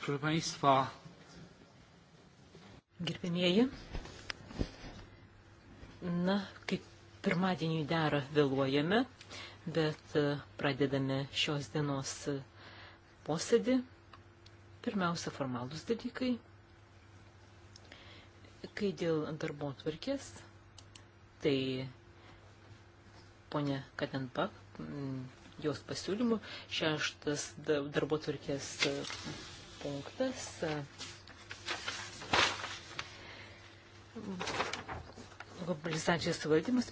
Proszę Państwa. Gerbėmieji, na, kaip pirmadienį dera vėluojame, bet e, pradedame šios dienos posėdį. Pirmiausia, formalūs dalykai. Kai dėl darbo tvarkės, tai ponė Katenpak, jos pasiūlymų, šeštas darbo tvarkės punktas. Globalizacijos valdymas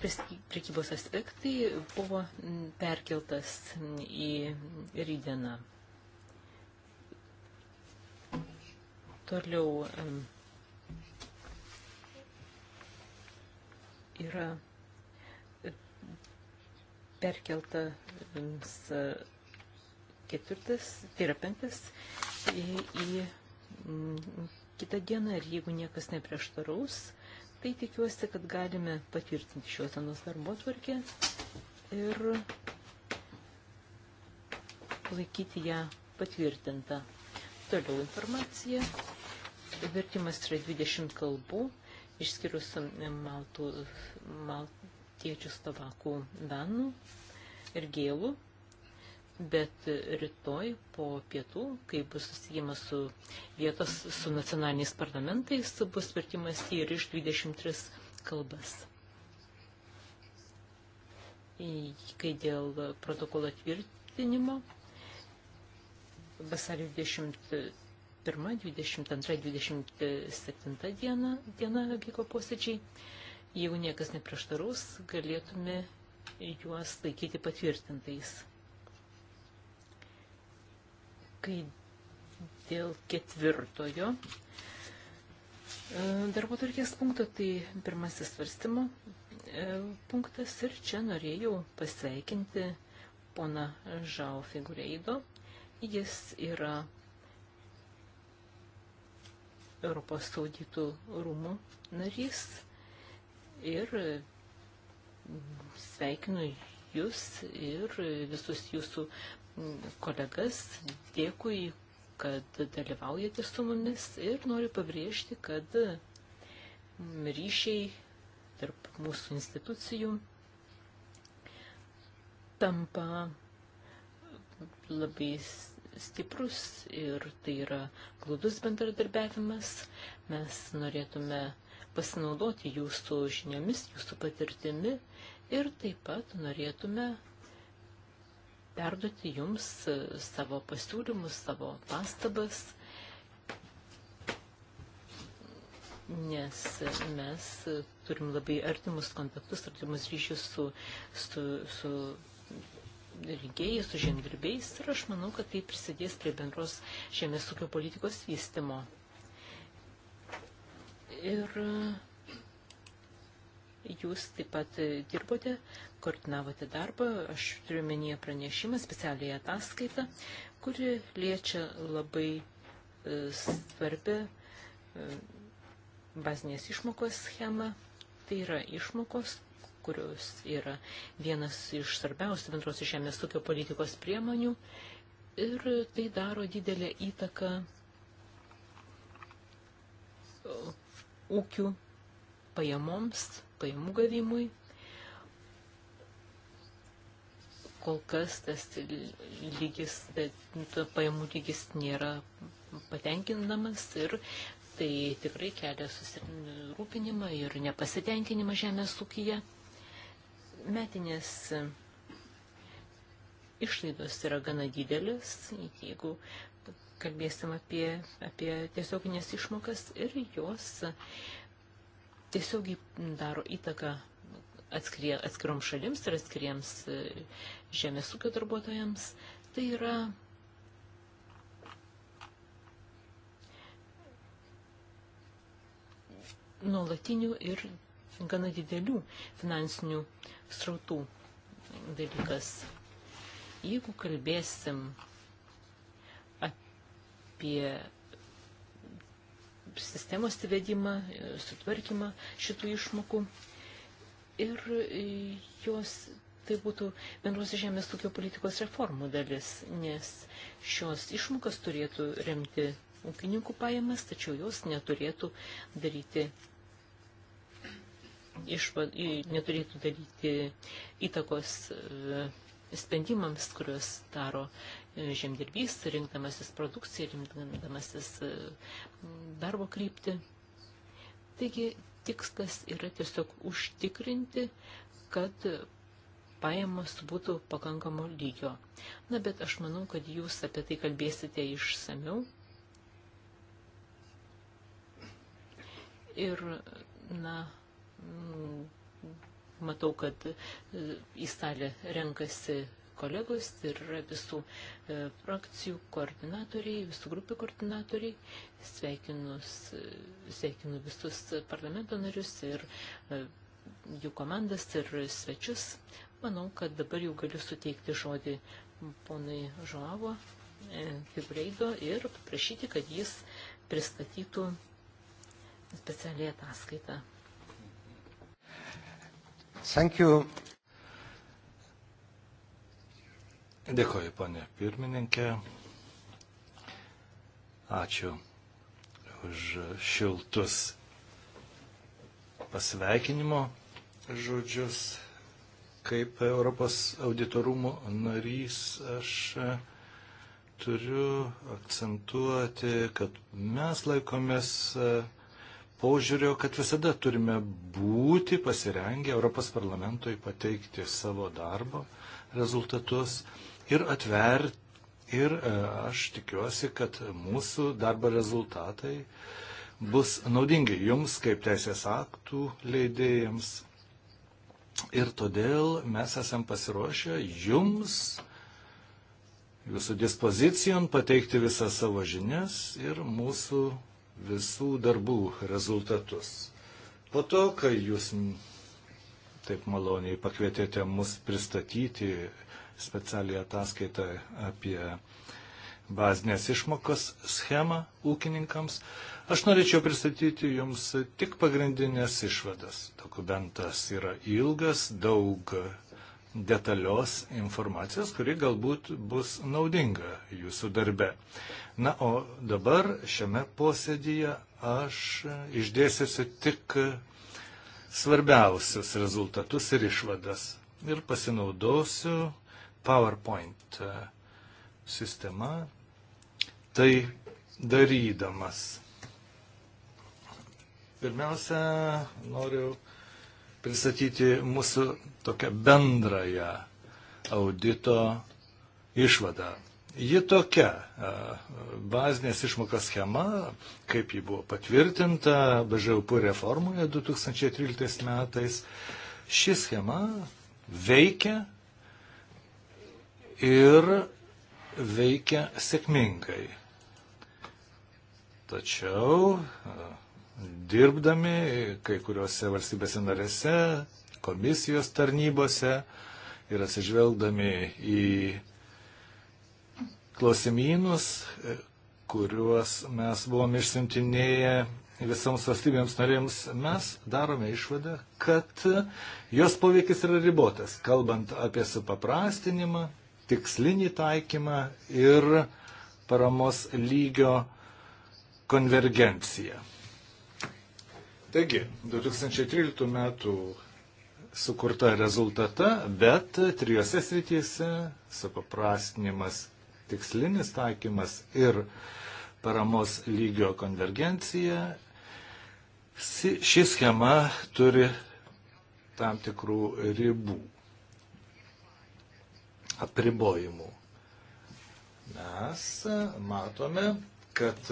prekybos aspektai buvo perkeltas į rydieną. Toliau yra perkeltas ketvirtas, tai yra penktas į mm, kitą dieną ir jeigu niekas neprieštaraus, tai tikiuosi, kad galime patvirtinti šios dienos darbo tvarkę ir laikyti ją patvirtintą. Toliau informacija. Vertimas yra 20 kalbų, išskyrus mm, maltų, maltiečių, slovakų, danų ir gėlų bet rytoj po pietų, kai bus susijęs su vietos, su nacionaliniais parlamentais, bus vertimas ir iš 23 kalbas. Kai dėl protokolo tvirtinimo vasario 21, 22, 27 diena, diena vyko posėdžiai. Jeigu niekas neprieštaraus, galėtume juos laikyti patvirtintais kai dėl ketvirtojo e, darbo turkės punkto, tai pirmasis svarstymo e, punktas ir čia norėjau pasveikinti pona Žao Figureido. Jis yra Europos saudytų rūmų narys ir sveikinu jūs ir visus jūsų kolegas, dėkui, kad dalyvaujate su mumis ir noriu pabrėžti, kad ryšiai tarp mūsų institucijų tampa labai stiprus ir tai yra glūdus bendradarbiavimas. Mes norėtume pasinaudoti jūsų žiniomis, jūsų patirtimi ir taip pat norėtume perduoti jums e, savo pasiūlymus, savo pastabas, nes mes turim labai artimus kontaktus, artimus ryšius su, su, su rinkėjais, su žemdirbiais ir aš manau, kad tai prisidės prie bendros žemės ūkio politikos vystimo. Ir Jūs taip pat e, dirbote, koordinavote darbą, aš turiu menyje pranešimą, specialiai ataskaitą, kuri liečia labai e, svarbę e, bazinės išmokos schemą. Tai yra išmokos, kurios yra vienas iš svarbiausių bendros žemės ūkio politikos priemonių ir tai daro didelę įtaką ūkių pajamoms pajamų gavimui. Kol kas tas lygis, pajamų lygis nėra patenkinamas ir tai tikrai kelia susirūpinimą ir nepasitenkinimą žemės ūkyje. Metinės išlaidos yra gana didelis, jeigu kalbėsim apie, apie tiesioginės išmokas ir jos tiesiogiai daro įtaką atskiroms šalims ir atskiriems e, žemės ūkio darbuotojams. Tai yra nuolatinių ir gana didelių finansinių srautų dalykas. Jeigu kalbėsim apie sistemos įvedimą, e, sutvarkymą šitų išmokų. Ir e, jos tai būtų bendros žemės ūkio politikos reformų dalis, nes šios išmokas turėtų remti ūkininkų pajamas, tačiau jos neturėtų daryti išvad, neturėtų daryti įtakos e, sprendimams, kuriuos daro e, žemdirbys, rinkdamasis produkciją, rinkdamasis e, darbo kryptį. Taigi tikslas yra tiesiog užtikrinti, kad pajamos būtų pakankamo lygio. Na, bet aš manau, kad jūs apie tai kalbėsite išsamiau. Ir, na, Matau, kad e, į salę renkasi kolegos ir visų e, frakcijų koordinatoriai, visų grupių koordinatoriai. Sveikinus, sveikinu visus parlamento narius ir e, jų komandas ir svečius. Manau, kad dabar jau galiu suteikti žodį ponai Žoavo Fibreido ir paprašyti, kad jis pristatytų specialiai ataskaitą. Thank you. Dėkoju, ponė pirmininkė. Ačiū už šiltus pasveikinimo žodžius. Kaip Europos auditorumų narys aš turiu akcentuoti, kad mes laikomės požiūrio, kad visada turime būti pasirengę Europos parlamentui pateikti savo darbo rezultatus ir atverti. Ir e, aš tikiuosi, kad mūsų darbo rezultatai bus naudingi jums kaip teisės aktų leidėjams. Ir todėl mes esam pasiruošę jums jūsų dispozicijon pateikti visas savo žinias ir mūsų visų darbų rezultatus. Po to, kai jūs taip maloniai pakvietėte mus pristatyti specialią ataskaitą apie bazinės išmokos schemą ūkininkams, aš norėčiau pristatyti jums tik pagrindinės išvadas. Dokumentas yra ilgas, daug detalios informacijos, kuri galbūt bus naudinga jūsų darbe. Na, o dabar šiame posėdyje aš išdėsiu tik svarbiausius rezultatus ir išvadas. Ir pasinaudosiu PowerPoint sistema, tai darydamas. Pirmiausia, noriu pristatyti mūsų tokią bendrąją audito išvadą. Ji tokia bazinės išmokos schema, kaip ji buvo patvirtinta BŽUP reformoje 2013 metais, ši schema veikia ir veikia sėkmingai. Tačiau dirbdami kai kuriuose valstybėse narėse, komisijos tarnybose ir atsižvelgdami į klausimynus, kuriuos mes buvom išsintinėję visoms valstybėms narėms, mes darome išvadą, kad jos poveikis yra ribotas, kalbant apie supaprastinimą, tikslinį taikymą ir paramos lygio konvergenciją. Taigi, 2013 metų sukurta rezultata, bet trijose srityse supaprastinimas tikslinis taikymas ir paramos lygio konvergencija, ši schema turi tam tikrų ribų, apribojimų. Mes matome, kad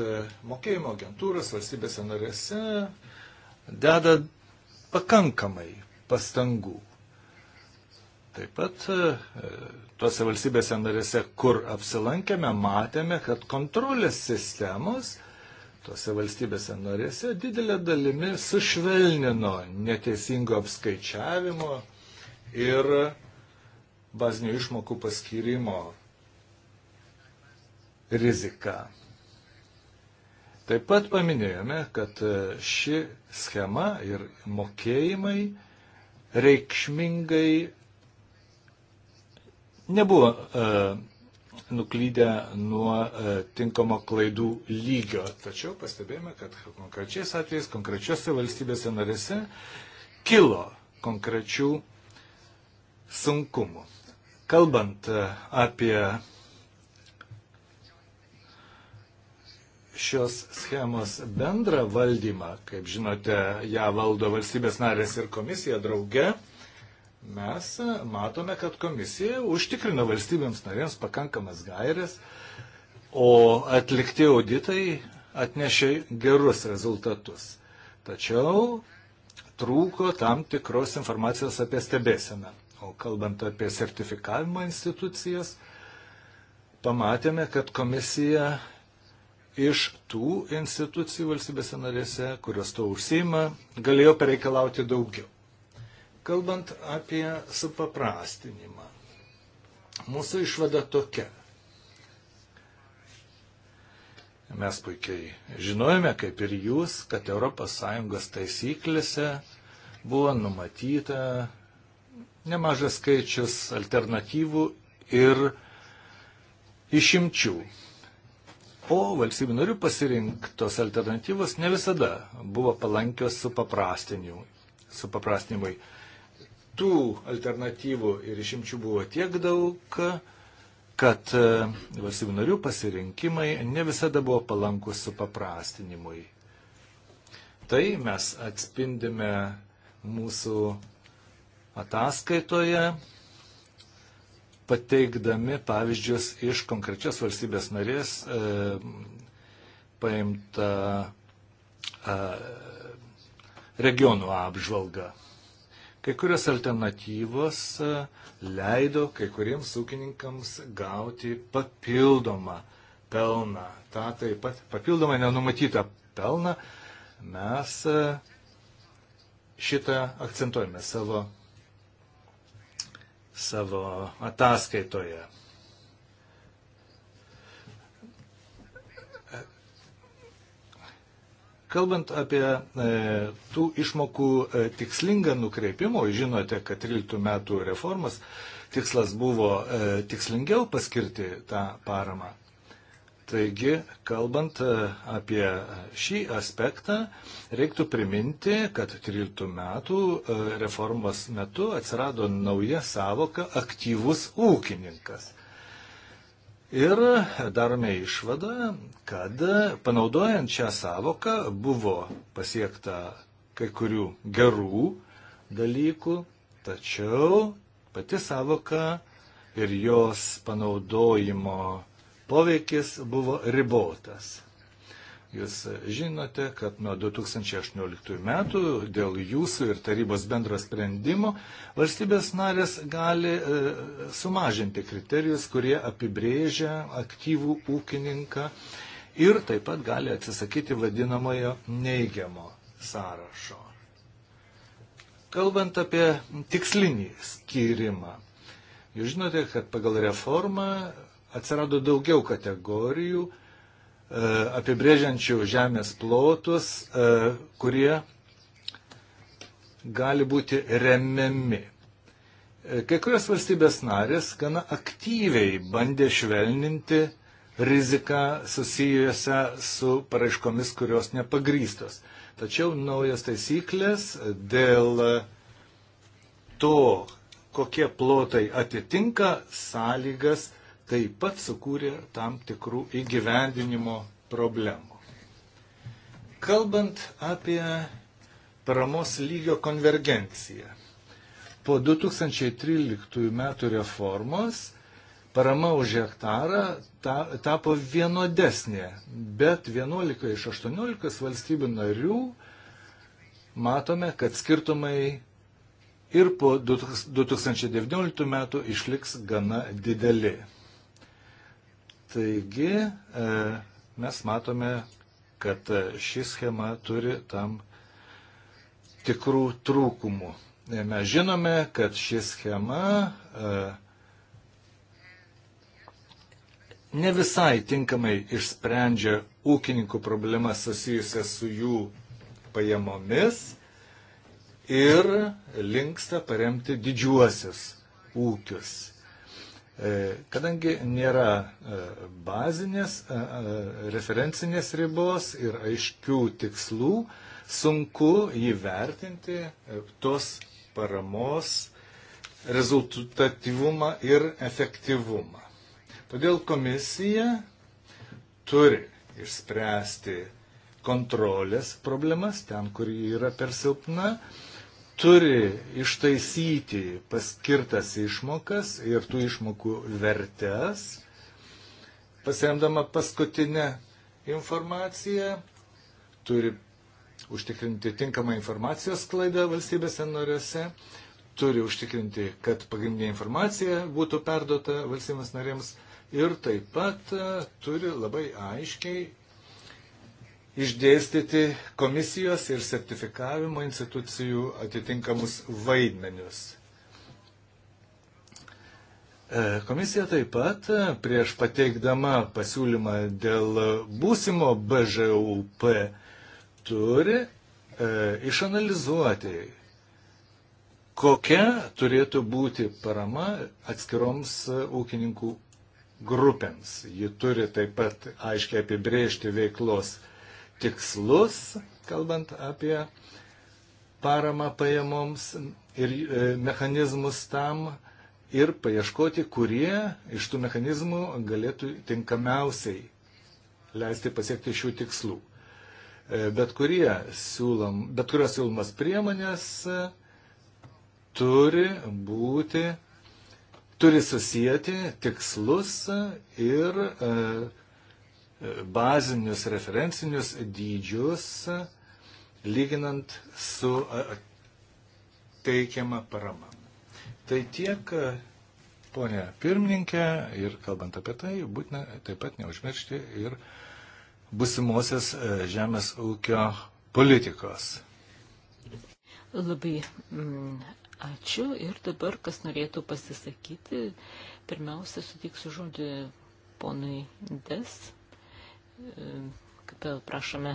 mokėjimo agentūros valstybėse narėse deda pakankamai pastangų. Taip pat e, tuose valstybėse narėse, kur apsilankėme, matėme, kad kontrolės sistemos tuose valstybėse narėse didelė dalimi sušvelnino neteisingo apskaičiavimo ir bazinių išmokų paskirimo riziką. Taip pat paminėjome, kad e, ši schema ir mokėjimai reikšmingai nebuvo e, nuklydę nuo e, tinkamo klaidų lygio. Tačiau pastebėjome, kad konkrečiais atvejais, konkrečiose valstybėse narėse kilo konkrečių sunkumų. Kalbant e, apie šios schemos bendrą valdymą, kaip žinote, ją valdo valstybės narės ir komisija drauge, mes matome, kad komisija užtikrina valstybėms narėms pakankamas gairės, o atlikti auditai atnešė gerus rezultatus. Tačiau trūko tam tikros informacijos apie stebėseną. O kalbant apie sertifikavimo institucijas, pamatėme, kad komisija iš tų institucijų valstybėse narėse, kurios to užsima, galėjo pareikalauti daugiau. Kalbant apie supaprastinimą, mūsų išvada tokia. Mes puikiai žinojame, kaip ir jūs, kad ES taisyklėse buvo numatyta nemažas skaičius alternatyvų ir išimčių. O valstybių narių pasirinktos alternatyvos ne visada buvo palankios supaprastinimui. Su tų alternatyvų ir išimčių buvo tiek daug, kad e, valstybių narių pasirinkimai ne visada buvo palankus su paprastinimui. Tai mes atspindime mūsų ataskaitoje, pateikdami pavyzdžius iš konkrečios valstybės narės e, paimta e, regionų apžvalga. Kai kurios alternatyvos e, leido kai kuriems ūkininkams gauti papildomą pelną. Ta taip pat papildomą nenumatytą pelną mes e, šitą akcentuojame savo, savo ataskaitoje. Kalbant apie e, tų išmokų e, tikslingą nukreipimą, žinote, kad 13 metų reformas tikslas buvo e, tikslingiau paskirti tą paramą. Taigi, kalbant e, apie šį aspektą, reiktų priminti, kad 13 metų e, reformos metu atsirado nauja savoka aktyvus ūkininkas. Ir darome išvadą, kad panaudojant šią savoką buvo pasiekta kai kurių gerų dalykų, tačiau pati savoka ir jos panaudojimo poveikis buvo ribotas. Jūs žinote, kad nuo 2018 metų dėl jūsų ir tarybos bendro sprendimo valstybės narės gali e, sumažinti kriterijus, kurie apibrėžia aktyvų ūkininką ir taip pat gali atsisakyti vadinamojo neigiamo sąrašo. Kalbant apie tikslinį skyrimą, jūs žinote, kad pagal reformą atsirado daugiau kategorijų, E, apibrėžiančių žemės plotus, e, kurie gali būti remiami. E, kai kurios valstybės narės gana aktyviai bandė švelninti riziką susijusią su paraiškomis, kurios nepagrystos. Tačiau naujas taisyklės dėl to, kokie plotai atitinka sąlygas, taip pat sukūrė tam tikrų įgyvendinimo problemų. Kalbant apie paramos lygio konvergenciją. Po 2013 metų reformos parama už hektarą ta, tapo vienodesnė, bet 11 iš 18 valstybių narių matome, kad skirtumai ir po 2019 metų išliks gana dideli. Taigi e, mes matome, kad ši schema turi tam tikrų trūkumų. E, mes žinome, kad ši schema e, ne visai tinkamai išsprendžia ūkininkų problemas susijusias su jų pajamomis ir linksta paremti didžiuosius ūkius. E, kadangi nėra e, bazinės, e, referencinės ribos ir aiškių tikslų, sunku įvertinti tos paramos rezultatyvumą ir efektyvumą. Todėl komisija turi išspręsti kontrolės problemas ten, kur ji yra per silpna, turi ištaisyti paskirtas išmokas ir tų išmokų vertes, pasiemdama paskutinę informaciją, turi užtikrinti tinkamą informacijos klaidą valstybėse norėse, turi užtikrinti, kad pagrindinė informacija būtų perduota valstybės narėms ir taip pat e, turi labai aiškiai išdėstyti komisijos ir sertifikavimo institucijų atitinkamus vaidmenius. E, komisija taip pat prieš pateikdama pasiūlymą dėl būsimo BŽUP turi e, išanalizuoti, kokia turėtų būti parama atskiroms e, ūkininkų grupėms. Ji turi taip pat aiškiai apibrėžti veiklos tikslus, kalbant apie paramą pajamoms ir e, mechanizmus tam ir paieškoti, kurie iš tų mechanizmų galėtų tinkamiausiai leisti pasiekti šių tikslų. E, bet, siūlom, bet kurios siūlomas priemonės e, turi būti, turi susijęti tikslus ir bazinius referencinius dydžius, lyginant su teikiama parama. Tai tiek, ponė pirmininkė, ir kalbant apie tai, būtina taip pat neužmiršti ir busimosios žemės ūkio politikos. Labai mm, ačiū ir dabar, kas norėtų pasisakyti, pirmiausia, sutiksiu žodį ponui Des. Kapel, prašome.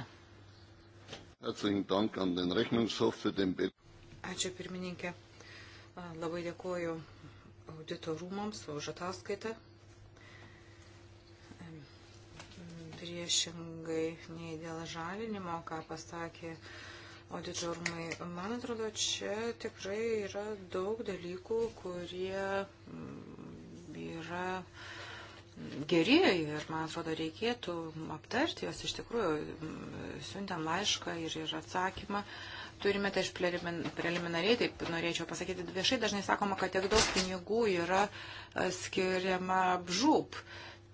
Ačiū pirmininkė. Labai dėkuoju audito rūmams už ataskaitą. Priešingai nei dėl žalinimo, ką pasakė audito rūmai, man atrodo, čia tikrai yra daug dalykų, kurie yra geri ir, man atrodo, reikėtų aptarti juos iš tikrųjų. Mm, siuntėm laišką ir, ir atsakymą. Turime, tai aš preliminariai, taip norėčiau pasakyti, viešai dažnai sakoma, kad tiek daug pinigų yra e, skiriama apžūp.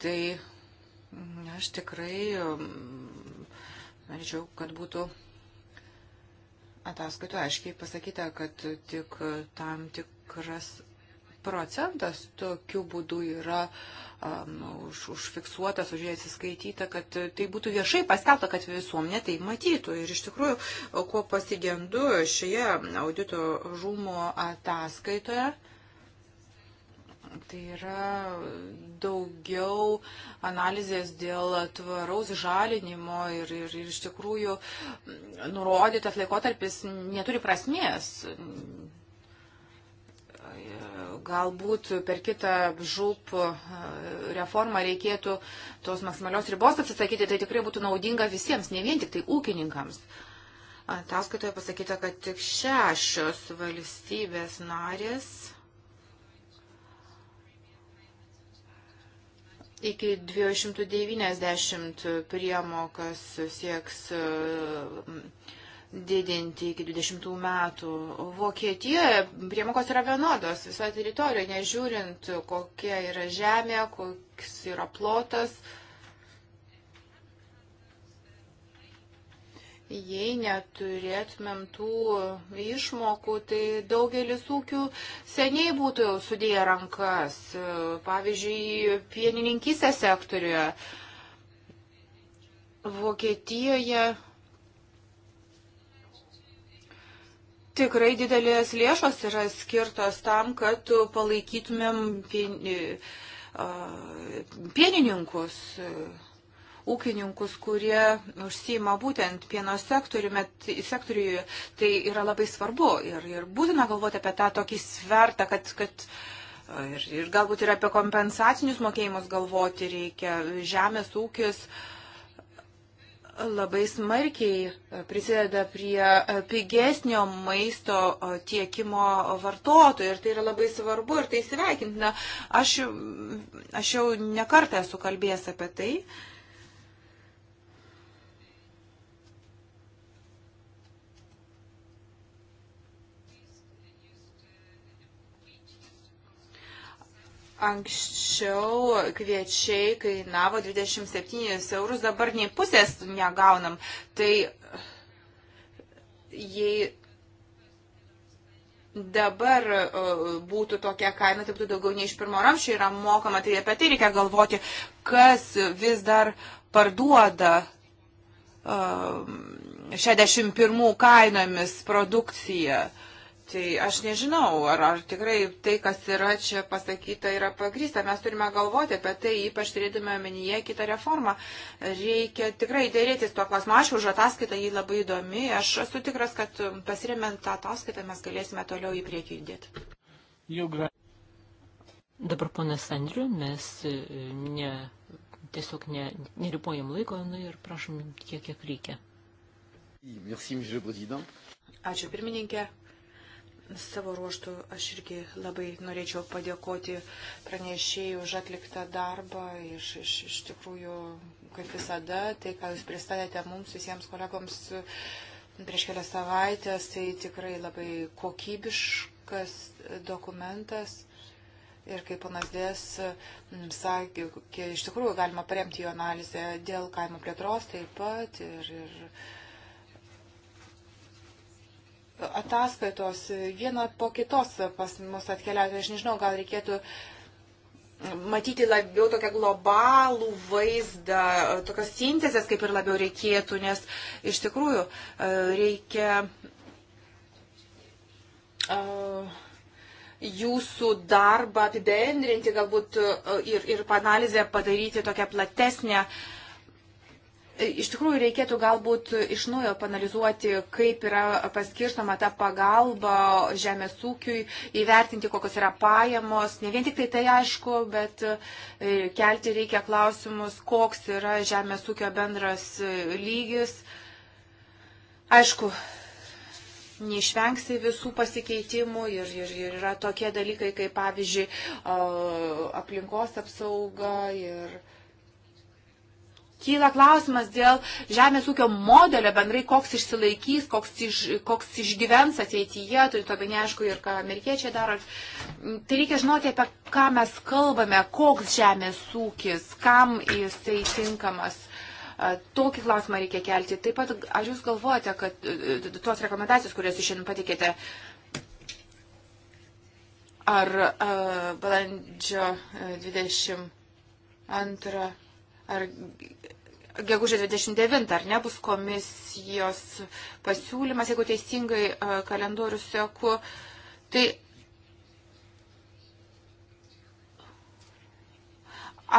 Tai mm, aš tikrai mm, norėčiau, kad būtų ataskaitoje aiškiai pasakyta, kad tik tam tikras procentas tokiu būdu yra um, už, užfiksuotas, už jį atsiskaityta, kad tai būtų viešai paskelbta, kad visuomenė tai matytų. Ir iš tikrųjų, ko pasigendu šioje audito rūmo ataskaitoje, tai yra daugiau analizės dėl tvaraus žalinimo ir, ir, ir iš tikrųjų nurodytas laikotarpis neturi prasmės, galbūt per kitą žūp e, reformą reikėtų tos maksimalios ribos atsisakyti, tai tikrai būtų naudinga visiems, ne vien tik tai ūkininkams. Ataskaitoje pasakyta, kad tik šešios valstybės narės iki 290 priemokas sieks uh, didinti iki 20 metų. Vokietijoje priemokos yra vienodos visoje teritorijoje, nežiūrint, kokia yra žemė, koks yra plotas. Jei neturėtumėm tų išmokų, tai daugelis ūkių seniai būtų jau sudėję rankas. Pavyzdžiui, pienininkysės sektoriuje. Vokietijoje tikrai didelės lėšos yra skirtos tam, kad palaikytumėm pienininkus, ūkininkus, kurie užsima būtent pieno sektoriumi, sektoriuje. Tai yra labai svarbu ir, ir būtina galvoti apie tą tokį svertą, kad, kad ir, ir galbūt ir apie kompensacinius mokėjimus galvoti reikia. Žemės ūkis. Uh, labai smarkiai prisideda prie e, pigesnio maisto e, tiekimo vartotojų ir tai yra labai svarbu ir tai sveikintina. Aš, aš jau nekartą esu kalbėjęs apie tai. Uh, Anksčiau kviečiai kainavo 27 eurus, dabar nei pusės negaunam. Tai jei dabar e, būtų tokia kaina, tai būtų daugiau nei iš pirmo ramščio yra mokama, tai apie tai reikia galvoti, kas vis dar parduoda 61 e, kainomis produkciją. Uh, Tai aš nežinau, ar, ar tikrai tai, kas yra čia pasakyta, yra pagrįsta. Mes turime galvoti apie tai, ypač turėdami omenyje kitą reformą. Reikia tikrai dėrėtis tuo klausimu. Ačiū už ataskaitą, jį labai įdomi. Aš esu tikras, kad pasiremiant tą ataskaitą mes galėsime toliau į priekį judėti. Jūgra. Dabar, ponas Andriu, mes e, ne, tiesiog ne, neribojam laiko nu, ir prašom tiek, kiek reikia. Merci, Ačiū pirmininkė. Savo ruoštų aš irgi labai norėčiau padėkoti pranešėjai už atliktą darbą. Iš, iš, iš tikrųjų, kaip visada, tai, ką jūs pristatėte mums visiems kolegoms prieš kelias savaitės, tai tikrai labai kokybiškas dokumentas. Ir kaip panas Dės mm, sakė, iš tikrųjų galima paremti jo analizę dėl kaimo plėtros taip pat. Ir, ir, ataskaitos viena po kitos pas mus atkeliauti. Aš nežinau, gal reikėtų matyti labiau tokią globalų vaizdą, tokios sintezės kaip ir labiau reikėtų, nes iš tikrųjų e, reikia e, jūsų darbą apibendrinti, galbūt e, ir, ir analizę padaryti tokią platesnę. Uh, Iš tikrųjų, reikėtų galbūt iš naujo panalizuoti, kaip yra paskirstama ta pagalba žemės ūkiui, įvertinti, kokios yra pajamos. Ne vien tik tai tai aišku, bet e, kelti reikia klausimus, koks yra žemės ūkio bendras e, lygis. Aišku, neišvengsi visų pasikeitimų ir, ir, ir yra tokie dalykai, kaip pavyzdžiui, aplinkos apsauga ir. Uh, kyla klausimas dėl žemės ūkio modelio bendrai, koks išsilaikys, koks, iš, koks išgyvens ateityje, turint omenyje, aišku, ir ką amerikiečiai daro. Tai reikia žinoti, apie ką mes kalbame, koks žemės ūkis, kam jisai tinkamas. Tokį klausimą reikia kelti. Taip pat, ar jūs galvojate, kad e, e, tuos rekomendacijas, kurias jūs šiandien patikėte, ar uh, balandžio 22 e, ar gegužė 29, ar nebus komisijos pasiūlymas, jeigu teisingai kalendorių seku. Tai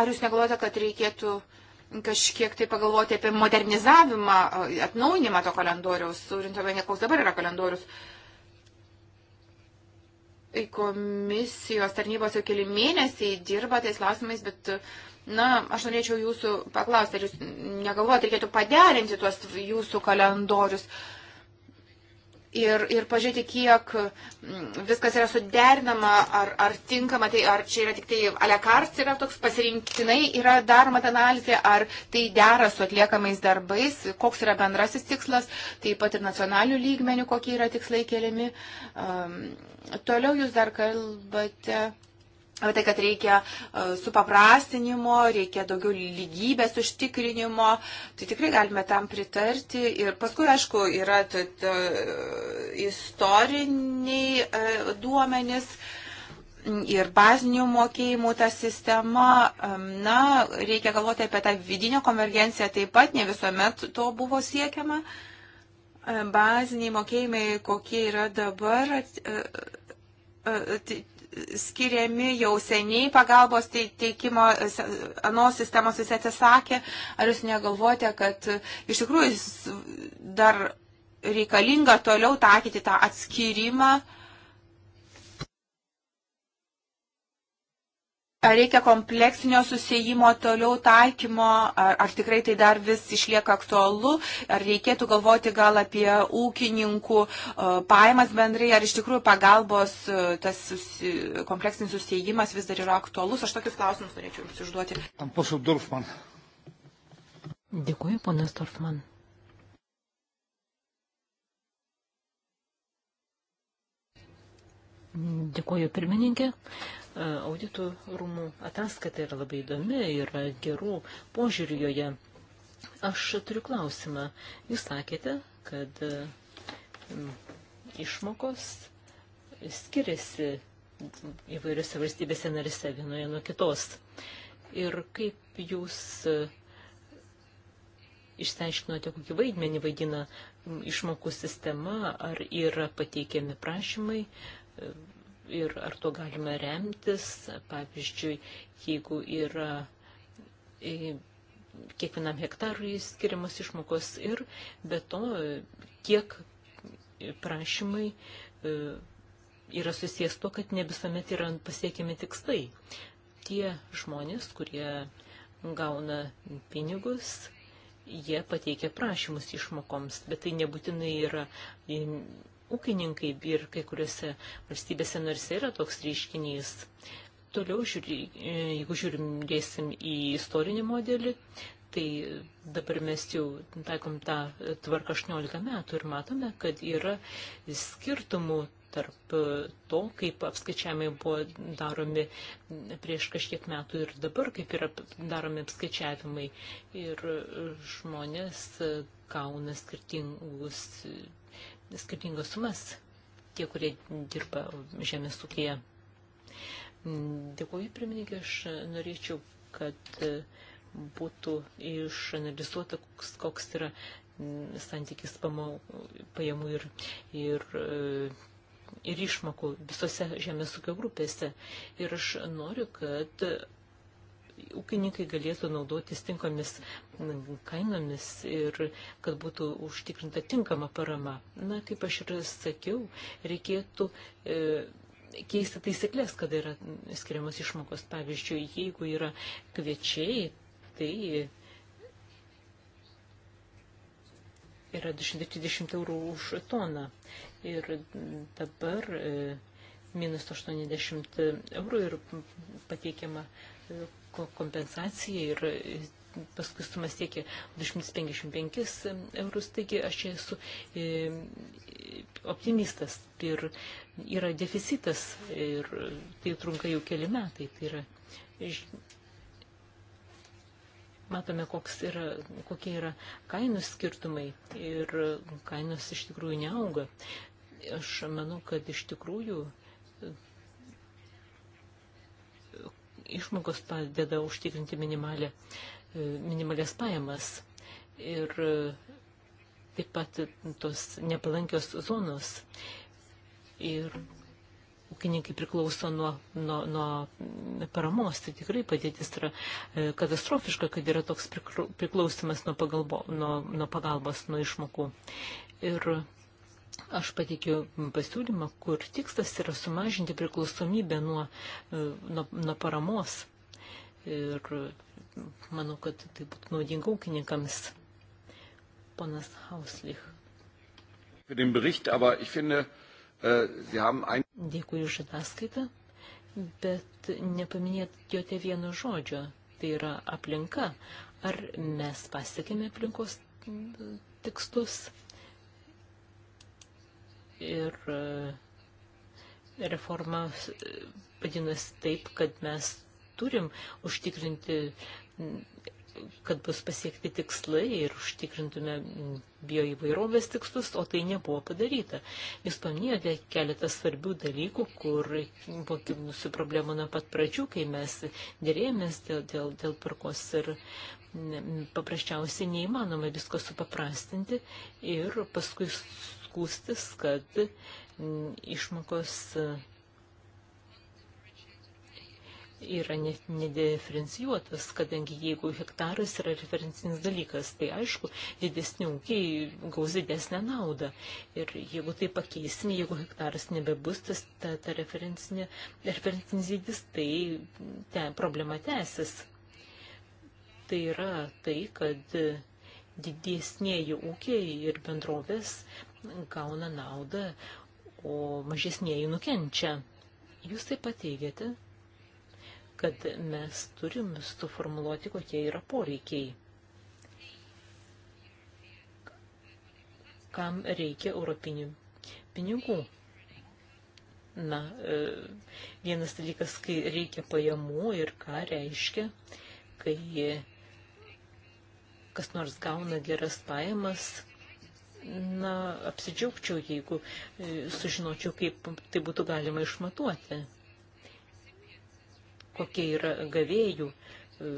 ar jūs negalvojate, kad reikėtų kažkiek tai pagalvoti apie modernizavimą, atnaujinimą to kalendoriaus, turint omenyje, koks dabar yra kalendorius? Komisijos tarnybos jau keli mėnesiai dirba tais klausimais, bet uh, Na, aš norėčiau jūsų paklausti, ar jūs negalvojate, reikėtų paderinti tuos jūsų kalendorius ir, ir pažiūrėti, kiek mm, viskas yra suderinama, ar, ar tinkama, tai ar čia yra tik tai alekars yra toks pasirinktinai yra daroma ta analizė, ar tai dera su atliekamais darbais, koks yra bendrasis tikslas, taip pat ir nacionalių lygmenių, kokie yra tikslai keliami. Um, toliau jūs dar kalbate apie tai, kad reikia e, supaprastinimo, reikia daugiau lygybės užtikrinimo, tai tikrai galime tam pritarti. Ir paskui, aišku, yra istoriniai e, duomenys. Ir bazinių mokėjimų ta sistema, na, reikia galvoti apie tą vidinę konvergenciją, taip pat ne visuomet to buvo siekiama. Baziniai mokėjimai, kokie yra dabar, e, skiriami jau seniai pagalbos teikimo, anos sistemos visi atsisakė, ar jūs negalvojate, kad iš tikrųjų dar reikalinga toliau taikyti tą atskirimą? Ar reikia kompleksinio susijimo toliau taikymo, ar, ar tikrai tai dar vis išlieka aktualu, ar reikėtų galvoti gal apie ūkininkų pajamas bendrai, ar iš tikrųjų pagalbos tas susi, kompleksinis susijimas vis dar yra aktualus. Aš tokius klausimus norėčiau Jums užduoti. Ponas Dorfman. Dėkuoju, ponas Dorfman. Dėkuoju, pirmininkė. Uh, Auditų rūmų ataskaita yra labai įdomi, yra gerų požiūrių joje. Aš turiu klausimą. Jūs sakėte, kad išmokos skiriasi įvairiose valstybėse narise vienoje nuo kitos. Ir kaip jūs išsiaiškinote, kokį vaidmenį vaidina išmokų sistema, ar yra pateikiami prašymai ir ar tuo galima remtis, pavyzdžiui, jeigu yra e, kiekvienam hektarui skiriamas išmokos ir be to, kiek prašymai e, yra susijęs to, kad ne visuomet yra pasiekiami tikslai. Tie žmonės, kurie gauna pinigus, jie pateikia prašymus išmokoms, bet tai nebūtinai yra ūkininkai ir kai kuriuose valstybėse nors yra toks reiškinys. Toliau, žiūrė, e, jeigu žiūrėsim į istorinį modelį, tai dabar mes jau taikom tą tvarką 18 metų ir matome, kad yra skirtumų tarp to, kaip apskaičiavimai buvo daromi prieš kažkiek metų ir dabar, kaip yra daromi apskaičiavimai. Ir žmonės gauna skirtingus skirtingas sumas tie, kurie dirba žemės ūkėje. Dėkuoju, pirmininkė, aš norėčiau, kad būtų išanalizuota, koks, koks yra santykis pamau, pajamų ir, ir, ir išmokų visose žemės ūkio grupėse. Ir aš noriu, kad ūkininkai galėtų naudotis tinkomis kainomis ir kad būtų užtikrinta tinkama parama. Na, kaip aš ir sakiau, reikėtų e, keisti taisyklės, kada yra skiriamos išmokos. Pavyzdžiui, jeigu yra kviečiai, tai yra 230 eurų už toną. Ir dabar e, minus 80 eurų ir pateikiama kompensacija ir e, paskui suma siekia 255 eurus, taigi aš čia esu e, optimistas tai ir yra deficitas ir tai trunka jau keli metai. Tai yra, e, matome, yra, kokie yra kainų skirtumai ir kainos iš tikrųjų neauga. Aš manau, kad iš tikrųjų išmokos padeda užtikrinti minimalę, e, minimalės pajamas. Ir e, taip pat tos nepalankios zonos. Ir ūkininkai priklauso nuo, nuo, nuo paramos, tai tikrai padėtis yra e, katastrofiška, kad yra toks priklausimas nuo, pagalbo, nuo, nuo pagalbos, nuo išmokų. Ir Aš pateikiu pasiūlymą, kur tikslas yra sumažinti priklausomybę nuo, e, nuo, nuo paramos. Ir manau, kad tai būtų naudinga ūkininkams. Ponas Hauslich. Äh, Dėkui už ataskaitą, bet nepaminėjote vieno žodžio, tai yra aplinka. Ar mes pasiekėme aplinkos tikslus? ir e, reforma e, vadinasi taip, kad mes turim užtikrinti, kad bus pasiekti tikslai ir užtikrintume bioįvairovės tikslus, o tai nebuvo padaryta. Jūs paminėjote keletą svarbių dalykų, kur buvo kilusių problemų nuo pat pradžių, kai mes dėrėjomės dėl, dėl, dėl parkos ir paprasčiausiai neįmanoma visko supaprastinti ir paskui skūstis, kad mm, išmokos e, yra nediferencijuotas, kadangi jeigu hektaras yra referencinis dalykas, tai aišku, didesni ūkiai gaus didesnę naudą. Ir jeigu tai pakeisime, jeigu hektaras nebebus tas ta, ta referencinė, referencinis dydis, tai mm, te, problema tęsis. Tai yra tai, kad e, didesnėji ūkiai ir bendrovės gauna naudą, o mažesnėjų nukenčia. Jūs taip pat teigiate, kad mes turim suformuluoti, kokie yra poreikiai. Kam reikia europinių pinigų? Na, e, vienas dalykas, kai reikia pajamų ir ką reiškia, kai kas nors gauna geras pajamas, na, apsidžiaugčiau, jeigu e, sužinočiau, kaip tai būtų galima išmatuoti, kokie yra gavėjų e,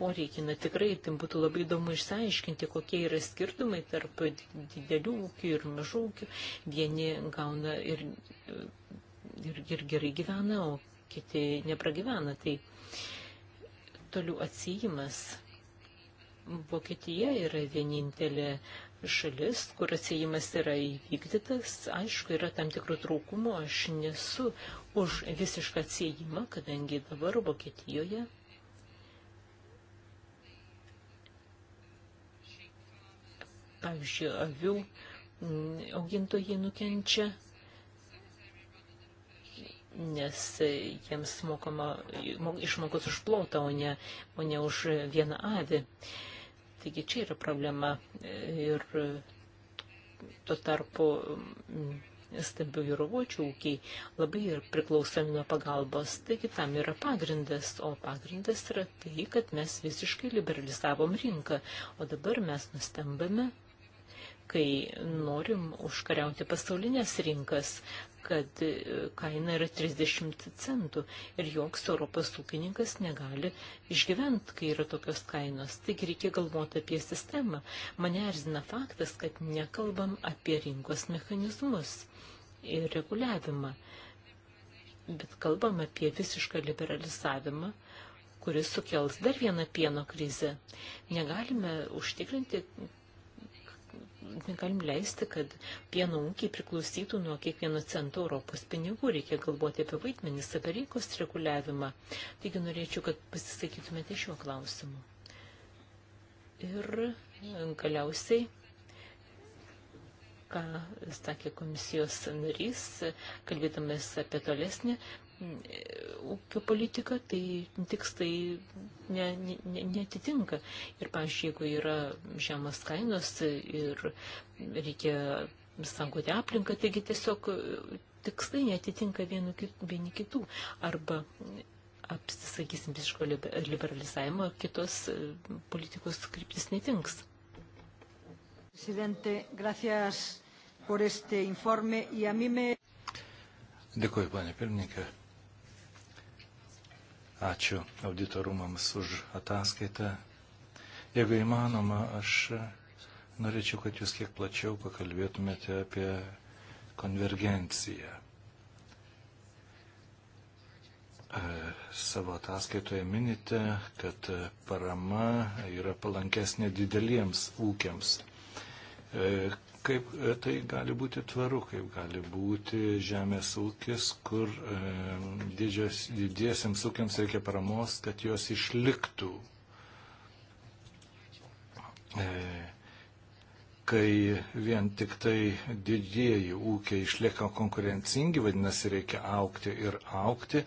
poreikiai, na tikrai, tai būtų labai įdomu išsiaiškinti, kokie yra skirtumai tarp didelių ūkių ir mažų ūkių. Vieni gauna ir, ir, ir gerai gyvena, o kiti nepragyvena. Tai toliau atsijimas. Vokietija yra vienintelė uh, šalis, kur atsijimas yra įvykdytas. Aišku, yra tam tikrų trūkumų, aš nesu už visišką atsijimą, kadangi dabar Vokietijoje pavyzdžiui, avių mm, augintojai nukenčia, nes jiems mokama išmokos už plotą, o ne, o ne už vieną avį. Taigi čia yra problema ir tuo tarpu mm, stambių jūrovočių ūkiai labai ir priklausomi nuo pagalbos, taigi tam yra pagrindas, o pagrindas yra tai, kad mes visiškai liberalizavom rinką, o dabar mes nustembame, kai norim užkariauti pasaulinės rinkas, kad e, kaina yra 30 centų ir joks Europos ūkininkas negali išgyventi, kai yra tokios kainos. Taigi reikia galvoti apie sistemą. Mane erzina faktas, kad nekalbam apie rinkos mechanizmus ir reguliavimą, bet kalbam apie visišką liberalizavimą kuris sukels dar vieną pieno krizę. Negalime užtikrinti, negalim leisti, kad pieno ūkiai priklausytų nuo kiekvieno cento Europos pinigų. Reikia galvoti apie vaidmenis, apie rinkos reguliavimą. Taigi norėčiau, kad pasisakytumėte šiuo klausimu. Ir e, galiausiai, ką sakė komisijos narys, kalbėdamas apie tolesnį Mm, ūkio politika, tai tikslai ne, ne, netitinka. Ir, pavyzdžiui, jeigu yra žemas kainos ir reikia sankoti aplinką, taigi tiesiog e, tikslai netitinka vienu, vieni kitų. Arba apsisakysim visiško liberalizavimo, kitos e, politikos kryptis netinks. Presidente, gracias por este informe y a mí me. Dėkuoju, panė pirmininkė. Ačiū auditorumams už ataskaitą. Jeigu įmanoma, aš norėčiau, kad jūs kiek plačiau pakalbėtumėte apie konvergenciją. E, savo ataskaitoje minite, kad parama yra palankesnė dideliems ūkiams. E, kaip e, tai gali būti tvaru, kaip gali būti žemės ūkis, kur e, didiesiams ūkiams reikia paramos, kad jos išliktų. E, kai vien tik tai didieji ūkiai išlieka konkurencingi, vadinasi, reikia aukti ir aukti,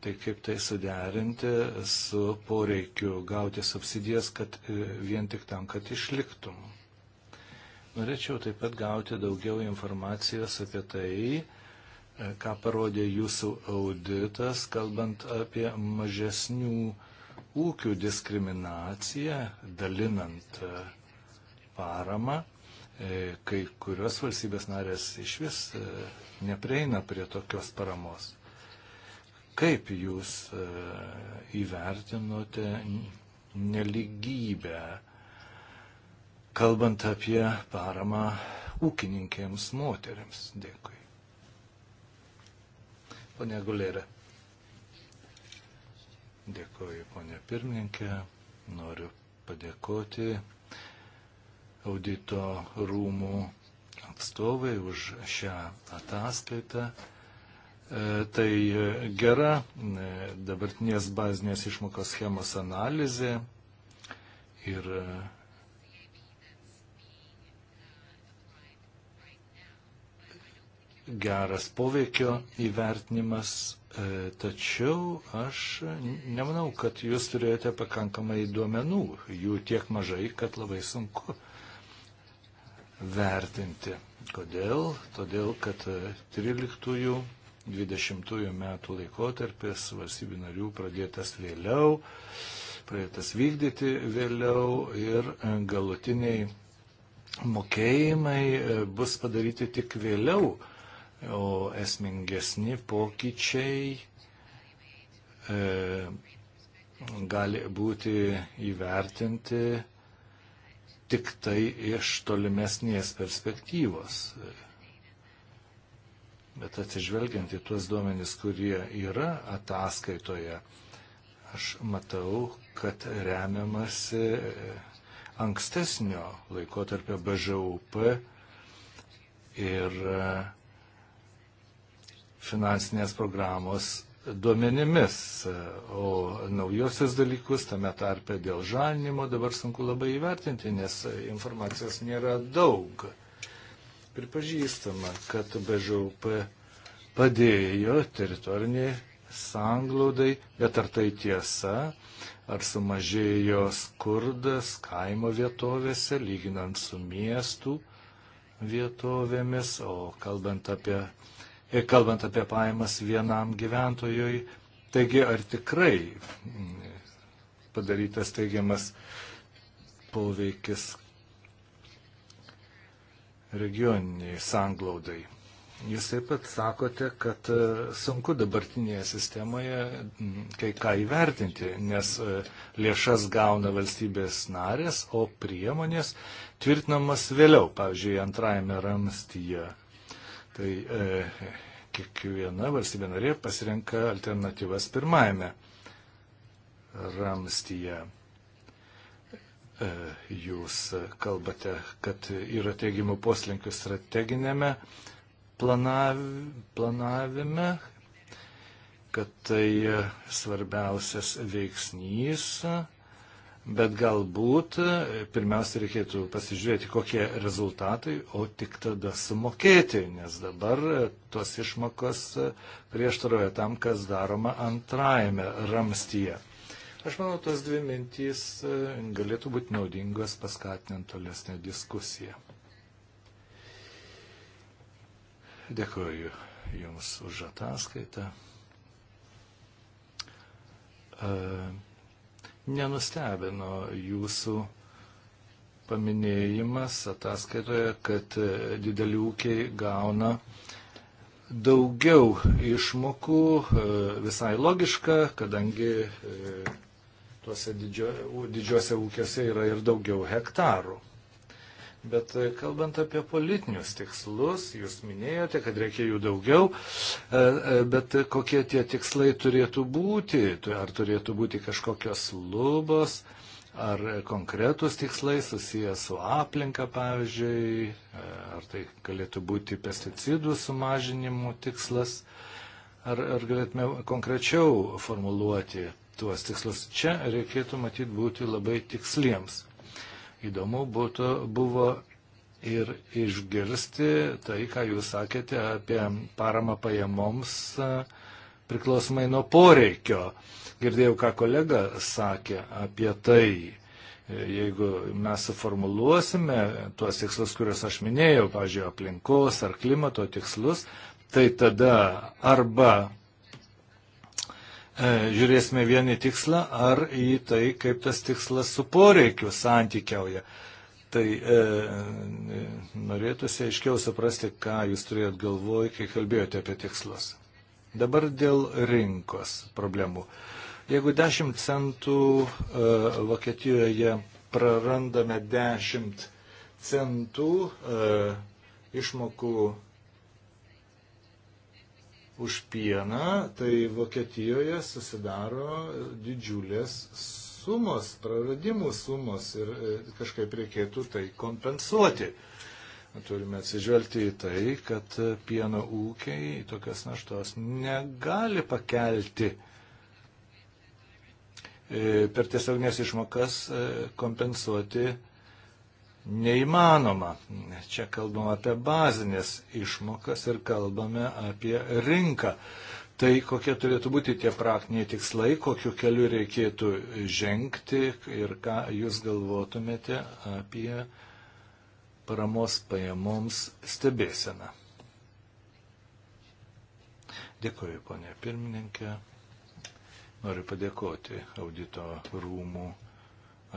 tai kaip tai suderinti su poreikiu gauti subsidijas, kad e, vien tik tam, kad išliktum. Norėčiau taip pat gauti daugiau informacijos apie tai, e, ką parodė jūsų auditas, kalbant apie mažesnių ūkių diskriminaciją, dalinant e, paramą. E, kai kurios valstybės narės iš vis neprieina prie tokios paramos. Kaip jūs įvertinote neligybę? kalbant apie paramą ūkininkėms moteriams. Dėkui. Pone Gulėra. Dėkuoju, ponė pirmininkė. Noriu padėkoti audito rūmų atstovai už šią ataskaitą. E, tai gera e, dabartinės bazinės išmokos schemos analizė ir e, geras poveikio įvertinimas, e, tačiau aš nemanau, kad jūs turėjote pakankamai duomenų, jų tiek mažai, kad labai sunku vertinti. Kodėl? Todėl, kad 13-20 metų laikotarpis valstybių narių pradėtas vėliau, pradėtas vykdyti vėliau ir e, galutiniai mokėjimai e, bus padaryti tik vėliau o esmingesni pokyčiai e, gali būti įvertinti tik tai iš tolimesnės perspektyvos. Bet atsižvelgiant į tuos duomenys, kurie yra ataskaitoje, aš matau, kad remiamasi ankstesnio laikotarpio BŽUP ir e, finansinės programos duomenimis, o naujosius dalykus, tame tarpe dėl žalinimo, dabar sunku labai įvertinti, nes informacijos nėra daug. Pripažįstama, kad BŽUP padėjo teritoriniai sanglaudai, bet ar tai tiesa, ar sumažėjo skurdas kaimo vietovėse, lyginant su miestų vietovėmis, o kalbant apie kalbant apie pajamas vienam gyventojui. Taigi, ar tikrai mm, padarytas teigiamas poveikis regioniniai sanglaudai? Jūs taip pat sakote, kad e, sunku dabartinėje sistemoje mm, kai ką įvertinti, nes e, lėšas gauna valstybės narės, o priemonės tvirtinamas vėliau, pavyzdžiui, antrajame ramstyje Tai e, kiekviena valstybė narė pasirenka alternatyvas pirmajame ramstyje. E, jūs kalbate, kad yra teigiamų poslinkių strateginėme planav, planavime, kad tai svarbiausias veiksnys Bet galbūt e, pirmiausia reikėtų pasižiūrėti, kokie rezultatai, o tik tada sumokėti, nes dabar e, tos išmokos e, prieštaroja tam, kas daroma antrajame ramstyje. Aš manau, tos dvi mintys galėtų būti naudingos paskatinant tolesnę diskusiją. Dėkuoju Jums už ataskaitą. Uh, Nenustebino jūsų paminėjimas ataskaitoje, kad e, dideli ūkiai gauna daugiau išmokų, e, visai logiška, kadangi e, tuose didžio, didžiuose ūkiuose yra ir daugiau hektarų. Bet e, kalbant apie politinius tikslus, jūs minėjote, kad reikia jų daugiau, e, e, bet kokie tie tikslai turėtų būti? Ar turėtų būti kažkokios lubos, ar konkretus tikslai susijęs su aplinka, pavyzdžiui, ar tai galėtų būti pesticidų sumažinimų tikslas, ar, ar galėtume konkrečiau formuluoti tuos tikslus. Čia reikėtų matyti būti labai tiksliems įdomu būtų, buvo ir išgirsti tai, ką jūs sakėte apie paramą pajamoms priklausomai nuo poreikio. Girdėjau, ką kolega sakė apie tai. Jeigu mes suformuluosime tuos tikslus, kuriuos aš minėjau, pavyzdžiui, aplinkos ar klimato tikslus, tai tada arba E, žiūrėsime vieni tikslą ar į tai, kaip tas tikslas su poreikiu santykiauja. Tai e, norėtųsi aiškiau suprasti, ką jūs turėjot galvoj, kai kalbėjote apie tikslus. Dabar dėl rinkos problemų. Jeigu 10 centų e, Vokietijoje prarandame 10 centų e, išmokų už pieną, tai Vokietijoje susidaro didžiulės sumos, praradimų sumos ir e, kažkaip reikėtų tai kompensuoti. Turime atsižvelgti į tai, kad e, pieno ūkiai tokios naštos negali pakelti e, per tiesiognės išmokas kompensuoti neįmanoma. Čia kalbam apie bazinės išmokas ir kalbame apie rinką. Tai kokie turėtų būti tie praktiniai tikslai, kokiu keliu reikėtų žengti ir ką jūs galvotumėte apie paramos pajamoms stebėseną. Dėkuoju, ponė pirmininkė. Noriu padėkoti audito rūmų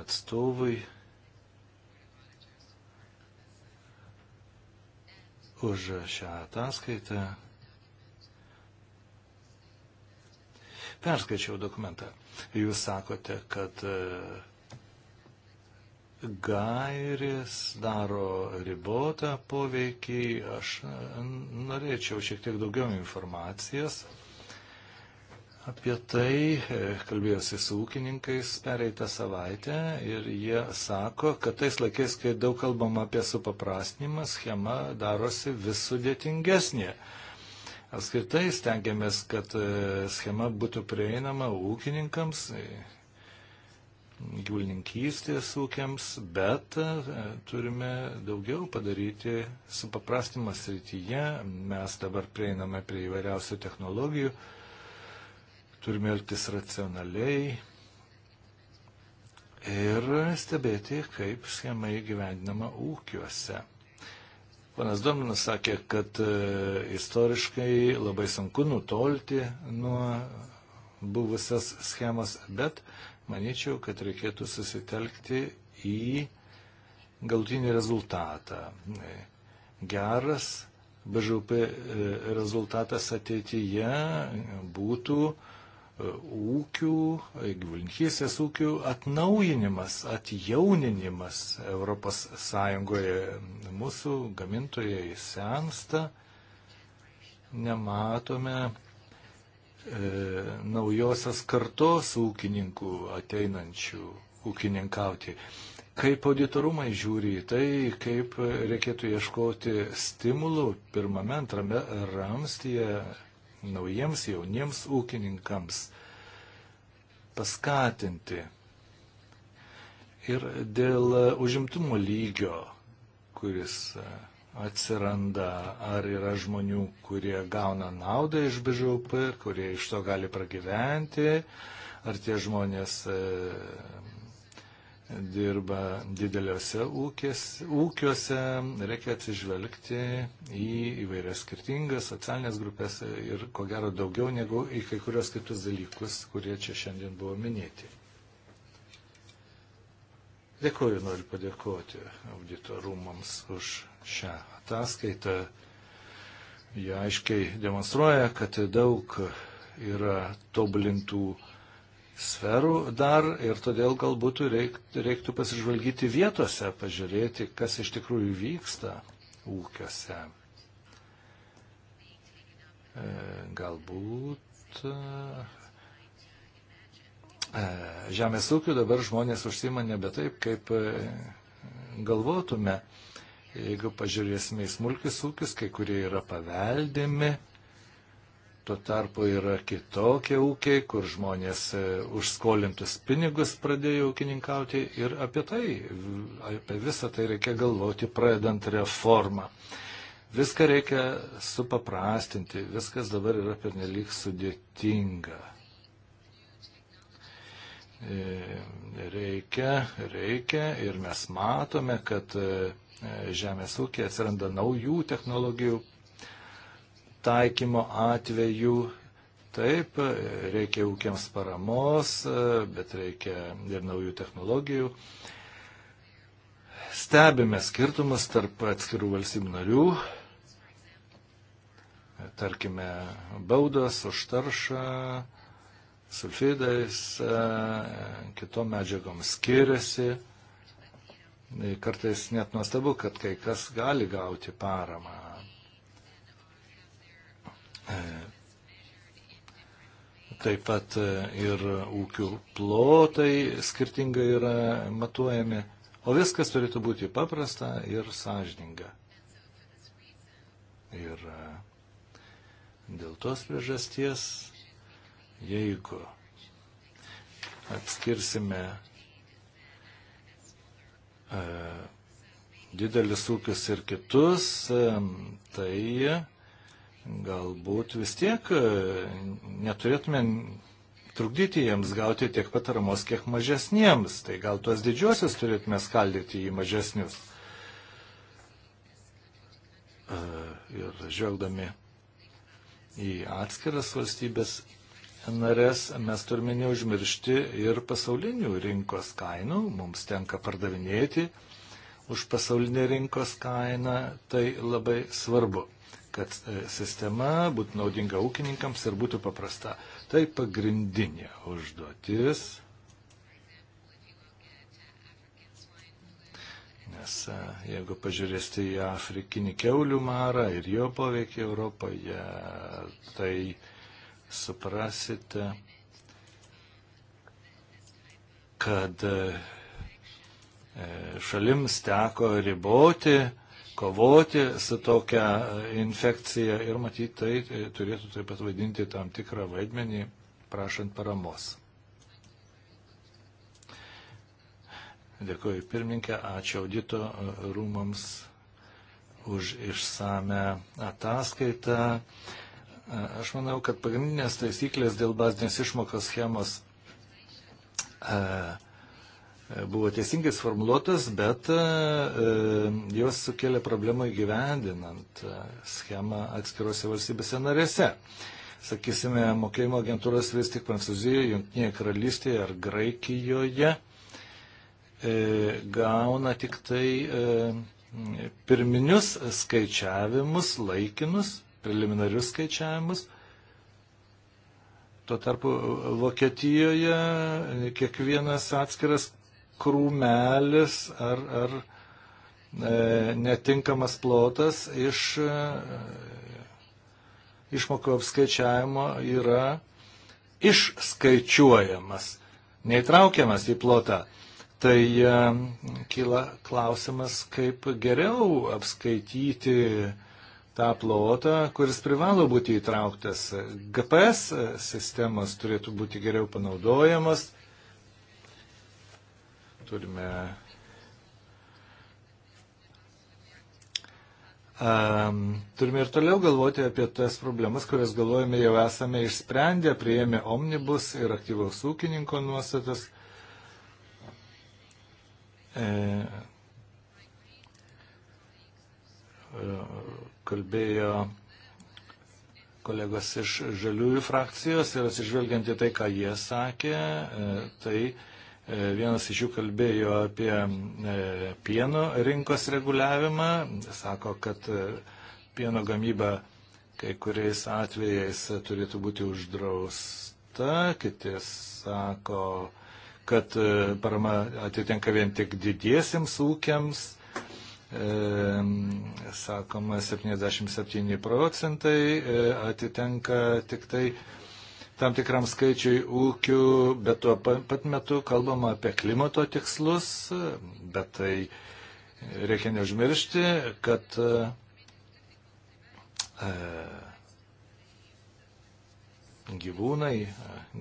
atstovui už šią ataskaitą. Perskaičiau dokumentą. Jūs sakote, kad e, gairis daro ribotą poveikį. Aš norėčiau šiek tiek daugiau informacijos Apie tai e, kalbėjosi su ūkininkais pereitą savaitę ir jie sako, kad tais laikais, kai daug kalbama apie supaprastinimą, schema darosi vis sudėtingesnė. Apskritai stengiamės, kad e, schema būtų prieinama ūkininkams, e, gyvulininkystės ūkiams, bet turime daugiau padaryti supaprastinimą srityje. Mes dabar prieiname prie įvairiausių technologijų turime elgtis racionaliai ir stebėti, kaip schema įgyvendinama ūkiuose. Panas Dominas sakė, kad e, istoriškai labai sunku nutolti nuo buvusias schemas, bet manyčiau, kad reikėtų susitelkti į galtinį rezultatą. Geras BŽP e, rezultatas ateityje būtų ūkių, gyvulinkysės ūkių atnaujinimas, atjauninimas ES. Mūsų gamintojai sensta, nematome e, naujosios kartos ūkininkų ateinančių ūkininkauti. Kaip auditorumai žiūri į tai, kaip reikėtų ieškoti stimulų pirmame, antrame ramstyje naujiems jauniems ūkininkams paskatinti. Ir dėl užimtumo lygio, kuris e, atsiranda, ar yra žmonių, kurie gauna naudą iš BŽUP, kurie iš to gali pragyventi, ar tie žmonės e, dirba dideliuose ūkės, ūkiuose, reikia atsižvelgti į įvairias skirtingas socialinės grupės ir ko gero daugiau negu į kai kurios kitus dalykus, kurie čia šiandien buvo minėti. Dėkuoju, noriu padėkoti auditorumams už šią ataskaitą. Jie aiškiai demonstruoja, kad daug yra tobulintų sferų dar ir todėl galbūt reiktų, reiktų pasižvalgyti vietose, pažiūrėti, kas iš tikrųjų vyksta ūkiuose. E, galbūt e, e, žemės ūkiu dabar žmonės užsima nebe taip, kaip galvotume. Jeigu pažiūrėsime į smulkius ūkius, kai kurie yra paveldimi, Tuo tarpu yra kitokie ūkiai, kur žmonės e, už skolintus pinigus pradėjo ūkininkauti ir apie tai, apie visą tai reikia galvoti, pradedant reformą. Viską reikia supaprastinti, viskas dabar yra pernelyg sudėtinga. E, reikia, reikia ir mes matome, kad e, žemės ūkiai atsiranda naujų technologijų taikymo atveju. Taip, reikia ūkiams paramos, bet reikia ir naujų technologijų. Stebime skirtumus tarp atskirų valstybių narių. Tarkime, baudos už taršą, sulfidais, kitom medžiagom skiriasi. Kartais net nuostabu, kad kai kas gali gauti paramą E, taip pat e, ir ūkių plotai skirtingai yra matuojami, o viskas turėtų būti paprasta ir sąžininga. Ir e, dėl tos priežasties, jeigu atskirsime didelis ūkis ir kitus, tai galbūt vis tiek e, neturėtume trukdyti jiems gauti tiek pat paramos, kiek mažesniems. Tai gal tuos didžiuosius turėtume skaldyti į mažesnius. E, ir žvelgdami į atskiras valstybės narės, mes turime neužmiršti ir pasaulinių rinkos kainų. Mums tenka pardavinėti už pasaulinę rinkos kainą. Tai labai svarbu kad e, sistema būtų naudinga ūkininkams ir būtų paprasta. Tai pagrindinė užduotis. Nes e, jeigu pažiūrėsite į afrikinį keulių marą ir jo poveikį Europoje, tai suprasite, kad e, šalims teko riboti kovoti su tokia e, infekcija ir matyt tai e, turėtų taip pat vaidinti tam tikrą vaidmenį prašant paramos. Dėkuoju pirmininkė, ačiū audito e, rūmams už išsame ataskaitą. Aš manau, kad pagrindinės taisyklės dėl bazinės išmokos schemos e, buvo teisingai sformuluotas, bet e, e, jos sukėlė problemų įgyvendinant e, schemą atskirose valstybėse narėse. Sakysime, mokėjimo agentūros vis tik Prancūzijoje, Junktinėje karalystėje ar Graikijoje gauna tik tai pirminius skaičiavimus, laikinus, preliminarius skaičiavimus, Tuo tarpu Vokietijoje kiekvienas atskiras krūmelis ar, ar e, netinkamas plotas iš e, išmokų apskaičiavimo yra išskaičiuojamas, neįtraukiamas į plotą. Tai e, kyla klausimas, kaip geriau apskaityti tą plotą, kuris privalo būti įtrauktas. GPS sistemos turėtų būti geriau panaudojamos turime Um, turime ir toliau galvoti apie tas problemas, kurias galvojame jau esame išsprendę, prieėmė omnibus ir aktyvaus ūkininko nuostatas. E, e, kalbėjo kolegos iš žaliųjų frakcijos ir atsižvelgiant į tai, ką jie sakė, e, tai E, vienas iš jų kalbėjo apie e, pieno rinkos reguliavimą, sako, kad e, pieno gamyba kai kuriais atvejais turėtų būti uždrausta, kiti sako, kad parama atitenka vien tik didiesiems ūkiams, sakoma, 77 procentai atitenka tik tai tam tikram skaičiui ūkių, bet tuo pat metu kalbama apie klimato tikslus, bet tai reikia neužmiršti, kad e, gyvūnai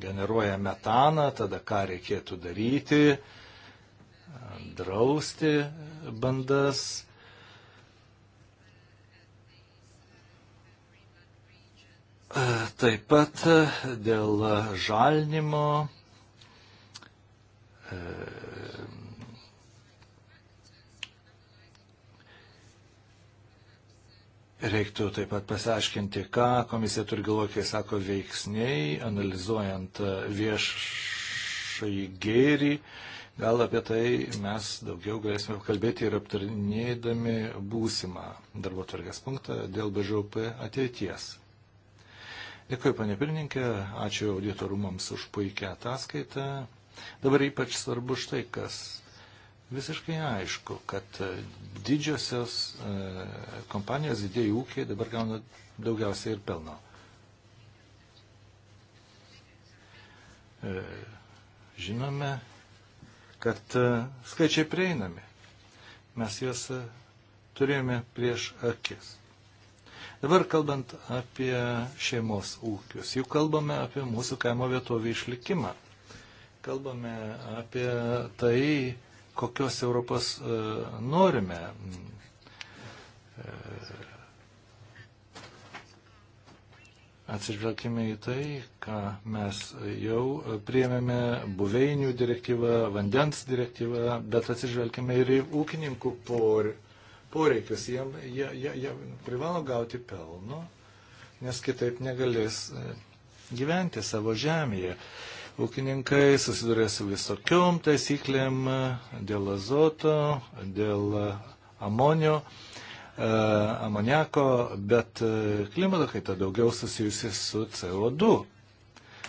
generuoja metaną, tada ką reikėtų daryti, drausti bandas. E, taip pat e, dėl žalinimo e, Reiktų taip pat pasiaiškinti, ką komisija turi galvoje, kai sako veiksniai, analizuojant viešai gėrį. Gal apie tai mes daugiau galėsime kalbėti ir aptarinėdami būsimą darbo tvarkės punktą dėl BŽP ateities. Dėkui, panė pirmininkė, ačiū auditorumams už puikią ataskaitą. Dabar ypač svarbu štai kas. Visiškai aišku, kad e, didžiosios e, kompanijos, didėjai ūkiai dabar gauna daugiausiai ir pelno. E, žinome, kad skaičiai prieinami. Mes juos turėjome prieš akis. Dabar kalbant apie šeimos ūkius, jau kalbame apie mūsų kaimo vietovį išlikimą. Kalbame apie tai, kokios Europos e, norime. E, atsižvelgime į tai, ką mes jau priemėme buveinių direktyvą, vandens direktyvą, bet atsižvelgime ir į ūkininkų por, poreikius. Jie, jie, jie, jie privalo gauti pelno, nes kitaip negalės e, gyventi savo žemėje. Ūkininkai susiduria su visokiom taisyklėm e, dėl azoto, dėl e, amonio amoniako, bet klimato kaita daugiau susijusi su CO2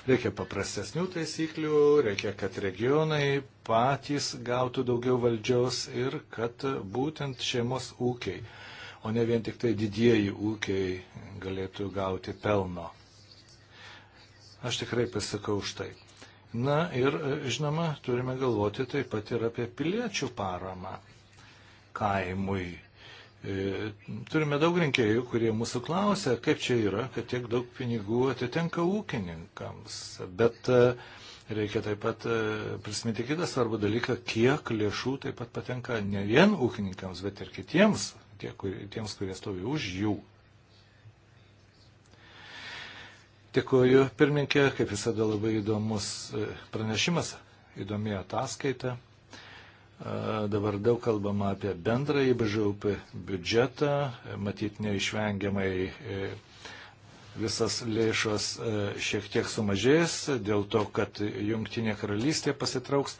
Reikia paprastesnių taisyklių, reikia, kad regionai patys gautų daugiau valdžios ir kad būtent šeimos ūkiai, o ne vien tik tai didieji ūkiai galėtų gauti pelno. Aš tikrai pasakau už tai. Na ir, žinoma, turime galvoti taip pat ir apie piliečių paramą kaimui E, turime daug rinkėjų, kurie mūsų klausia, kaip čia yra, kad tiek daug pinigų atitenka ūkininkams. Bet e, reikia taip pat e, prisiminti kitą svarbų dalyką, kiek lėšų taip pat patenka ne vien ūkininkams, bet ir kitiems, tie, kur, tiems, kurie stovi už jų. Dėkuoju, pirmininkė, kaip visada labai įdomus pranešimas, įdomi ataskaita. Dabar daug kalbama apie bendrąjį BŽUP biudžetą, matyt neišvengiamai e, visas lėšos e, šiek tiek sumažės dėl to, kad jungtinė karalystė pasitrauks,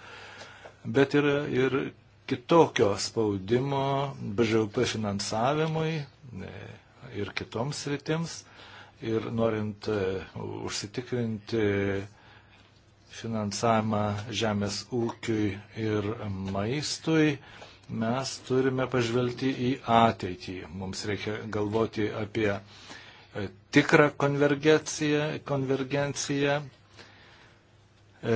bet yra ir kitokio spaudimo BŽUP finansavimui e, ir kitoms rytims. Ir norint užsitikrinti finansavimą žemės ūkiui ir maistui, mes turime pažvelgti į ateitį. Mums reikia galvoti apie e, tikrą konvergenciją, konvergenciją e,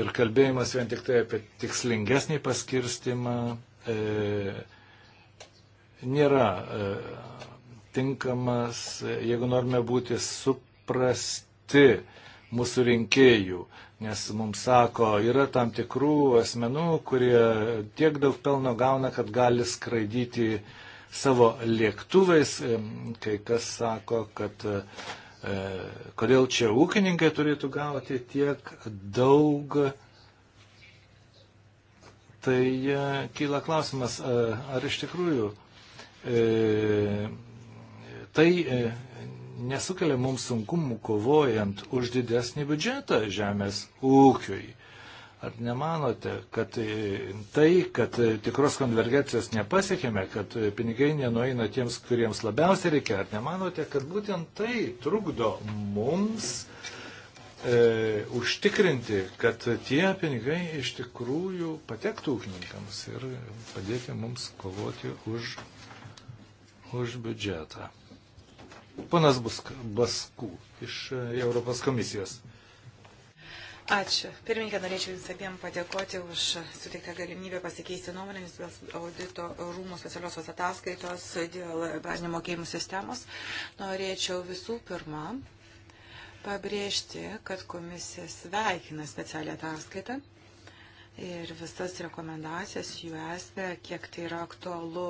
ir kalbėjimas vien tik tai apie tikslingesnį paskirstimą e, nėra e, tinkamas, e, jeigu norime būti suprasti. E, mūsų rinkėjų, nes mums sako, yra tam tikrų asmenų, kurie tiek daug pelno gauna, kad gali skraidyti savo lėktuvais, kai kas sako, kad e, kodėl čia ūkininkai turėtų gauti tiek daug, tai e, kyla klausimas, e, ar iš tikrųjų tai nesukelia mums sunkumų kovojant už didesnį biudžetą žemės ūkiui. Ar nemanote, kad e, tai, kad e, tikros konvergencijos nepasiekėme, kad e, pinigai nenueina tiems, kuriems labiausiai reikia, ar nemanote, kad būtent tai trukdo mums e, užtikrinti, kad tie pinigai iš tikrųjų patektų ūkininkams ir padėtų mums kovoti už, už biudžetą? Ponas Busk, Baskų iš e, Europos komisijos. Ačiū. Pirmininkė, norėčiau Jums abiem padėkoti už suteiktą galimybę pasikeisti nuomonėmis dėl audito rūmų specialiosios ataskaitos, dėl bazinio mokėjimų sistemos. Norėčiau visų pirma pabrėžti, kad komisija sveikina specialią ataskaitą ir visas rekomendacijas jų esmę, kiek tai yra aktualu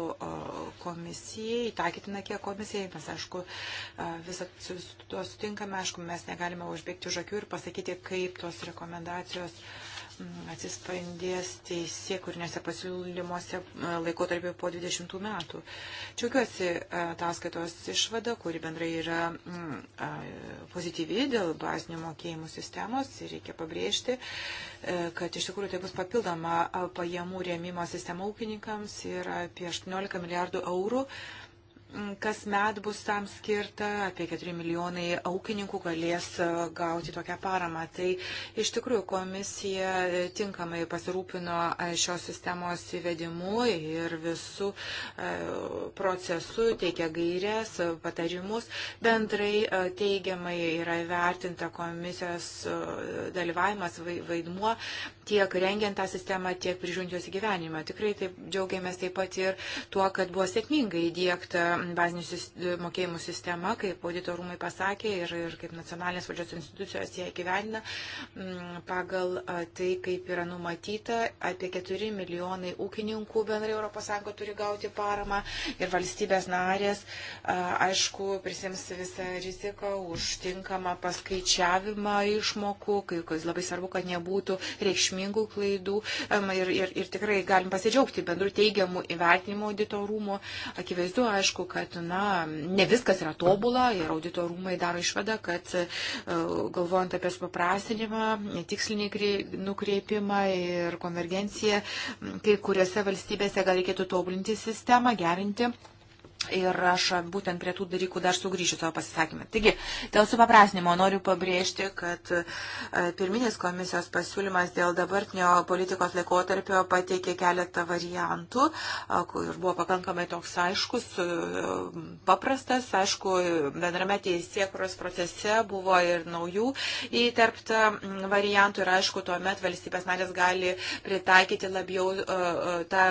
komisijai, taikytina kiek komisijai, mes aišku, visą su tuo sutinkame, aišku, mes negalime užbėgti už akių ir pasakyti, kaip tos rekomendacijos uh, atsispindės teisė kūriniuose pasiūlymuose e, laikotarpiu po 20 metų. Čiaukiuosi e, ataskaitos išvada, kuri bendrai yra mm, pozityvi dėl bazinių mokėjimų sistemos ir reikia pabrėžti, e, kad iš tikrųjų tai bus papildoma pajamų rėmimo sistema ūkininkams ir apie 18 milijardų eurų kas met bus tam skirta, apie 4 milijonai aukininkų galės e, gauti tokią paramą. Tai iš tikrųjų komisija e, tinkamai pasirūpino e, šios sistemos įvedimu ir visų procesų, teikia gairias, patarimus. Bendrai teigiamai yra vertinta komisijos dalyvavimas vaidmuo tiek rengiant tą sistemą, tiek prižiūrint jos įgyvenimą. Tikrai taip džiaugiamės taip pat ir tuo, kad buvo sėkmingai įdėkta bazinių mokėjimų sistema, kaip auditorumai pasakė ir, ir kaip nacionalinės valdžios institucijos ją įgyvenina mm, pagal tai, kaip yra numatyta, apie 4 milijonai ūkininkų bendrai ES turi gauti paramą ir valstybės narės, aišku, prisims visą riziką už tinkamą paskaičiavimą išmokų, kai labai svarbu, kad nebūtų reikšmė reikšmingų klaidų ir, ir, ir tikrai galim pasidžiaugti bendrų teigiamų įvertinimų auditorumų. Akivaizdu, aišku, kad na, ne viskas yra tobula ir auditorumai daro išvadą, kad e, galvojant apie supaprastinimą, tikslinį nukreipimą ir konvergenciją, kai kuriuose valstybėse gal reikėtų tobulinti sistemą, gerinti Ir aš būtent prie tų dalykų dar sugrįšiu savo pasisakymę. Taigi, dėl supaprasnimo noriu pabrėžti, kad e, pirminis komisijos pasiūlymas dėl dabartinio politikos laikotarpio pateikė keletą variantų, e, kur buvo pakankamai toks aiškus, e, paprastas, aišku, bendrame teisėkuros procese buvo ir naujų įterpta variantų ir aišku, tuomet valstybės narės gali pritaikyti labiau tą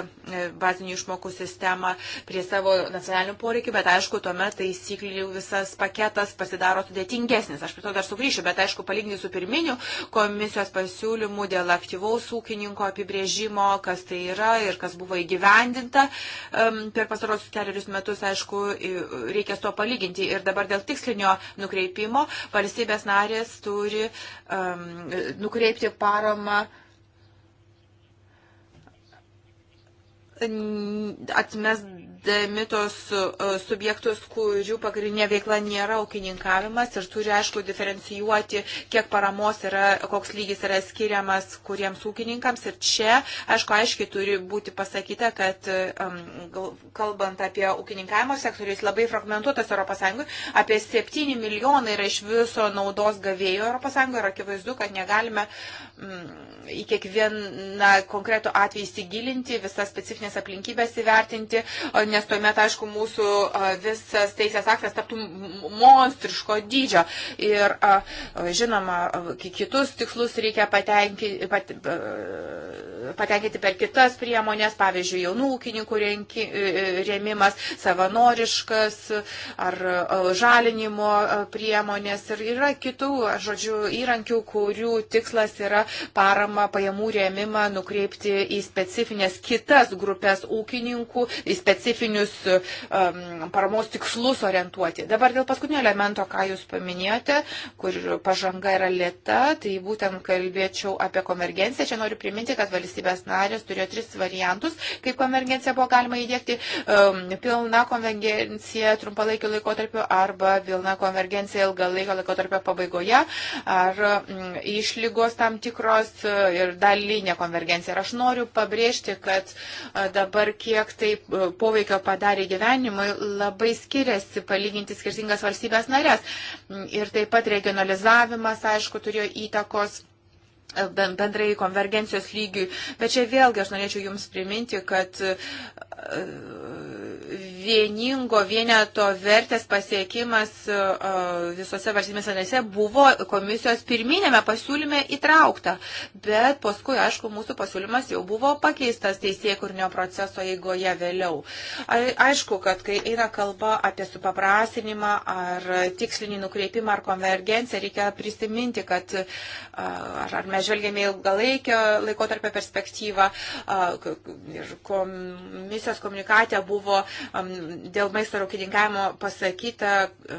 bazinių išmokų sistemą prie savo nacionalinio nacionalinių poreikių, bet aišku, tuomet taisyklių visas paketas pasidaro sudėtingesnis. Aš prie to dar sugrįšiu, bet aišku, palyginti su pirminiu komisijos pasiūlymu dėl aktyvaus ūkininko apibrėžimo, kas tai yra ir kas buvo įgyvendinta um, per pastarosius keliarius metus, aišku, reikės to palyginti. Ir dabar dėl tikslinio nukreipimo valstybės narės turi um, nukreipti paramą atmes apimdami tos e, subjektus, kurių pagrindinė veikla nėra ūkininkavimas ir turi, aišku, diferencijuoti, kiek paramos yra, koks lygis yra skiriamas kuriems ūkininkams. Ir čia, aišku, aiškiai turi būti pasakyta, kad e, kalbant apie ūkininkavimo sektorių, jis labai fragmentuotas ES, apie 7 milijonai yra iš viso naudos gavėjų ES ir akivaizdu, kad negalime mm, į kiekvieną konkretų atvejį įsigilinti, visas specifines aplinkybės įvertinti, nes tuomet, aišku, mūsų visas teisės aktas taptų monstriško dydžio. Ir, žinoma, kitus tikslus reikia patenkinti, pat, patenkinti per kitas priemonės, pavyzdžiui, jaunų ūkininkų renki, e, e, rėmimas, savanoriškas ar žalinimo priemonės. Ir yra kitų, žodžiu, įrankių, kurių tikslas yra parama pajamų rėmimą nukreipti į specifines kitas grupės ūkininkų, į specifines specifinius um, paramos tikslus orientuoti. Dabar dėl paskutinio elemento, ką Jūs paminėjote, kur pažanga yra lėta, tai būtent kalbėčiau apie konvergenciją. Čia noriu priminti, kad valstybės narės turėjo tris variantus, kaip konvergenciją buvo galima įdėkti. Um, pilna konvergencija trumpalaikio laikotarpio arba pilna konvergencija ilgalaikio laikotarpio pabaigoje ar mm, išlygos tam tikros uh, ir dalinė konvergencija. Ir aš noriu pabrėžti, kad uh, dabar kiek tai uh, poveikia poveikio padarė gyvenimui, labai skiriasi palyginti skirtingas valstybės narės. Ir taip pat regionalizavimas, aišku, turėjo įtakos bendrai konvergencijos lygiui. Bet čia vėlgi aš norėčiau Jums priminti, kad vieningo vieneto vertės pasiekimas e, e, visose valstybėse narėse buvo komisijos pirminėme pasiūlyme įtraukta, bet paskui, aišku, mūsų pasiūlymas jau buvo pakeistas teisėkurnio proceso eigoje vėliau. Aišku, kad kai eina kalba apie supaprasinimą ar tikslinį nukreipimą ar konvergenciją, reikia prisiminti, kad e, ar, ar mes žvelgėme ilgalaikio laikotarpio perspektyvą ir komisijos komunikatė buvo dėl maisto raukininkavimo pasakyta e,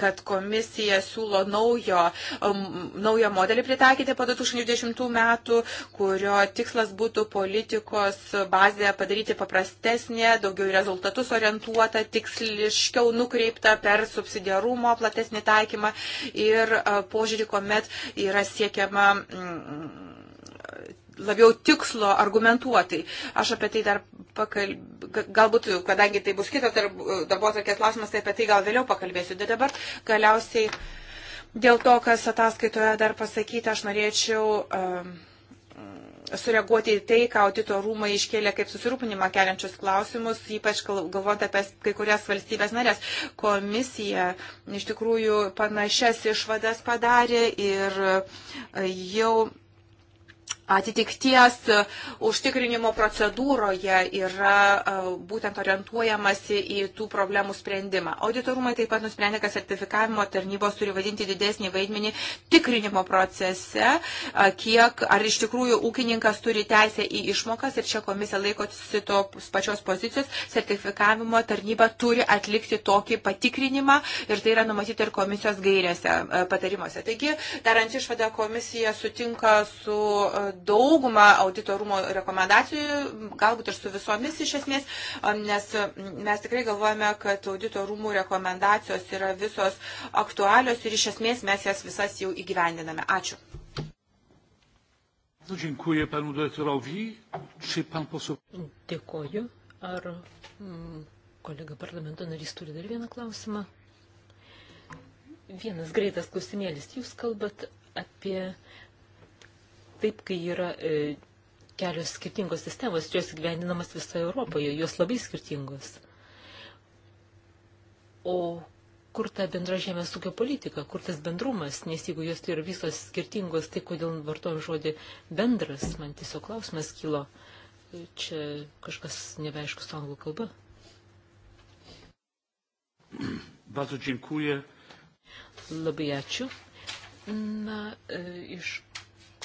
kad komisija siūlo naujo, um, naują modelį pritaikyti po 2010 metų, kurio tikslas būtų politikos bazę padaryti paprastesnė, daugiau į rezultatus orientuota, tiksliškiau nukreipta per subsidiarumo platesnį taikymą ir uh, požiūrį, kuomet yra siekiama. Mm, labiau tikslo argumentuotai. Aš apie tai dar pakalbėsiu, galbūt, kadangi tai bus kitas darbo atvarkės klausimas, tai apie tai gal vėliau pakalbėsiu. Bet dabar galiausiai dėl to, kas ataskaitoje dar pasakyta, aš norėčiau. Um, sureaguoti į tai, ką audito rūmai iškėlė kaip susirūpinimą keliančius klausimus, ypač galvojant apie kai kurias valstybės narės. Komisija iš tikrųjų panašias išvadas padarė ir jau atitikties e, užtikrinimo procedūroje yra e, būtent orientuojamasi į tų problemų sprendimą. Auditorumai taip pat nusprendė, kad sertifikavimo tarnybos turi vadinti didesnį vaidmenį tikrinimo procese, e, kiek ar iš tikrųjų ūkininkas turi teisę į išmokas ir čia komisija laikosi to pačios pozicijos, sertifikavimo tarnyba turi atlikti tokį patikrinimą ir tai yra numatyti ir komisijos gairėse patarimuose. Taigi, darant išvadą, komisija sutinka su daugumą auditorumo rekomendacijų, galbūt ir su visomis iš esmės, um, nes mm, mes tikrai galvojame, kad auditorumų rekomendacijos yra visos aktualios ir iš esmės mes jas visas jau įgyvendiname. Ačiū. Dziękuję panu dyrektorowi. Czy pan poseł... Dėkoju. Ar mm, kolega parlamento narys turi dar vieną klausimą? Vienas greitas klausimėlis. Jūs kalbat apie taip, kai yra e, kelios skirtingos sistemos, jos gyvendinamas visoje Europoje, jos labai skirtingos. O kur ta bendra žemės ūkio politika, kur tas bendrumas, nes jeigu jos tai yra visos skirtingos, tai kodėl vartojam žodį bendras, man tiesiog klausimas kilo, čia kažkas nebeaiškus anglų kalba. Bardzo dziękuję. Labai ačiū. Na, e, iš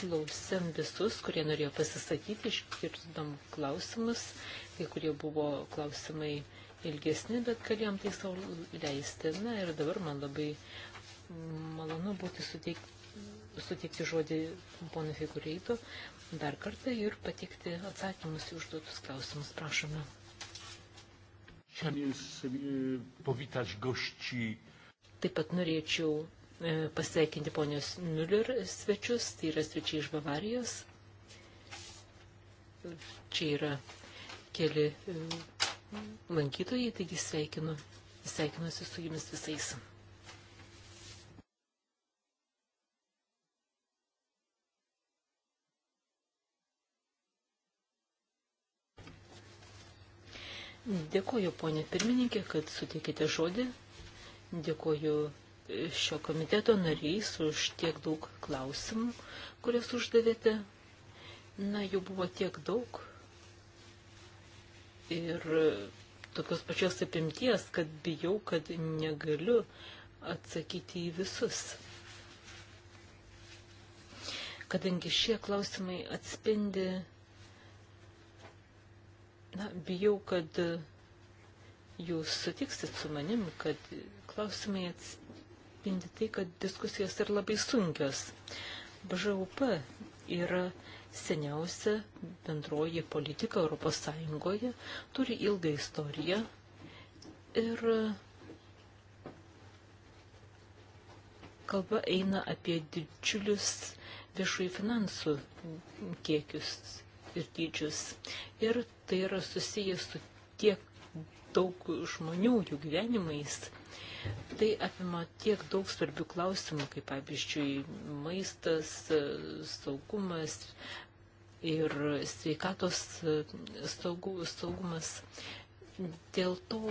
klausėm visus, kurie norėjo pasisakyti, išgirdom klausimus, kai kurie buvo klausimai ilgesni, bet galėjom tai savo leisti. Na ir dabar man labai malonu būti suteikti, suteikti žodį ponui Figureito dar kartą ir patikti atsakymus į užduotus klausimus. Prašome. E, Taip pat norėčiau E, pasveikinti ponios Müller svečius, tai yra svečiai iš Bavarijos. Čia yra keli e, lankytojai, taigi sveikinu, sveikinuosi su jumis visais. Dėkoju, ponė pirmininkė, kad suteikėte žodį. Dėkoju šio komiteto nariais už tiek daug klausimų, kurias uždavėte. Na, jų buvo tiek daug. Ir tokios pačios apimties, kad bijau, kad negaliu atsakyti į visus. Kadangi šie klausimai atspindi, na, bijau, kad jūs sutiksit su manim, kad klausimai atspindi atspindi tai, kad diskusijos yra labai sunkios. BŽUP yra seniausia bendroji politika Europos Sąjungoje, turi ilgą istoriją ir kalba eina apie didžiulius viešųjų finansų kiekius ir dydžius. Ir tai yra susijęs su tiek daug žmonių, jų gyvenimais. Tai apima tiek daug svarbių klausimų, kaip pavyzdžiui maistas, saugumas ir sveikatos saugu, saugumas. Dėl to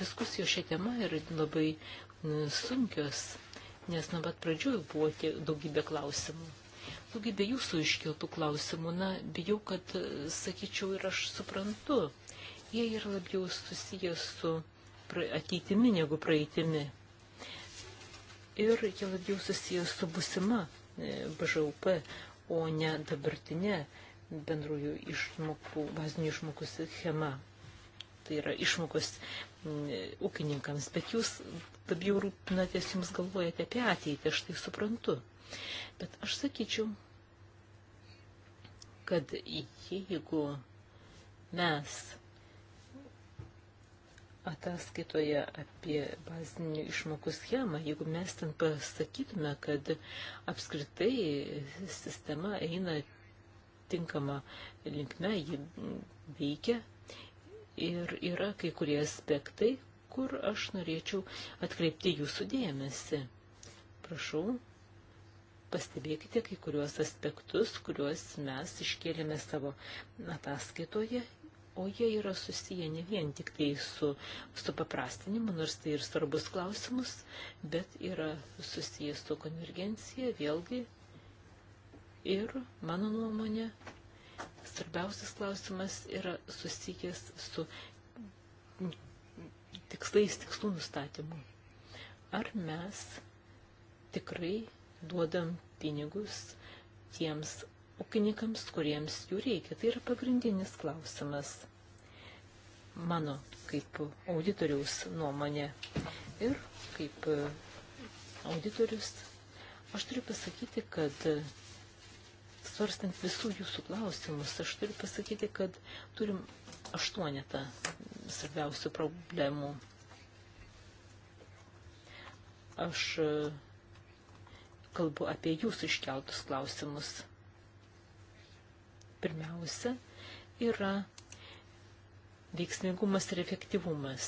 diskusijos šią temą yra labai sunkios, nes nuo pat pradžių buvo tiek daugybė klausimų daugybė jūsų iškiltų klausimų. Na, bijau, kad, sakyčiau, ir aš suprantu, jie yra labiau susijęs su ateitimi negu praeitimi. Ir jie labiau susijęs su busima e, BŽUP, o ne dabartinė bendrųjų išmokų, bazinių išmokų schema. Tai yra išmokos e, ūkininkams, bet jūs labiau rūpinatės, jums galvojate apie ateitį, aš tai suprantu. Bet aš sakyčiau, kad jeigu mes ataskaitoje apie bazinių išmokų schemą, jeigu mes ten pasakytume, kad apskritai sistema eina tinkama linkme, ji veikia ir yra kai kurie aspektai, kur aš norėčiau atkreipti jūsų dėmesį. Prašau, pastebėkite kai kuriuos aspektus, kuriuos mes iškėlėme savo ataskaitoje o jie yra susiję ne vien tik tai su supaprastinimu, nors tai ir svarbus klausimus, bet yra susiję su konvergencija vėlgi. Ir mano nuomonė, svarbiausias klausimas yra susijęs su tikslais, tikslų nustatymu. Ar mes tikrai duodam pinigus tiems ūkininkams, kuriems jų reikia. Tai yra pagrindinis klausimas mano kaip auditoriaus nuomonė. Ir kaip auditorius aš turiu pasakyti, kad svarstant visų jūsų klausimus, aš turiu pasakyti, kad turim aštuonetą svarbiausių problemų. Aš kalbu apie jūsų iškeltus klausimus pirmiausia yra veiksmingumas ir efektyvumas.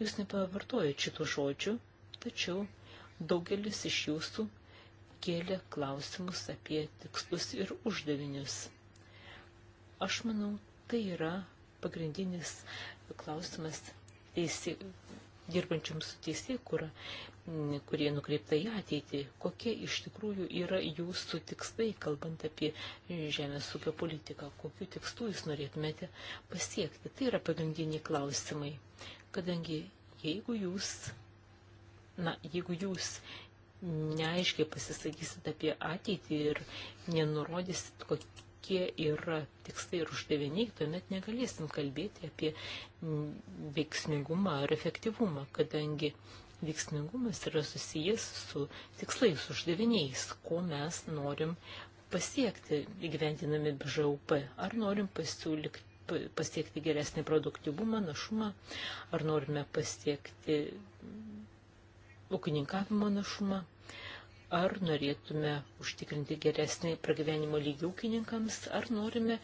Jūs nepavartojate šitų žodžių, tačiau daugelis iš jūsų kėlė klausimus apie tikslus ir uždavinius. Aš manau, tai yra pagrindinis klausimas teisė, dirbančiams su teisėkura, kurie nukreipta į ateitį, kokie iš tikrųjų yra jūsų tikslai, kalbant apie žemės ūkio politiką, kokiu tikslu jūs norėtumėte pasiekti. Tai yra pagrindiniai klausimai, kadangi jeigu jūs, na, jeigu jūs neaiškiai pasisakysite apie ateitį ir nenurodysit, kokie kokie yra tikslai ir uždaviniai, tuomet negalėsim kalbėti apie veiksmingumą ar efektyvumą, kadangi veiksmingumas yra susijęs su tikslais, uždaviniais, ko mes norim pasiekti įgyventinami BŽUP, ar norim pasiūlyti pasiekti geresnį produktivumą, našumą, ar norime pasiekti ūkininkavimo našumą ar norėtume užtikrinti geresnį pragyvenimo lygį ūkininkams, ar norime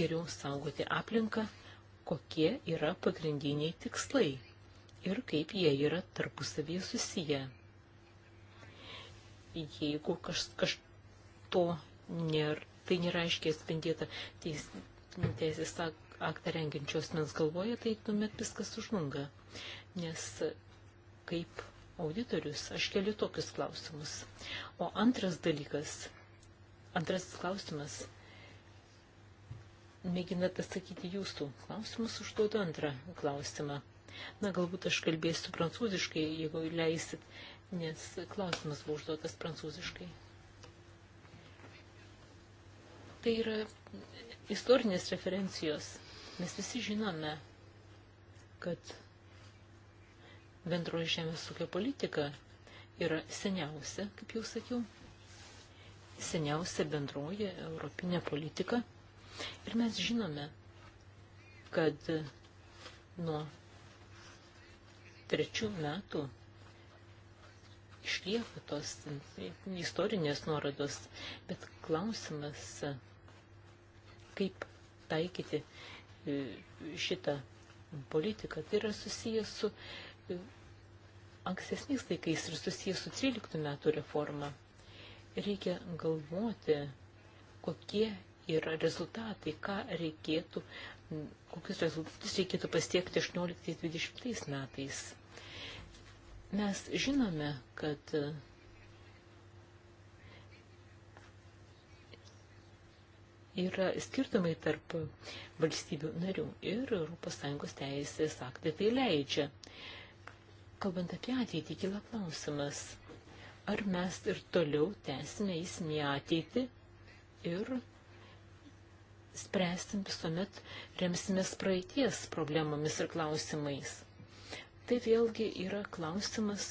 geriau saugoti aplinką, kokie yra pagrindiniai tikslai ir kaip jie yra tarpusavyje susiję. Jeigu kaž, kaž to nėra, tai nėra aiškiai atspindėta teis, teisės aktą rengiančios mens galvoje, tai tuomet viskas užmunga. Nes kaip auditorius, aš keliu tokius klausimus. O antras dalykas, antrasis klausimas, mėginate atsakyti jūsų klausimus, užduodu antrą klausimą. Na, galbūt aš kalbėsiu prancūziškai, jeigu leisit, nes klausimas buvo užduotas prancūziškai. Tai yra istorinės referencijos. Mes visi žinome, kad bendroji žemės ūkio politika yra seniausia, kaip jau sakiau, seniausia bendroji europinė politika. Ir mes žinome, kad nuo trečių metų išlieka tos istorinės nuorodos, bet klausimas, kaip taikyti e, šitą politiką, tai yra susijęs su ankstesniais laikais ir susijęs su 13 metų reforma. Reikia galvoti, kokie yra rezultatai, ką reikėtų, kokius rezultatus reikėtų pasiekti 18-20 metais. Mes žinome, kad yra skirtumai tarp valstybių narių ir ES teisės aktai tai leidžia. Kalbant apie ateitį, kila klausimas, ar mes ir toliau tęsime įsmį ateitį ir spręsim visuomet remsimės praeities problemomis ir klausimais. Tai vėlgi yra klausimas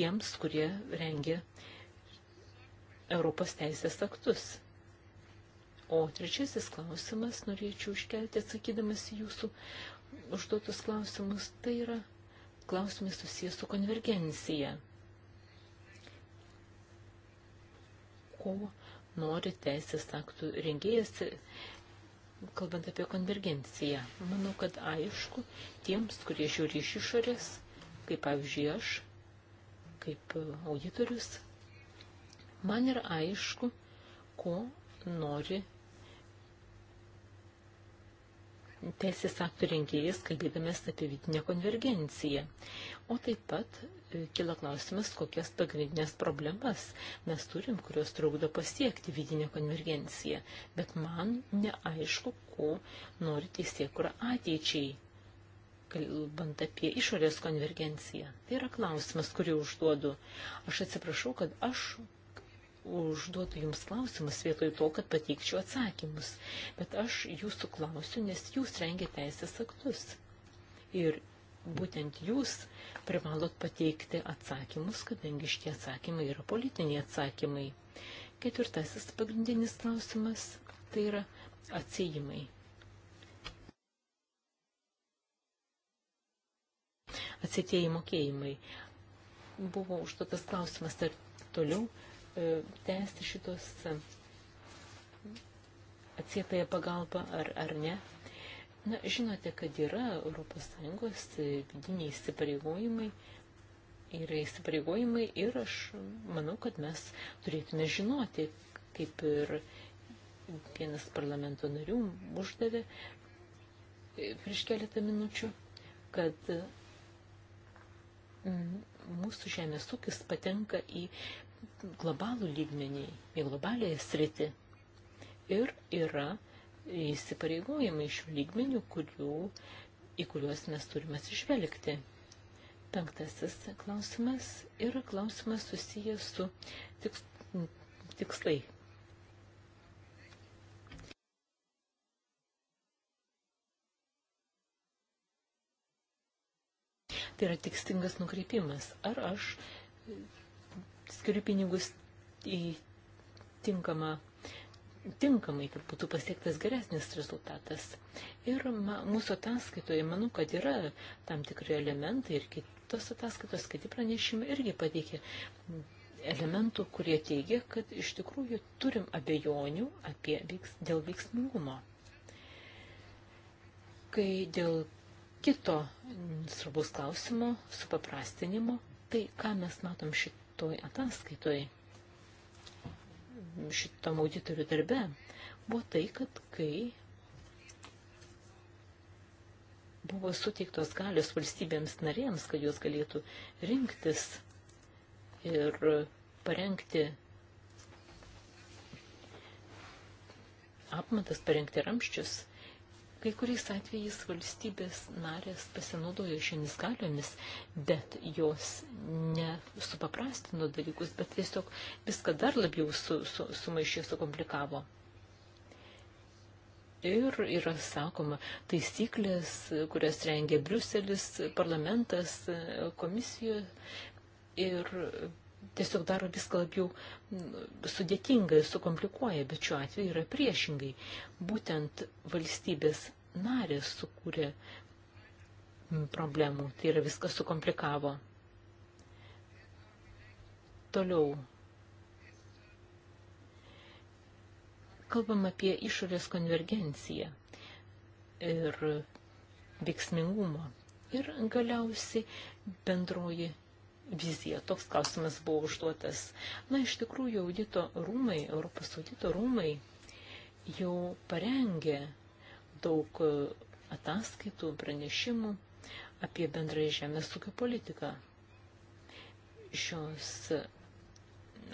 tiems, kurie rengia Europos teisės aktus. O trečiasis klausimas norėčiau iškelti atsakydamas jūsų užduotus klausimus, tai yra klausimai susijęs su konvergencija. Ko nori teisės aktų rengėjas, kalbant apie konvergenciją? Manau, kad aišku, tiems, kurie žiūri iš išorės, kaip pavyzdžiui aš, kaip auditorius, man yra aišku, ko nori teisės aktų rengėjas, kalbėdamas apie vidinę konvergenciją. O taip pat e, kila klausimas, kokias pagrindinės problemas mes turim, kurios trukdo pasiekti vidinę konvergenciją. Bet man neaišku, ko nori teisėkura ateičiai, kalbant apie išorės konvergenciją. Tai yra klausimas, kurį užduodu. Aš atsiprašau, kad aš užduotų jums klausimus vietoj to, kad pateikčiau atsakymus. Bet aš jūsų klausiu, nes jūs rengia teisės aktus. Ir būtent jūs privalot pateikti atsakymus, kadangi šitie atsakymai yra politiniai atsakymai. Ketvirtasis pagrindinis klausimas tai yra atsijimai. Atsitėjai mokėjimai. Buvo užduotas klausimas, ar toliau E, tęsti šitos atsietąją pagalbą ar, ar ne. Na, žinote, kad yra ES vidiniai įsipareigojimai, yra įsipareigojimai ir aš manau, kad mes turėtume žinoti, kaip ir vienas parlamento narių uždavė prieš keletą minučių, kad mm, mūsų žemės ūkis patenka į globalų lygmenį, į globalią sritį. Ir yra įsipareigojimai šių lygmenių, kurių, į kuriuos mes turime atsižvelgti. Penktasis klausimas yra klausimas susijęs su tiks, tikslai. Tai yra tikslingas nukreipimas. Ar aš skiriu pinigus į tinkamą tinkamai, kad būtų pasiektas geresnis rezultatas. Ir ma, mūsų ataskaitoje, manau, kad yra tam tikri elementai ir kitos ataskaitos, kiti pranešimai irgi pateikė elementų, kurie teigia, kad iš tikrųjų turim abejonių apie, veiks, dėl veiksmingumo. Kai dėl kito svarbaus klausimo, supaprastinimo, tai ką mes matom šit, toj ataskaitoj, šitam auditorių darbe, buvo tai, kad kai buvo suteiktos galios valstybėms narėms, kad jos galėtų rinktis ir parengti apmatas, parengti ramščius, Kai kuriais atvejais valstybės narės pasinaudojo šiomis galiomis, bet jos nesupaprastino dalykus, bet tiesiog viską dar labiau su, su, sumaišė, sukomplikavo. Ir yra sakoma, taisyklės, kurias rengia Briuselis, parlamentas, komisija ir tiesiog daro viską labiau sudėtingai, sukomplikuoja, bet šiuo atveju yra priešingai. Būtent valstybės narės sukūrė problemų, tai yra viskas sukomplikavo. Toliau. Kalbam apie išorės konvergenciją ir veiksmingumą. Ir galiausiai bendroji viziją. Toks klausimas buvo užduotas. Na, iš tikrųjų, audito rūmai, Europos audito rūmai jau parengė daug e, ataskaitų, pranešimų apie bendrąją žemės ūkio politiką. Šios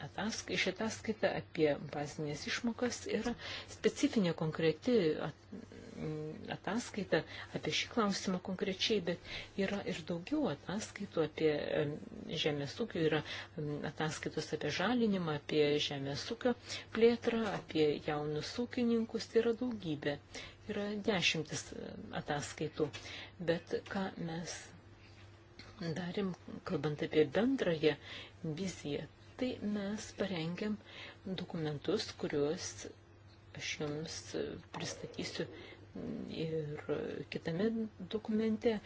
ataskaita, iš ataskaita apie bazinės išmokas yra specifinė konkreti at, Mm, ataskaitą apie šį klausimą konkrečiai, bet yra ir daugiau ataskaitų apie žemės ūkio, yra ataskaitos apie žalinimą, apie žemės ūkio plėtrą, apie jaunus ūkininkus, tai yra daugybė. Yra dešimtis ataskaitų. Bet ką mes darėm, kalbant apie bendrąją viziją, tai mes parengėm dokumentus, kuriuos aš jums pristatysiu ir kitame dokumente,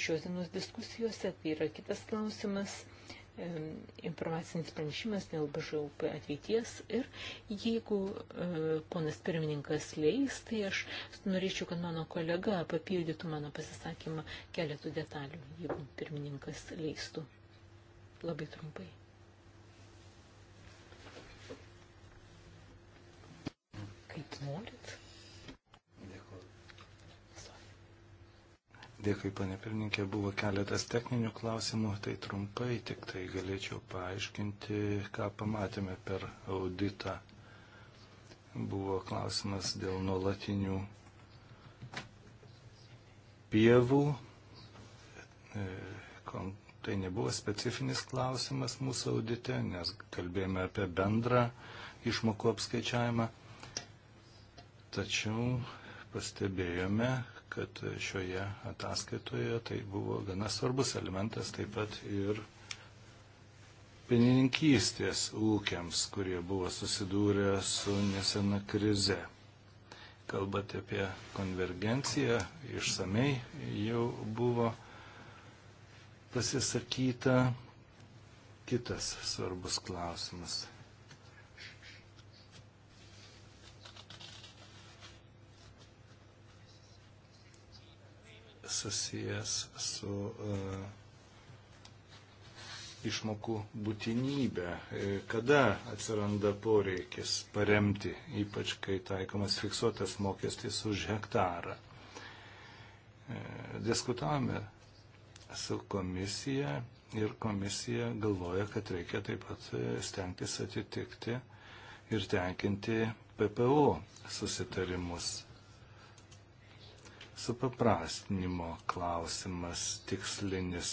šios dienos diskusijose, tai yra kitas klausimas informacinis pranešimas dėl BŽUP ateities ir jeigu e, ponas pirmininkas leis, tai aš norėčiau, kad mano kolega papildytų mano pasisakymą keletų detalių, jeigu pirmininkas leistų. Labai trumpai. Kaip norit. Dėkui, panė pirmininkė, buvo keletas techninių klausimų, tai trumpai tik tai galėčiau paaiškinti, ką pamatėme per auditą. Buvo klausimas dėl nuolatinių pievų. E, tai nebuvo specifinis klausimas mūsų audite, nes kalbėjome apie bendrą išmokų apskaičiavimą. Tačiau pastebėjome, kad šioje ataskaitoje tai buvo gana svarbus elementas taip pat ir pienininkystės ūkiams, kurie buvo susidūrę su nesena krize. Kalbate apie konvergenciją, išsamei jau buvo pasisakyta kitas svarbus klausimas susijęs su e, išmokų būtinybę, e, kada atsiranda poreikis paremti, ypač kai taikomas fiksuotas mokestis už hektarą. E, diskutavome su komisija ir komisija galvoja, kad reikia taip pat stengtis atitikti ir tenkinti PPO susitarimus supaprastinimo klausimas, tikslinis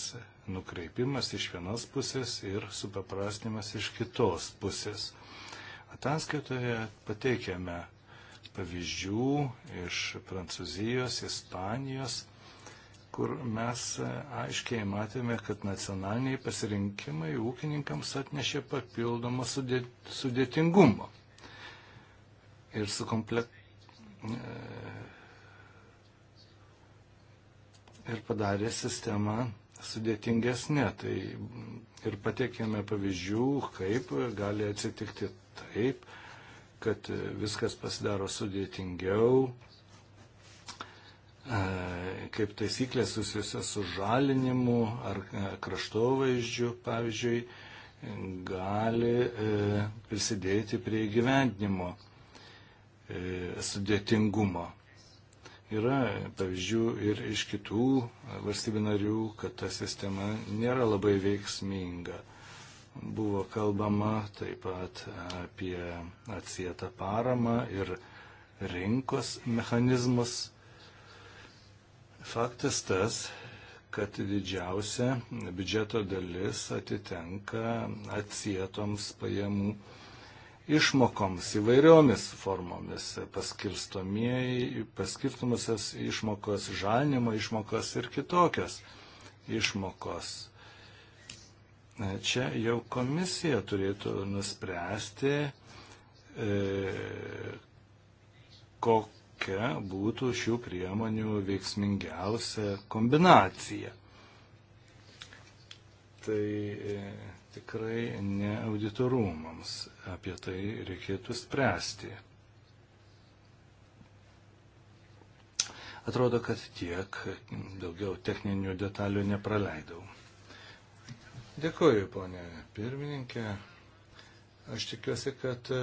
nukreipimas iš vienos pusės ir supaprastinimas iš kitos pusės. Ataskaitoje pateikėme pavyzdžių iš Prancūzijos, Ispanijos, kur mes aiškiai matėme, kad nacionaliniai pasirinkimai ūkininkams atnešė papildomą sudėtingumą ir sukomplek... E, ir padarė sistemą sudėtingesnė. Tai ir patiekėme pavyzdžių, kaip gali atsitikti taip, kad viskas pasidaro sudėtingiau, e, kaip taisyklė susijusia su žalinimu ar e, kraštovaizdžiu, pavyzdžiui, gali e, prisidėti prie gyvendinimo sudėtingumo. Yra pavyzdžių ir iš kitų valstybių narių, kad ta sistema nėra labai veiksminga. Buvo kalbama taip pat apie atsietą paramą ir rinkos mechanizmus. Faktas tas, kad didžiausia biudžeto dalis atitenka atsietoms pajamų išmokoms įvairiomis formomis - paskirtumasias išmokos, žalinimo išmokos ir kitokios išmokos. E, čia jau komisija turėtų nuspręsti, e, kokia būtų šių priemonių veiksmingiausia kombinacija. Tai e, tikrai ne auditorumams. Apie tai reikėtų spręsti. Atrodo, kad tiek, daugiau techninių detalių nepraleidau. Dėkuoju, ponė pirmininkė. Aš tikiuosi, kad e,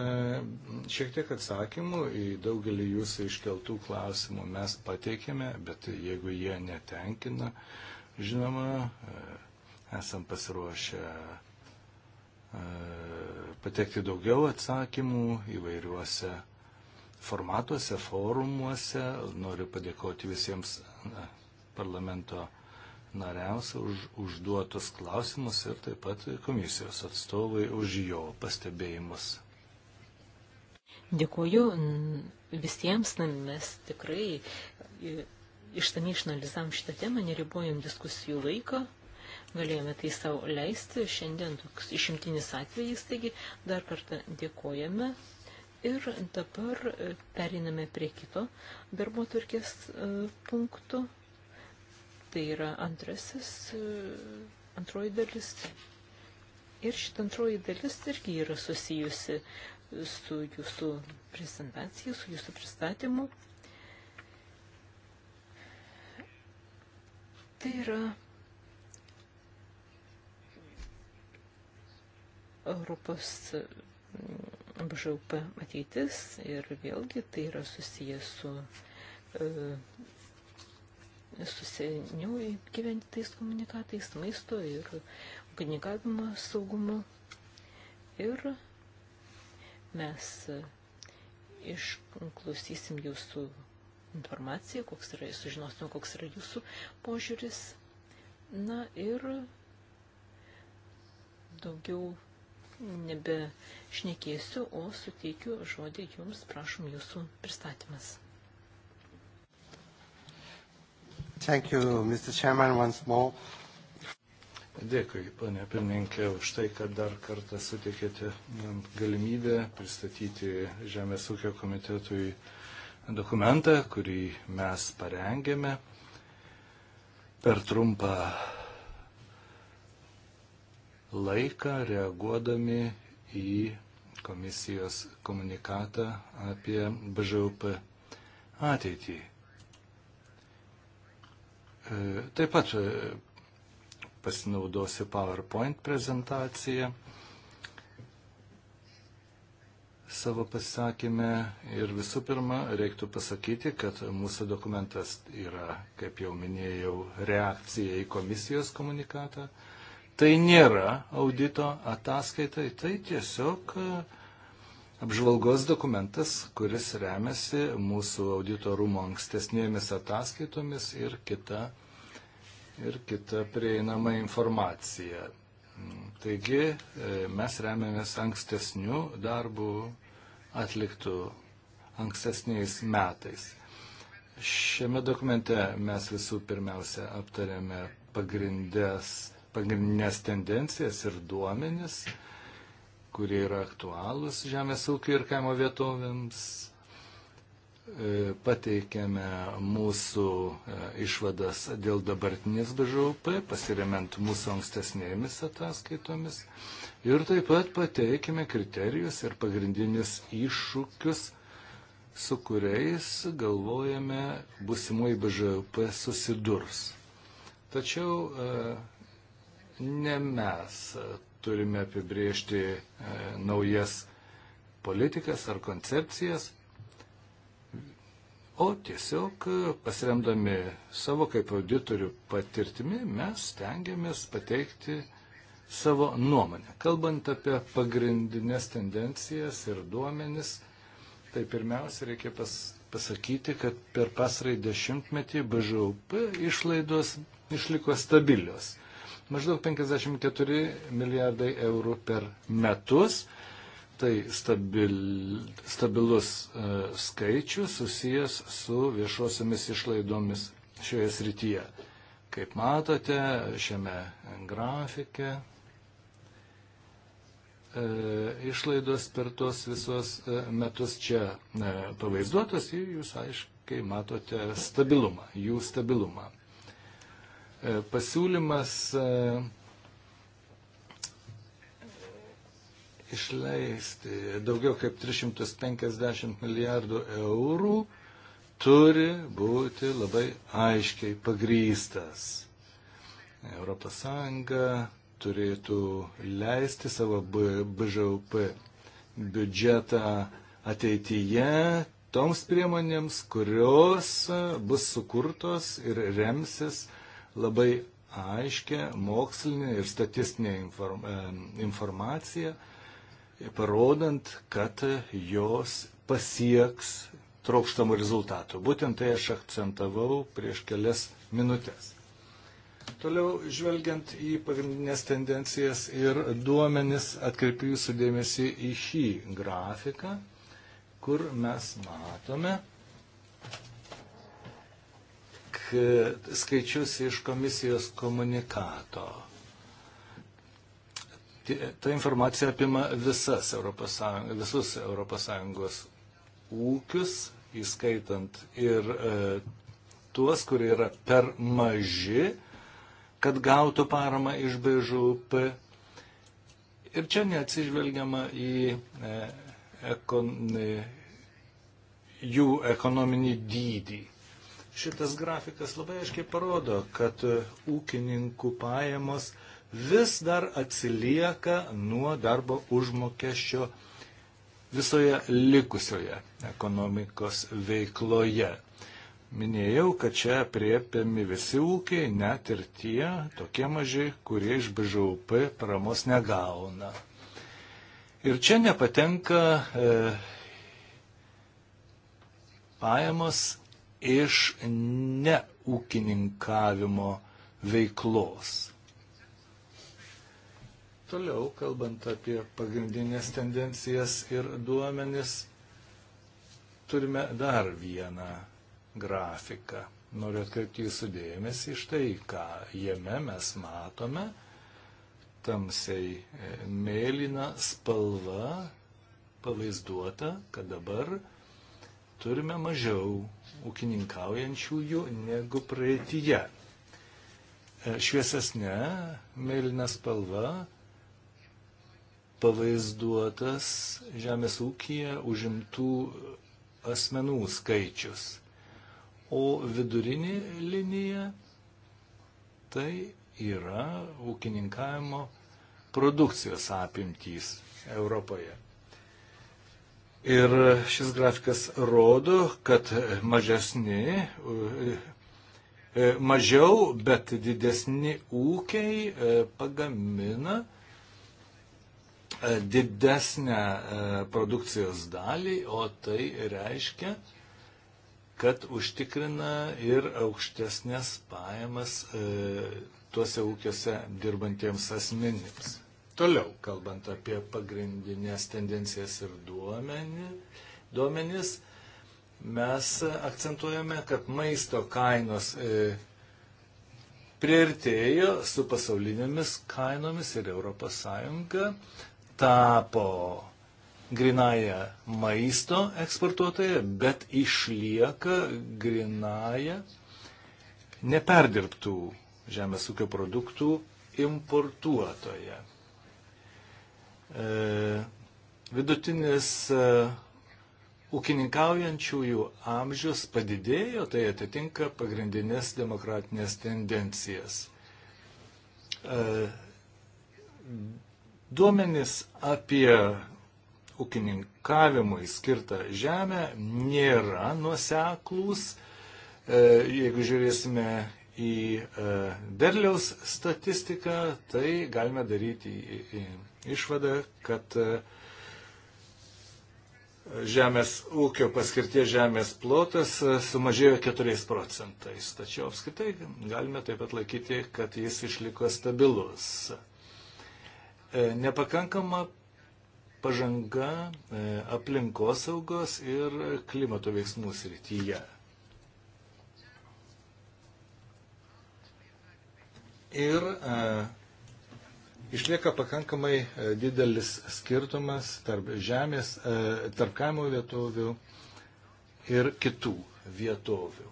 šiek tiek atsakymų į daugelį jūsų iškeltų klausimų mes pateikėme, bet jeigu jie netenkina, žinoma, e, esam pasiruošę E, patekti daugiau atsakymų įvairiuose formatuose, forumuose. Noriu padėkoti visiems e, parlamento nariams už užduotus klausimus ir taip pat komisijos atstovai už jo pastebėjimus. Dėkuoju visiems, mes tikrai e, ištamiai išanalizavom šitą temą, neribojom diskusijų laiko galėjome tai savo leisti, šiandien toks išimtinis atvejis, taigi dar kartą dėkojame. Ir dabar e, periname prie kito darbo turkės e, punktų. Tai yra antrasis, e, antroji dalis. Ir šitą antroji dalis irgi yra susijusi su jūsų prezentacija, su jūsų pristatymu. Tai yra Europos mm, BŽP ateitis ir vėlgi tai yra susijęs su e, su seniau gyventais komunikatais, maisto ir ugnikavimo saugumu. Ir mes e, išklausysim jūsų informaciją, koks yra, sužinosim, koks yra jūsų požiūris. Na ir daugiau nebe šnekėsiu, o suteikiu žodį jums, prašom jūsų pristatymas. Thank you, Mr. Chairman, once more. Dėkui, ponė pirmininkė, už tai, kad dar kartą sutikėte galimybę pristatyti Žemės ūkio komitetui dokumentą, kurį mes parengėme per trumpą laiką reaguodami į komisijos komunikatą apie BŽUP ateitį. E, taip pat e, pasinaudosiu PowerPoint prezentaciją savo pasisakymę ir visų pirma reiktų pasakyti, kad mūsų dokumentas yra, kaip jau minėjau, reakcija į komisijos komunikatą Tai nėra audito ataskaitai, tai tiesiog e, apžvalgos dokumentas, kuris remiasi mūsų audito rūmo ankstesnėmis ataskaitomis ir kita, ir kita prieinama informacija. Mm, taigi e, mes remiamės ankstesnių darbų atliktų ankstesniais metais. Šiame dokumente mes visų pirmiausia aptarėme pagrindės pagrindinės tendencijas ir duomenis, kurie yra aktualūs žemės ūkio ir kaimo vietovėms. E, pateikėme mūsų e, išvadas dėl dabartinės BŽUP, pasiremiant mūsų ankstesnėmis ataskaitomis. Ir taip pat pateikėme kriterijus ir pagrindinius iššūkius, su kuriais galvojame busimoji BŽUP susidurs. Tačiau e, Ne mes turime apibriežti e, naujas politikas ar koncepcijas, o tiesiog e, pasiremdami savo kaip auditorių patirtimi mes tengiamės pateikti savo nuomonę. Kalbant apie pagrindinės tendencijas ir duomenis, tai pirmiausia reikia pas, pasakyti, kad per pasrai dešimtmetį BŽUP išlaidos išliko stabilios maždaug 54 milijardai eurų per metus. Tai stabil, stabilus e, skaičius susijęs su viešuosiamis išlaidomis šioje srityje. Kaip matote, šiame grafike e, išlaidos per tuos visos e, metus čia e, pavaizduotos ir jūs aiškiai matote stabilumą, jų stabilumą. E, pasiūlymas e, išleisti daugiau kaip 350 milijardų eurų turi būti labai aiškiai pagrystas. ES turėtų leisti savo BŽUP biudžetą ateityje toms priemonėms, kurios bus sukurtos ir remsis uh, labai aiškę mokslinę ir statistinę informaciją, parodant, kad jos pasieks trokštamų rezultatų. Būtent tai aš akcentavau prieš kelias minutės. Toliau žvelgiant į pagrindinės tendencijas ir duomenis, atkreipiu jūsų dėmesį į šį grafiką, kur mes matome, skaičius iš komisijos komunikato. Ta informacija apima visas Europos Sąjungos, visus ES ūkius, įskaitant ir e, tuos, kurie yra per maži, kad gautų paramą iš BŽUP. Ir čia neatsižvelgiama į e, ekon, e, jų ekonominį dydį. Šitas grafikas labai aiškiai parodo, kad e, ūkininkų pajamos vis dar atsilieka nuo darbo užmokesčio visoje likusioje ekonomikos veikloje. Minėjau, kad čia priepiami visi ūkiai, net ir tie tokie maži, kurie iš BŽUP paramos negauna. Ir čia nepatenka e, pajamos iš neūkininkavimo veiklos. Toliau, kalbant apie pagrindinės tendencijas ir duomenis, turime dar vieną grafiką. Noriu atkreipti jūsų dėmesį iš tai, ką jame mes matome. Tamsiai e, mėlyna spalva pavaizduota, kad dabar turime mažiau ūkininkaujančiųjų negu praeitie. Šviesesnė mėlyna spalva pavaizduotas žemės ūkija užimtų asmenų skaičius. O vidurinė linija tai yra ūkininkavimo produkcijos apimtys Europoje. Ir šis grafikas rodo, kad mažesni, e, mažiau, bet didesni ūkiai e, pagamina e, didesnę produkcijos dalį, o tai reiškia, kad užtikrina ir aukštesnės pajamas tuose ūkiuose dirbantiems asmenims. Toliau, kalbant apie pagrindinės tendencijas ir duomenį, duomenis, mes akcentuojame, kad maisto kainos e, prieartėjo su pasaulinėmis kainomis ir ES tapo grinaja maisto eksportuotoja, bet išlieka grinaja neperdirbtų žemės ūkio produktų importuotoje. E, vidutinis e, ūkininkaujančiųjų amžius padidėjo, tai atitinka pagrindinės demokratinės tendencijas. E, duomenys apie ūkininkavimui skirtą žemę nėra nuoseklūs. Jeigu žiūrėsime į derliaus statistiką, tai galime daryti į, į, išvada, kad e, žemės ūkio paskirties žemės plotas e, sumažėjo 4 procentais. Tačiau apskritai galime taip pat laikyti, kad jis išliko stabilus. E, nepakankama pažanga aplinkosaugos ir klimato veiksmų srityje. Ir Išlieka pakankamai e, didelis skirtumas tarp žemės, e, tarp kaimo vietovių ir kitų vietovių.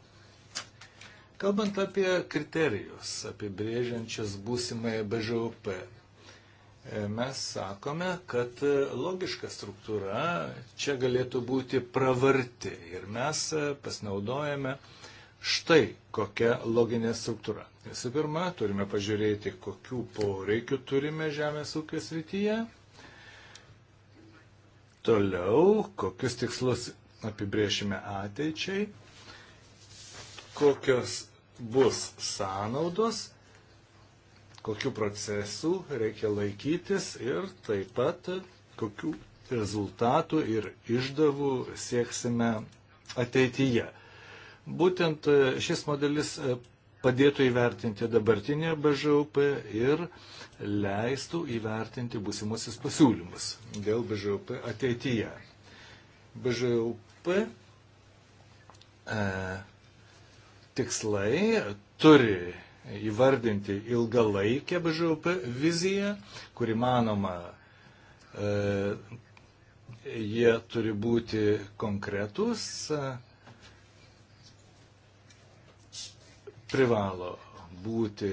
Kalbant apie kriterijus, apibrėžiančias būsimąją BŽOP, e, mes sakome, kad logiška struktūra čia galėtų būti pravarti ir mes pasinaudojame štai kokią loginę struktūrą. Visų pirma, turime pažiūrėti, kokių poreikių turime žemės ūkio srityje. Toliau, kokius tikslus apibriešime ateičiai, kokios bus sąnaudos, kokių procesų reikia laikytis ir taip pat kokių rezultatų ir išdavų sieksime ateityje. Būtent e, šis modelis e, padėtų įvertinti dabartinę BŽUP ir leistų įvertinti būsimusius pasiūlymus dėl BŽUP ateityje. BŽUP e, tikslai turi įvardinti ilgalaikę BŽUP viziją, kuri manoma, e, jie turi būti konkretus. E, privalo būti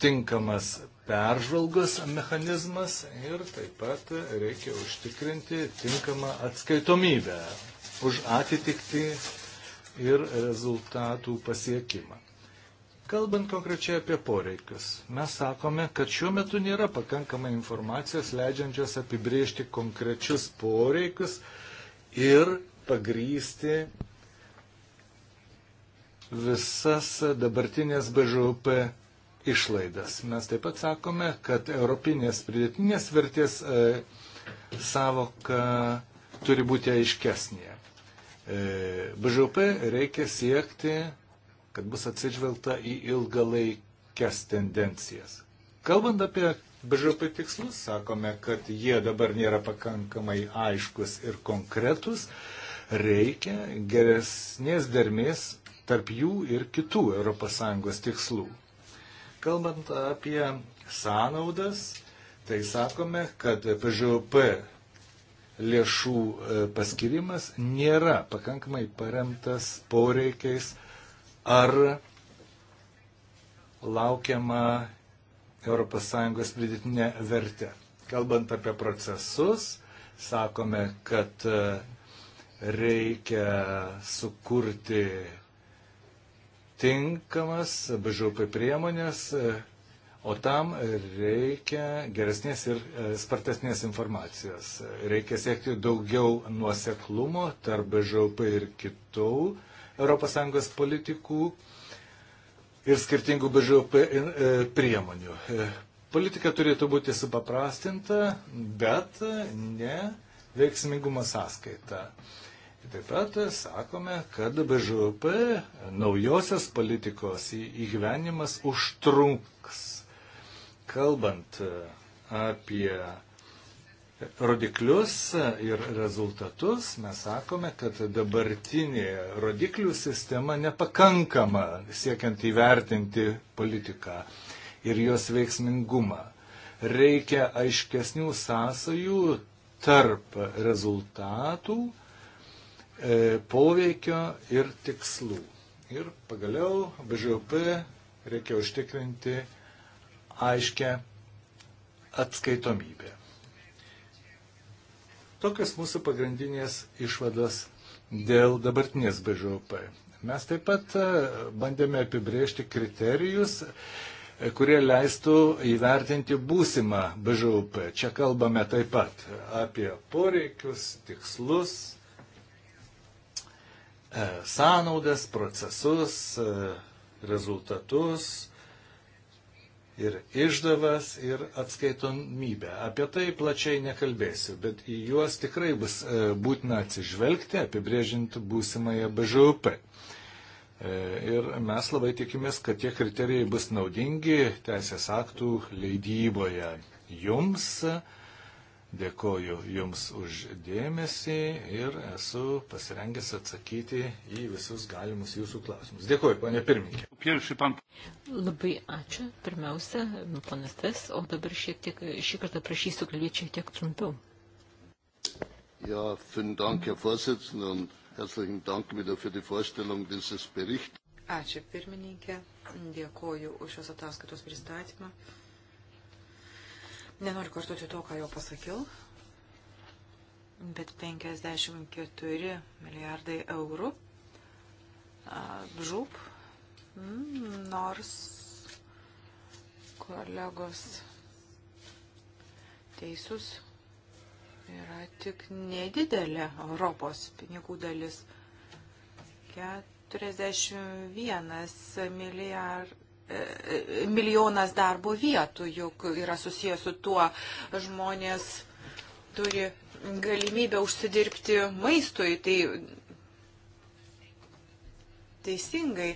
tinkamas peržvalgos mechanizmas ir taip pat reikia užtikrinti tinkamą atskaitomybę už atitikti ir rezultatų pasiekimą. Kalbant konkrečiai apie poreikius, mes sakome, kad šiuo metu nėra pakankamai informacijos leidžiančios apibriežti konkrečius poreikius ir pagrysti visas dabartinės BŽUP išlaidas. Mes taip pat sakome, kad europinės pridėtinės vertės e, savoka turi būti aiškesnė. E, BŽUP reikia siekti, kad bus atsižvelgta į ilgalaikės tendencijas. Kalbant apie BŽP tikslus, sakome, kad jie dabar nėra pakankamai aiškus ir konkretus, reikia geresnės dermės tarp jų ir kitų ES tikslų. Kalbant apie sąnaudas, tai sakome, kad PŽOP lėšų e, paskirimas nėra pakankamai paremtas poreikiais ar laukiama ES pridėtinė vertė. Kalbant apie procesus, sakome, kad e, reikia sukurti tinkamas BŽP priemonės, e, o tam reikia geresnės ir e, spartesnės informacijos. Reikia siekti daugiau nuoseklumo tarp BŽP ir kitų ES politikų ir skirtingų BŽP e, priemonių. Politika turėtų būti supaprastinta, bet ne veiksmingumo sąskaita. Taip pat sakome, kad BŽUP naujosios politikos įgyvenimas užtrunks. Kalbant e, apie rodiklius ir rezultatus, mes sakome, kad dabartinė rodiklių sistema nepakankama siekiant įvertinti politiką ir jos veiksmingumą. Reikia aiškesnių sąsajų tarp rezultatų E, poveikio ir tikslų. Ir pagaliau BŽP reikia užtikrinti aiškę atskaitomybę. Tokios mūsų pagrindinės išvados dėl dabartinės BŽP. Mes taip pat e, bandėme apibrėžti kriterijus, e, kurie leistų įvertinti būsimą BŽP. Čia kalbame taip pat apie poreikius, tikslus, E, sąnaudas, procesus, e, rezultatus ir išdavas ir atskaitomybę. Apie tai plačiai nekalbėsiu, bet į juos tikrai bus e, būtina atsižvelgti, apibrėžint būsimąją BŽUP. Ir mes labai tikimės, kad tie kriterijai bus naudingi teisės aktų leidyboje jums. Uh, Dėkoju Jums už dėmesį ir esu pasirengęs atsakyti į visus galimus Jūsų klausimus. Dėkoju, ponė pirmininkė. Labai ačiū. Pirmiausia, nu, ponas Tes, o dabar šiek tiek, šį kartą prašysiu kalbėti šiek tiek trumpiau. Ja, vielen Dank, Herr Vorsitzender, und herzlichen Dank wieder für die Vorstellung dieses Berichts. Ačiū pirmininkė, dėkoju už šios ataskaitos pristatymą. Uh, Nenoriu kartuoti to, ką jau pasakiau, bet 54 milijardai eurų žūp, mm, nors kolegos teisus yra tik nedidelė Europos pinigų dalis. 41 milijard, milijonas darbo vietų, juk yra susijęs su tuo žmonės turi galimybę užsidirbti maistui. Tai teisingai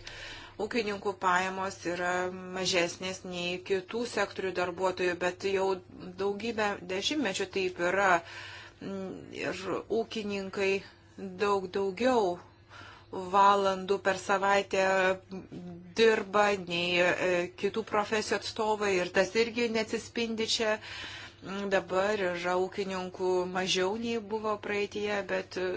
ūkininkų pajamos yra mažesnės nei kitų sektorių darbuotojų, bet jau daugybę dešimtmečių taip yra. Ir ūkininkai daug daugiau valandų per savaitę dirba, nei e, kitų profesijų atstovai ir tas irgi neatsispindi čia. Mm, dabar yra ūkininkų mažiau nei buvo praeitie, bet e,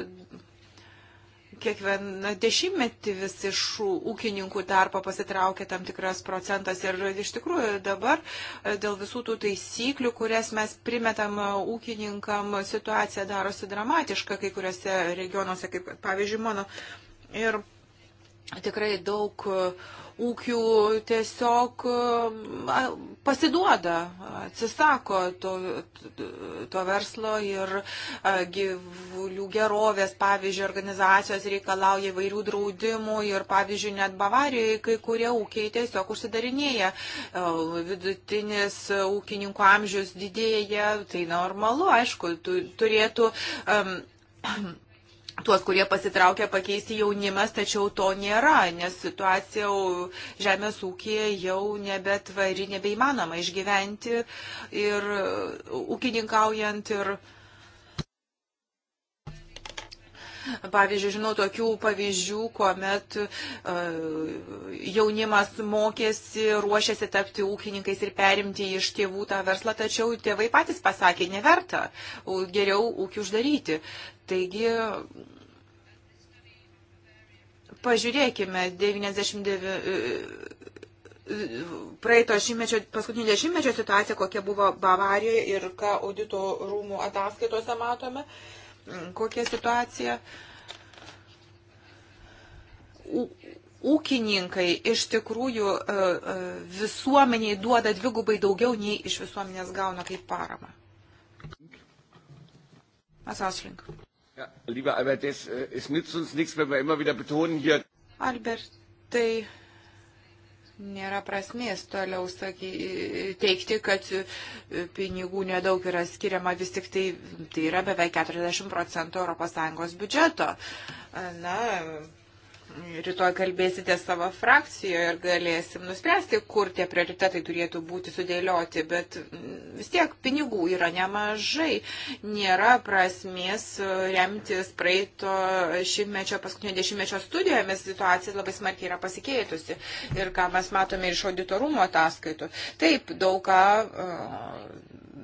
kiekvieną dešimtmetį vis iš ūkininkų tarpo pasitraukia tam tikras procentas. Ir iš tikrųjų dabar e, dėl visų tų taisyklių, kurias mes primetam ūkininkam, situacija darosi dramatiška kai kuriuose regionuose, kaip pavyzdžiui mano Ir tikrai daug e, ūkių tiesiog e, pasiduoda, atsisako to, to verslo ir e, gyvulių gerovės, pavyzdžiui, organizacijos reikalauja vairių draudimų ir, pavyzdžiui, net Bavarijoje kai kurie ūkiai tiesiog užsidarinėja, vidutinis ūkininkų amžius didėja, tai normalu, aišku, turėtų. Um, tuos, kurie pasitraukia pakeisti jaunimas, tačiau to nėra, nes situacija žemės ūkėje jau nebetvari, nebeįmanoma išgyventi ir uh, ūkininkaujant ir. Pavyzdžiui, žinau tokių pavyzdžių, kuomet uh, jaunimas mokėsi, ruošiasi tapti ūkininkais ir perimti iš tėvų tą verslą, tačiau tėvai patys pasakė, neverta, geriau ūkį uždaryti. Taigi, pažiūrėkime, 99 praeito šimtmečio, paskutinio dešimtmečio situacija, kokia buvo Bavarijoje ir ką audito rūmų ataskaitose matome, kokia situacija. U, ūkininkai iš tikrųjų e, e, visuomeniai duoda dvigubai daugiau, nei iš visuomenės gauna kaip parama. Asaslink. Ja, lieber Albert, es, äh, es nützt uns nichts, wenn wir immer wieder betonen hier. Albert, tai nėra prasmės toliau saky, teikti, kad e, pinigų nedaug yra skiriama, vis tik tai, tai yra beveik 40 procentų ES biudžeto. Na, rytoj kalbėsite savo frakcijoje ir galėsim nuspręsti, kur tie prioritetai turėtų būti sudėlioti, bet mm, vis tiek pinigų yra nemažai. Nėra prasmės remtis praeito šimtmečio, paskutinio dešimtmečio studijomis, situacija labai smarkiai yra pasikeitusi ir ką mes matome iš auditorumo ataskaitų. Taip, daug ką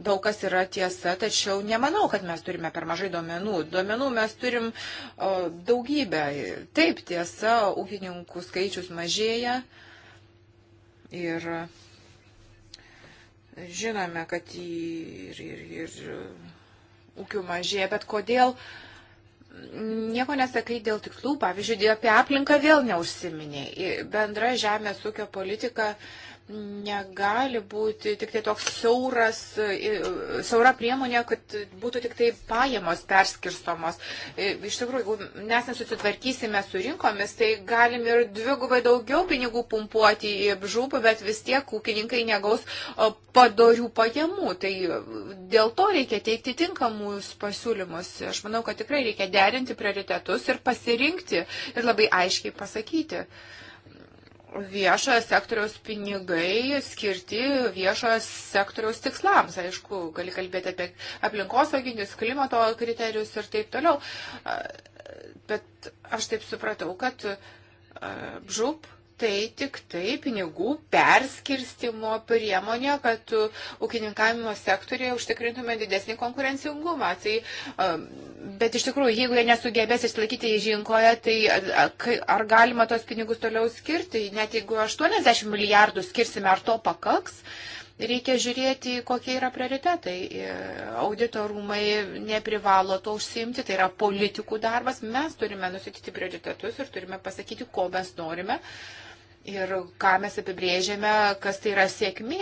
daug kas yra tiesa, tačiau nemanau, kad mes turime per mažai duomenų. Duomenų mes turim o, daugybę. Taip tiesa, ūkininkų skaičius mažėja ir žinome, kad ir, ir, ir ūkių mažėja, bet kodėl nieko nesakai dėl tikslų, pavyzdžiui, apie aplinką vėl neužsiminė. Bendra žemės ūkio politika. Uh, negali būti tik tai toks siauras, siaura priemonė, kad būtų tik tai pajamos perskirstomos. Iš tikrųjų, jeigu mes nesusitvarkysime su rinkomis, tai galim ir dvigubai daugiau pinigų pumpuoti į žūpą, bet vis tiek ūkininkai negaus padorių pajamų. Tai dėl to reikia teikti tinkamus pasiūlymus. Aš manau, kad tikrai reikia derinti prioritetus ir pasirinkti ir labai aiškiai pasakyti. Thank you viešojo sektoriaus pinigai skirti viešojo sektoriaus tikslams. Aišku, gali kalbėti apie aplinkosauginius, klimato kriterijus ir taip toliau. Bet aš taip supratau, kad žūp tai tik tai pinigų perskirstimo priemonė, kad ūkininkavimo sektorėje užtikrintume didesnį konkurencingumą. Tai, um, bet iš tikrųjų, jeigu jie nesugebės išlaikyti žinkoje, tai ar galima tos pinigus toliau skirti, net jeigu 80 milijardų skirsime, ar to pakaks? reikia žiūrėti, kokie yra prioritetai. E, audito rūmai neprivalo to užsiimti, tai yra politikų darbas. Mes turime nusityti prioritetus ir turime pasakyti, ko mes norime. Uh, Ir ką mes apibrėžėme, kas tai yra sėkmė,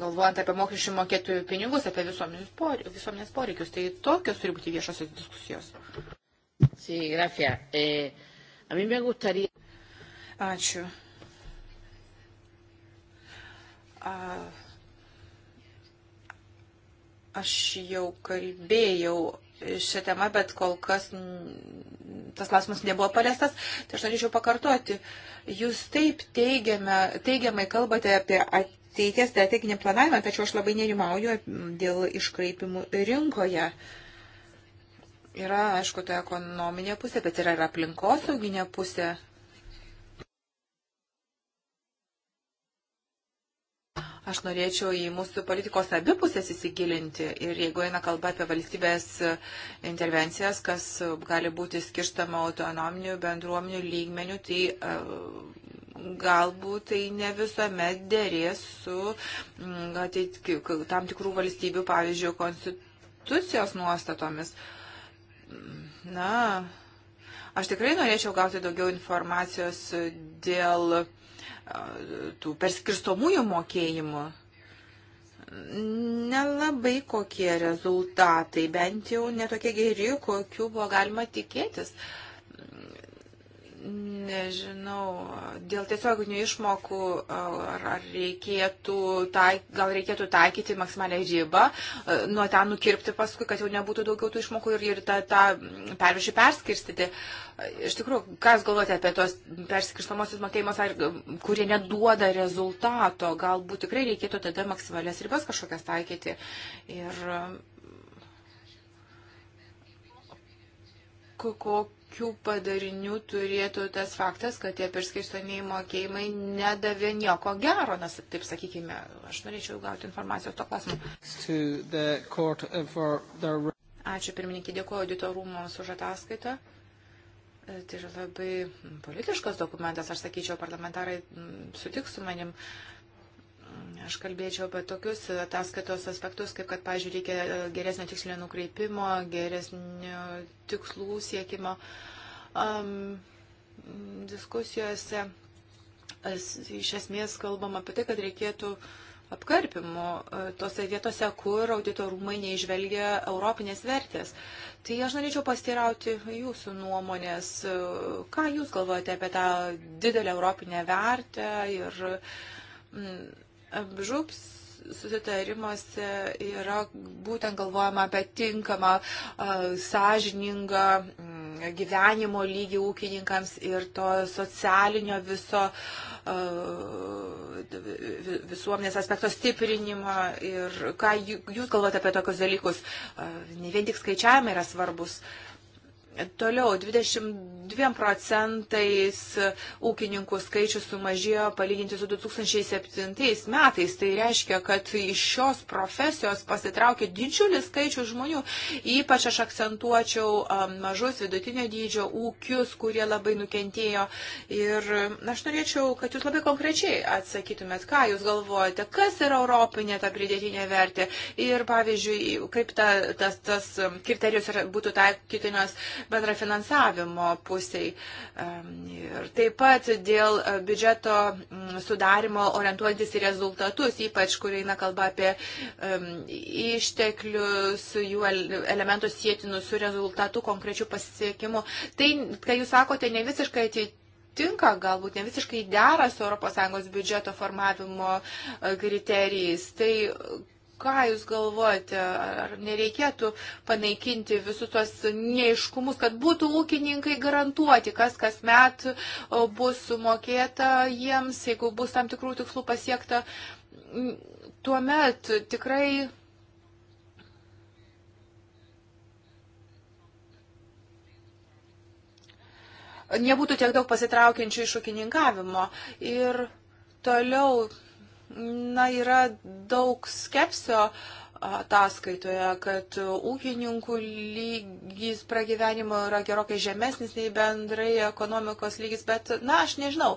galvojant apie mokesčių mokėtojų pinigus, apie visuomenės poreikius. Tai tokios turi būti viešosios diskusijos. Sí, gracias. Eh, a mí me gustaría... Ačiū. A, aš jau kalbėjau šią temą, bet kol kas tas klausimas nebuvo paliestas. Tai aš norėčiau pakartoti. Jūs taip teigiame, teigiamai kalbate apie ateities strateginį planavimą, tačiau aš labai nerimauju dėl iškraipimų rinkoje. Yra, aišku, ta ekonominė pusė, bet yra ir aplinkosauginė pusė. Aš norėčiau į mūsų politikos abipusės įsigilinti ir jeigu eina kalba apie valstybės intervencijas, kas gali būti skirstama autonominių bendruomenių lygmenių, tai e, galbūt tai ne visuomet dėrės su mm, tam tikrų valstybių, pavyzdžiui, konstitucijos nuostatomis. Na, aš tikrai norėčiau gauti daugiau informacijos dėl tų perskirstomųjų mokėjimų nelabai kokie rezultatai, bent jau netokie geri, kokių buvo galima tikėtis. Uh, Nežinau, dėl tiesioginių išmokų ar, ar reikėtų, taik, gal reikėtų taikyti maksimalę ribą, nuo ten nukirpti paskui, kad jau nebūtų daugiau tų išmokų ir, ir tą, tą perviršį perskirstyti. Iš tikrųjų, kas galvojate apie tos perskirstamosius mokėjimus, ar, kurie neduoda rezultato, galbūt tikrai reikėtų tada maksimalės ribas kažkokias taikyti. Ir, ko, kokių padarinių turėtų tas faktas, kad tie perskaičiuotiniai mokėjimai nedavė nieko gero, nes taip sakykime, aš norėčiau gauti informacijos to klausimu. Their... Uh, Ačiū pirmininkį, dėkuoju auditorumams už ataskaitą. E, tai yra labai politiškas dokumentas, aš sakyčiau, parlamentarai sutiks su manim. Uh, Aš kalbėčiau apie tokius ataskaitos aspektus, kaip kad, pažiūrėjau, reikia e, geresnio tikslinio nukreipimo, geresnio tikslų siekimo um, diskusijose. Iš esmės kalbam apie tai, kad reikėtų apkarpimų e, tose vietose, kur auditorumai neižvelgia europinės vertės. Tai aš norėčiau pastirauti jūsų nuomonės, e, ką jūs galvojate apie tą didelę europinę vertę ir. Mm, Žups susitarimuose yra būtent galvojama apie tinkamą, sąžiningą mm, gyvenimo lygį ūkininkams ir to socialinio viso visuomenės aspekto stiprinimą ir ką jūs galvote apie tokius dalykus. Ne vien tik skaičiavimai yra svarbus. Uh, Toliau 22 procentais ūkininkų skaičius sumažėjo palyginti su 2007 metais. Tai reiškia, kad iš šios profesijos pasitraukė didžiulis skaičius žmonių. Ypač aš akcentuočiau um, mažus vidutinio dydžio ūkius, kurie labai nukentėjo. Ir um, aš norėčiau, kad jūs labai konkrečiai atsakytumėt, ką jūs galvojate, kas yra europinė ta pridėtinė vertė. Ir pavyzdžiui, kaip ta, tas, tas um, kriterijus būtų taikytinas bendrafinansavimo pusiai. Ir taip pat dėl e, biudžeto sudarimo orientuojantis į rezultatus, ypač kur eina kalba apie išteklius, jų elementus sėtinus su rezultatu konkrečių pasiekimu. Tai, kai jūs sakote, ne visiškai atitinka tinka, galbūt ne visiškai dera su ES biudžeto formavimo e, kriterijais. Tai ką Jūs galvojate, ar nereikėtų panaikinti visus tos neiškumus, kad būtų ūkininkai garantuoti, kas kas met bus sumokėta jiems, jeigu bus tam tikrų tikslų pasiekta. Tuomet tikrai. Nebūtų tiek daug pasitraukiančių iš ūkininkavimo. Ir toliau Na, yra daug skepsio ataskaitoje, kad ūkininkų lygis pragyvenimo yra gerokai žemesnis nei bendrai ekonomikos lygis, bet, na, aš nežinau.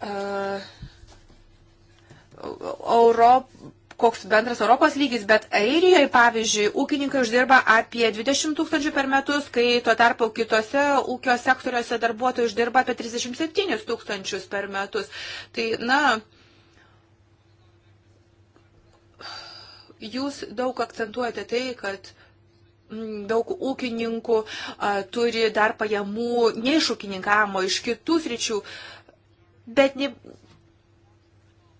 Uh, Europą koks bendras Europos lygis, bet Airijoje, pavyzdžiui, ūkininkai uždirba apie 20 tūkstančių per metus, kai tuo tarpu kitose ūkio sektoriuose darbuotojai uždirba apie 37 tūkstančius per metus. Tai, na, jūs daug akcentuojate tai, kad mm, daug ūkininkų a, turi dar pajamų ne iš ūkininkavimo, iš kitų sričių, bet ne,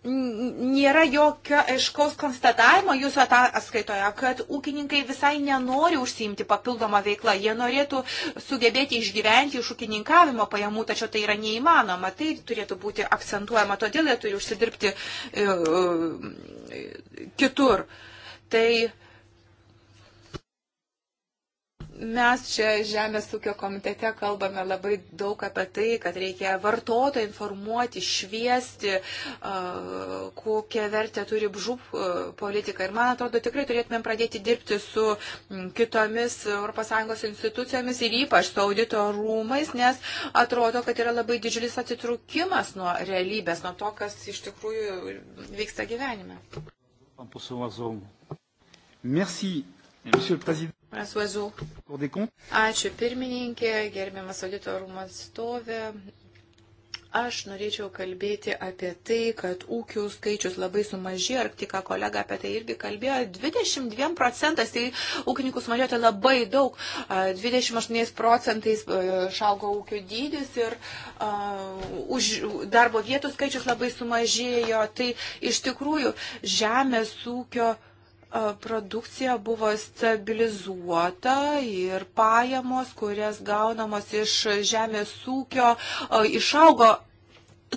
nėra jokio aiškaus konstatavimo jūsų ataskaitoje, kad ūkininkai visai nenori užsiimti papildomą veiklą. Jie norėtų sugebėti išgyventi iš ūkininkavimo pajamų, tačiau tai yra neįmanoma. Tai turėtų būti akcentuojama, todėl jie turi užsidirbti e, e, kitur. Tai Mes čia Žemės ūkio komitete kalbame labai daug apie tai, kad reikia vartotoją informuoti, šviesti, kokią vertę turi žūp politika. Ir man atrodo, tikrai turėtumėm pradėti dirbti su kitomis ES institucijomis ir ypač su audito rūmais, nes atrodo, kad yra labai didžiulis atitrukimas nuo realybės, nuo to, kas iš tikrųjų vyksta gyvenime. Merci, Monsieur le Président. Mes vazu. Ačiū pirmininkė, gerbiamas audito rūmų atstovė. Aš norėčiau kalbėti apie tai, kad ūkių skaičius labai sumažėjo, ir tik kolega apie tai irgi kalbėjo, 22 procentais, tai ūkininkų sumažėjo tai labai daug, 28 procentais šaugo ūkių dydis ir uh, už darbo vietų skaičius labai sumažėjo, tai iš tikrųjų žemės ūkio uh, produkcija buvo stabilizuota ir pajamos, kurias gaunamos iš žemės ūkio, išaugo.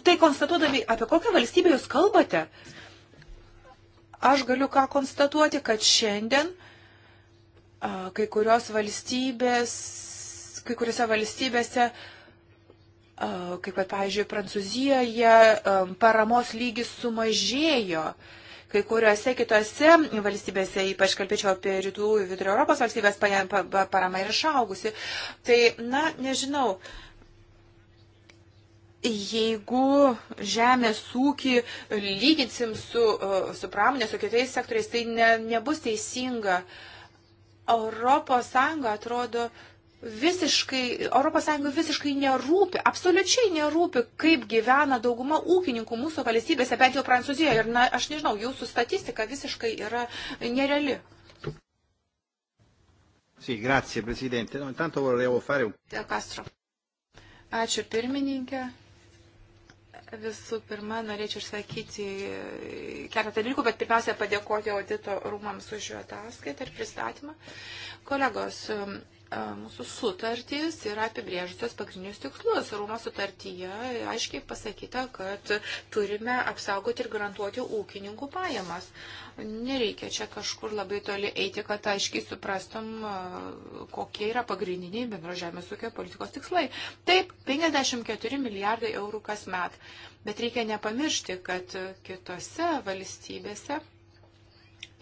Tai konstatuodami, apie kokią valstybę jūs kalbate, aš galiu ką konstatuoti, kad šiandien kai kurios valstybės, kai kuriuose valstybėse kaip kad, pavyzdžiui, Prancūzijoje paramos lygis sumažėjo. Kai kuriuose kitose valstybėse, ypač kalbėčiau apie rytų vidurio Europos valstybės, parama yra išaugusi. Tai, na, nežinau jeigu žemės ūkį lyginsim su, su pramonė, su kitais sektoriais, tai ne, nebus teisinga. Europos Sąjunga atrodo visiškai, ES visiškai nerūpi, absoliučiai nerūpi, kaip gyvena dauguma ūkininkų mūsų valstybėse, bent jau Prancūzijoje. Ir na, aš nežinau, jūsų statistika visiškai yra nereali. Sì, grazie Presidente. No, intanto volevo fare un... Castro. Ačiū pirmininkė. Visų pirma, norėčiau išsakyti e, keletą dalykų, bet pirmiausia padėkoti audito rūmams už jų ataskaitą ir pristatymą. Kolegos, E, mūsų sutartys yra apibrėžusios pagrindinius tikslus. Rūmo sutartyje aiškiai pasakyta, kad turime apsaugoti ir garantuoti ūkininkų pajamas. Nereikia čia kažkur labai toli eiti, kad aiškiai suprastum, e, kokie yra pagrindiniai bendro žemės ūkio politikos tikslai. Taip, 54 milijardai eurų kas met. Bet reikia nepamiršti, kad kitose valstybėse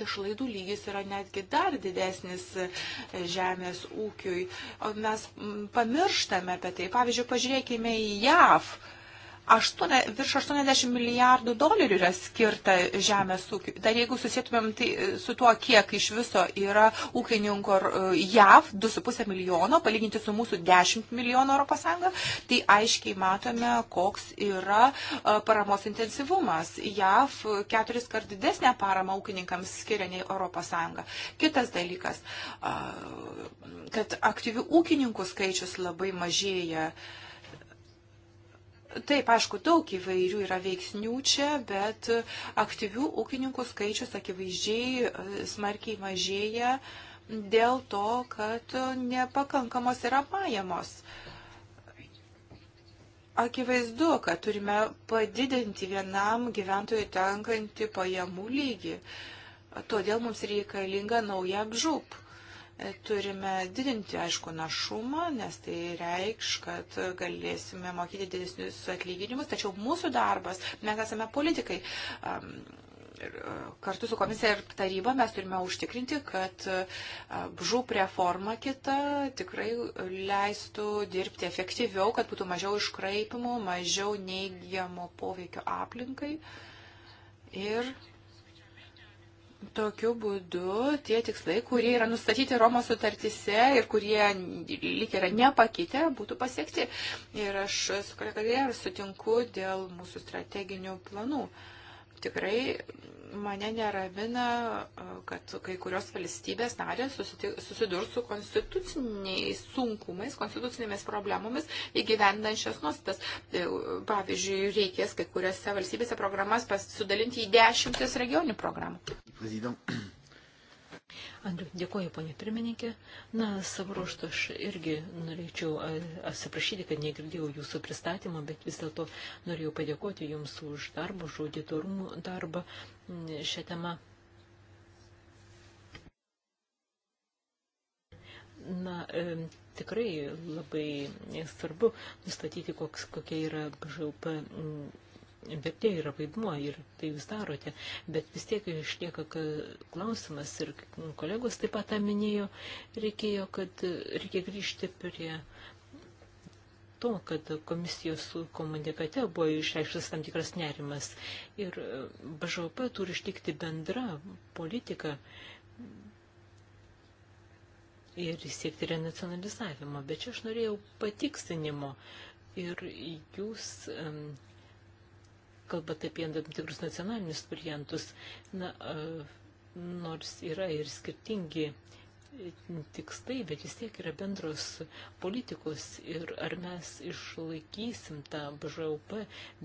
išlaidų lygis yra netgi dar didesnis e, žemės ūkiui. Mes pamirštame apie tai. Pavyzdžiui, pažiūrėkime į JAV aštuone, virš 80 milijardų dolerių yra skirta žemės ūkiui. Dar jeigu susėtumėm tai e, su tuo, kiek iš viso yra ūkininko e, JAV 2,5 milijono, palyginti su mūsų 10 milijono ES, tai aiškiai matome, koks yra e, paramos intensyvumas. JAV keturis kart didesnę paramą ūkininkams skiria nei ES. Kitas dalykas, kad aktyvių ūkininkų skaičius labai mažėja. Yeah Taip, aišku, daug įvairių yra veiksnių čia, bet aktyvių ūkininkų skaičius akivaizdžiai e, smarkiai mažėja dėl to, kad nepakankamos yra pajamos. Akivaizdu, kad turime padidinti vienam gyventojui tenkantį pajamų lygį. Todėl mums reikalinga nauja apžūp. Turime didinti, aišku, našumą, nes tai reikš, kad galėsime mokyti didesnius atlyginimus, tačiau mūsų darbas, mes esame politikai. E, kartu su komisija ir taryba mes turime užtikrinti, kad e, žūp reforma kita tikrai leistų dirbti efektyviau, kad būtų mažiau iškraipimų, mažiau neigiamo poveikio aplinkai. Ir Tokiu būdu tie tikslai, kurie yra nustatyti Romos sutartise ir kurie lyg yra nepakitę, būtų pasiekti. Ir aš su kolegarė sutinku dėl mūsų strateginių planų. Uh, tikrai mane neramina, kad kai kurios valstybės narės susidurs su konstituciniais sunkumais, konstitucinėmis problemomis įgyvendant šias nuostas. E, pavyzdžiui, reikės kai kuriuose valstybėse programas sudalinti į dešimtis regionių programų. President. Andriu, dėkuoju, ponė pirmininkė. Na, savo ruoštų aš irgi norėčiau atsiprašyti, kad negirdėjau jūsų pristatymą, bet vis dėlto norėjau padėkoti jums už darbą, už auditorumų darbą šią temą. Na, e, tikrai labai svarbu nustatyti, koks, kokia yra BŽUP vertė tai yra vaidmuo ir tai jūs darote, bet vis tiek išlieka klausimas ir kolegos taip pat tą minėjo, reikėjo, kad reikia grįžti prie to, kad komisijos komunikate buvo išreikštas tam tikras nerimas ir e, BŽP turi ištikti bendrą politiką ir siekti renacionalizavimo. Bet čia aš norėjau patikslinimo. Ir jūs kalbant apie tam tikrus nacionalinius variantus, na, e, nors yra ir skirtingi tikslai, bet vis tiek yra bendros politikos ir ar mes išlaikysim tą BŽUP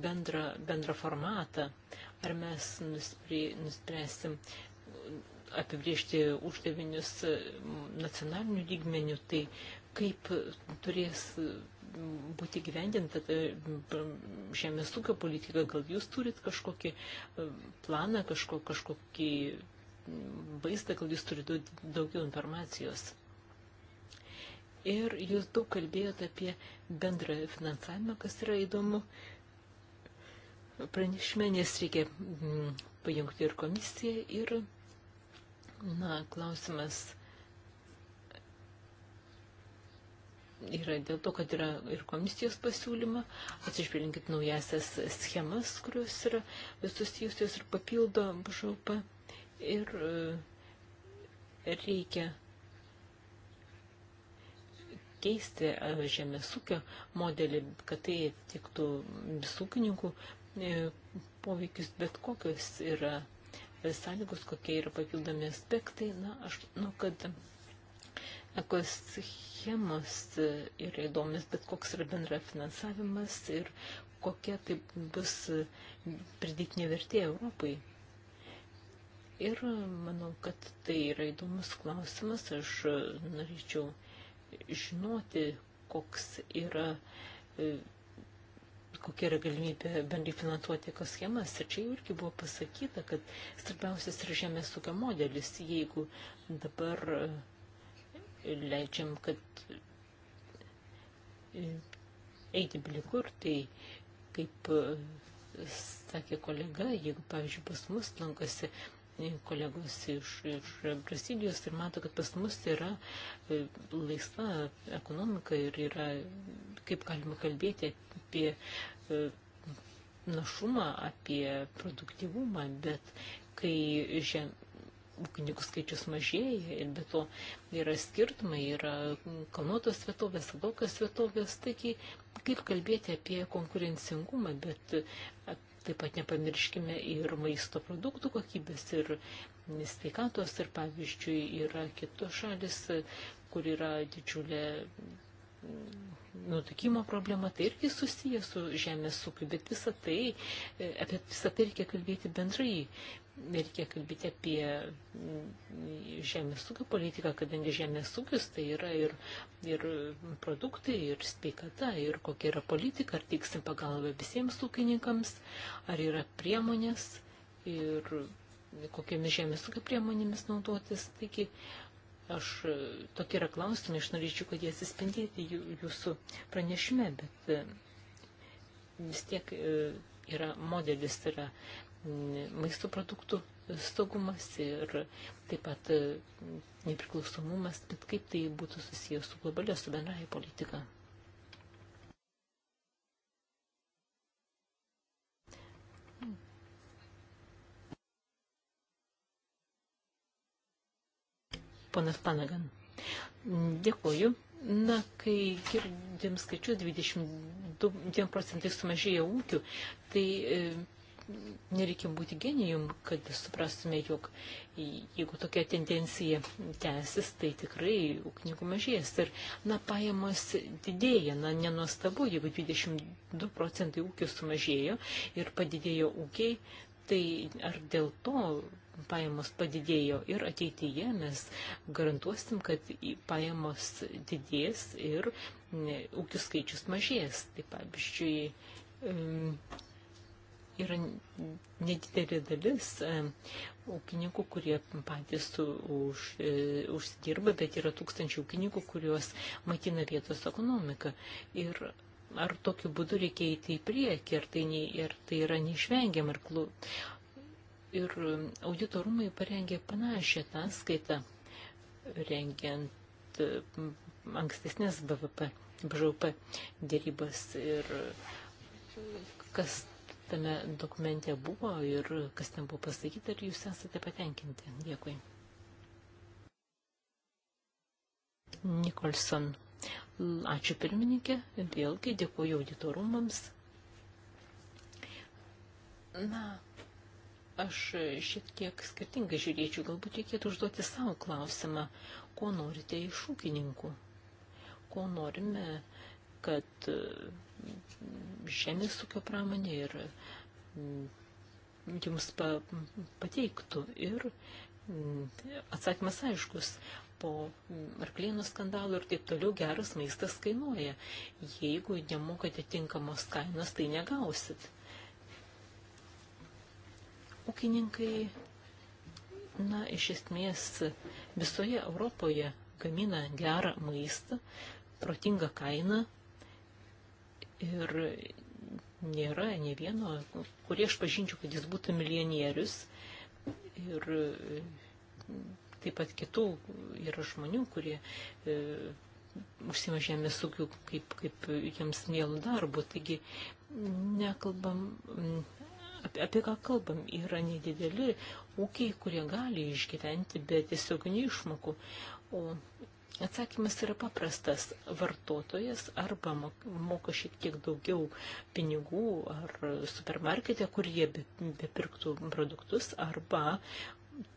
bendrą, bendrą formatą, ar mes nusprė, nuspręsim apibriežti uždavinius nacionalinių lygmenių, tai kaip turės būti gyvendinta tai, žemės ūkio politika. Gal jūs turit kažkokį e, planą, kažko, kažkokį vaizdą, gal jūs turit daugiau informacijos? Ir jūs daug kalbėjote apie bendrą finansavimą, kas yra įdomu pranešime, nes reikia pajungti ir komisiją. Ir, na, klausimas yra dėl to, kad yra ir komisijos pasiūlyma, atsižvelginkit naujasias schemas, kurios yra susijusios ir papildo BŽP. Ir e, reikia keisti e, žemės ūkio modelį, kad tai atitiktų visų ūkininkų e, poveikius, bet kokios yra sąlygos, kokie yra papildomi aspektai. Na, aš manau, kad ekos schemos yra įdomios, bet koks yra bendra finansavimas ir kokia tai bus pridėtinė vertė Europai. Ir manau, kad tai yra įdomus klausimas. Aš norėčiau žinoti, koks yra e, kokia yra galimybė bendrai finansuoti ekos schemas. Ir čia irgi buvo pasakyta, kad svarbiausias yra žemės ūkio modelis. Jeigu dabar uh, leidžiam, kad e, eiti blikur, tai kaip e, sakė kolega, jeigu, pavyzdžiui, pas mus lankosi e, kolegos iš, iš Brazilijos ir mato, kad pas mus yra laisva ekonomika ir yra, kaip galima kalbėti apie našumą, apie produktyvumą, bet kai žem, ūkininkų skaičius mažėja ir be to yra skirtumai, yra kalnuotos vietovės, laukas vietovės, taigi kaip kalbėti apie konkurencingumą, bet taip pat nepamirškime ir maisto produktų kokybės ir sveikatos ir pavyzdžiui yra kitos šalis, kur yra didžiulė mm, nutukimo problema, tai irgi susiję su žemės ūkiu, bet visą tai, e, apie visą tai reikia kalbėti bendrai, reikia kalbėti apie mm, žemės ūkio politiką, kadangi žemės ūkis tai yra ir, ir produktai, ir sveikata, ir kokia yra politika, ar tiksim pagalba visiems ūkininkams, ar yra priemonės ir kokiamis žemės ūkio priemonėmis naudotis. Taigi, aš tokie yra klausimai, aš norėčiau, kad jie atsispindėti jūsų pranešime, bet e, vis tiek e, yra modelis, yra maisto produktų saugumas ir taip pat e, nepriklausomumas, bet kaip tai būtų susijęs su globalia, su bendraja politika. Ponas Panagan. Dėkuoju. Na, kai girdim skaičius 22 procentai sumažėjo ūkių, tai e, nereikim būti genijum, kad suprastume, jog jeigu tokia tendencija tęsis, tai tikrai ūkininkų mažės. Ir, na, pajamos didėja, na, nenuostabu, jeigu 22 procentai ūkių sumažėjo ir padidėjo ūkiai, tai ar dėl to pajamos padidėjo ir ateityje mes garantuosim, kad pajamos didės ir ūkių skaičius mažės. Tai pavyzdžiui, yra nedidelė dalis e, ūkininkų, kurie patys už, e, užsidirba, bet yra tūkstančių ūkininkų, kuriuos matina vietos ekonomika. Ir ar tokiu būdu reikia eiti į priekį, ar tai, ne, ar tai yra neišvengiama. Ir auditorumai parengė panašią ataskaitą, rengiant ankstesnės BVP, BŽP dėrybas ir kas tame dokumente buvo ir kas ten buvo pasakyta, ar jūs esate patenkinti. Dėkui. Nikolson. Ačiū pirmininkė, vėlgi dėkuoju auditorumams. Na, aš šiek tiek skirtingai žiūrėčiau, galbūt reikėtų užduoti savo klausimą, ko norite iš ūkininkų, ko norime kad e, žemės ūkio pramonė ir mm, jums pa, pateiktų. Ir mm, atsakymas aiškus, po mm, arklienų skandalų ir taip toliau geras maistas kainuoja. Jeigu nemokate tinkamos kainos, tai negausit. Ūkininkai, na, iš esmės visoje Europoje gamina gerą maistą, protingą kainą Ir nėra ne vieno, kurį aš pažinčiau, kad jis būtų milijonierius. Ir e, taip pat kitų yra žmonių, kurie e, užsima žemės ūkių kaip, kaip jiems mielų darbų. Taigi nekalbam, apie, apie ką kalbam, yra nedideli ūkiai, kurie gali išgyventi be tiesioginių išmokų. O Atsakymas yra paprastas. Vartotojas arba moka šiek tiek daugiau pinigų ar supermarkete, kur jie bepirktų produktus, arba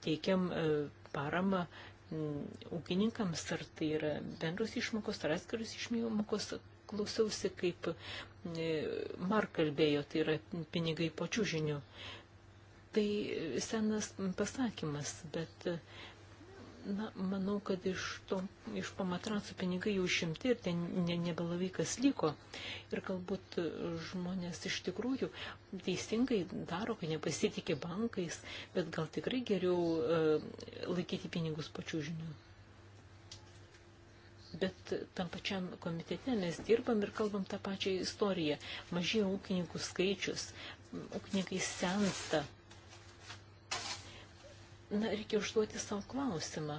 teikiam e, paramą mm, ūkininkams, ar tai yra bendros išmokos ar atskiros išmokos. Klausiausi, kaip e, Mark kalbėjo, tai yra pinigai po čiūžinių. Tai senas pasakymas, bet Na, manau, kad iš, to, iš pamatransų pinigai jau išimti ir ten ne, nebelavai kas liko. Ir galbūt žmonės iš tikrųjų teisingai daro, kai nepasitikė bankais, bet gal tikrai geriau e, laikyti pinigus pačių žinių. Bet tam pačiam komitete mes dirbam ir kalbam tą pačią istoriją. Mažėja ūkininkų skaičius, ūkininkai sensta na, reikia užduoti savo klausimą.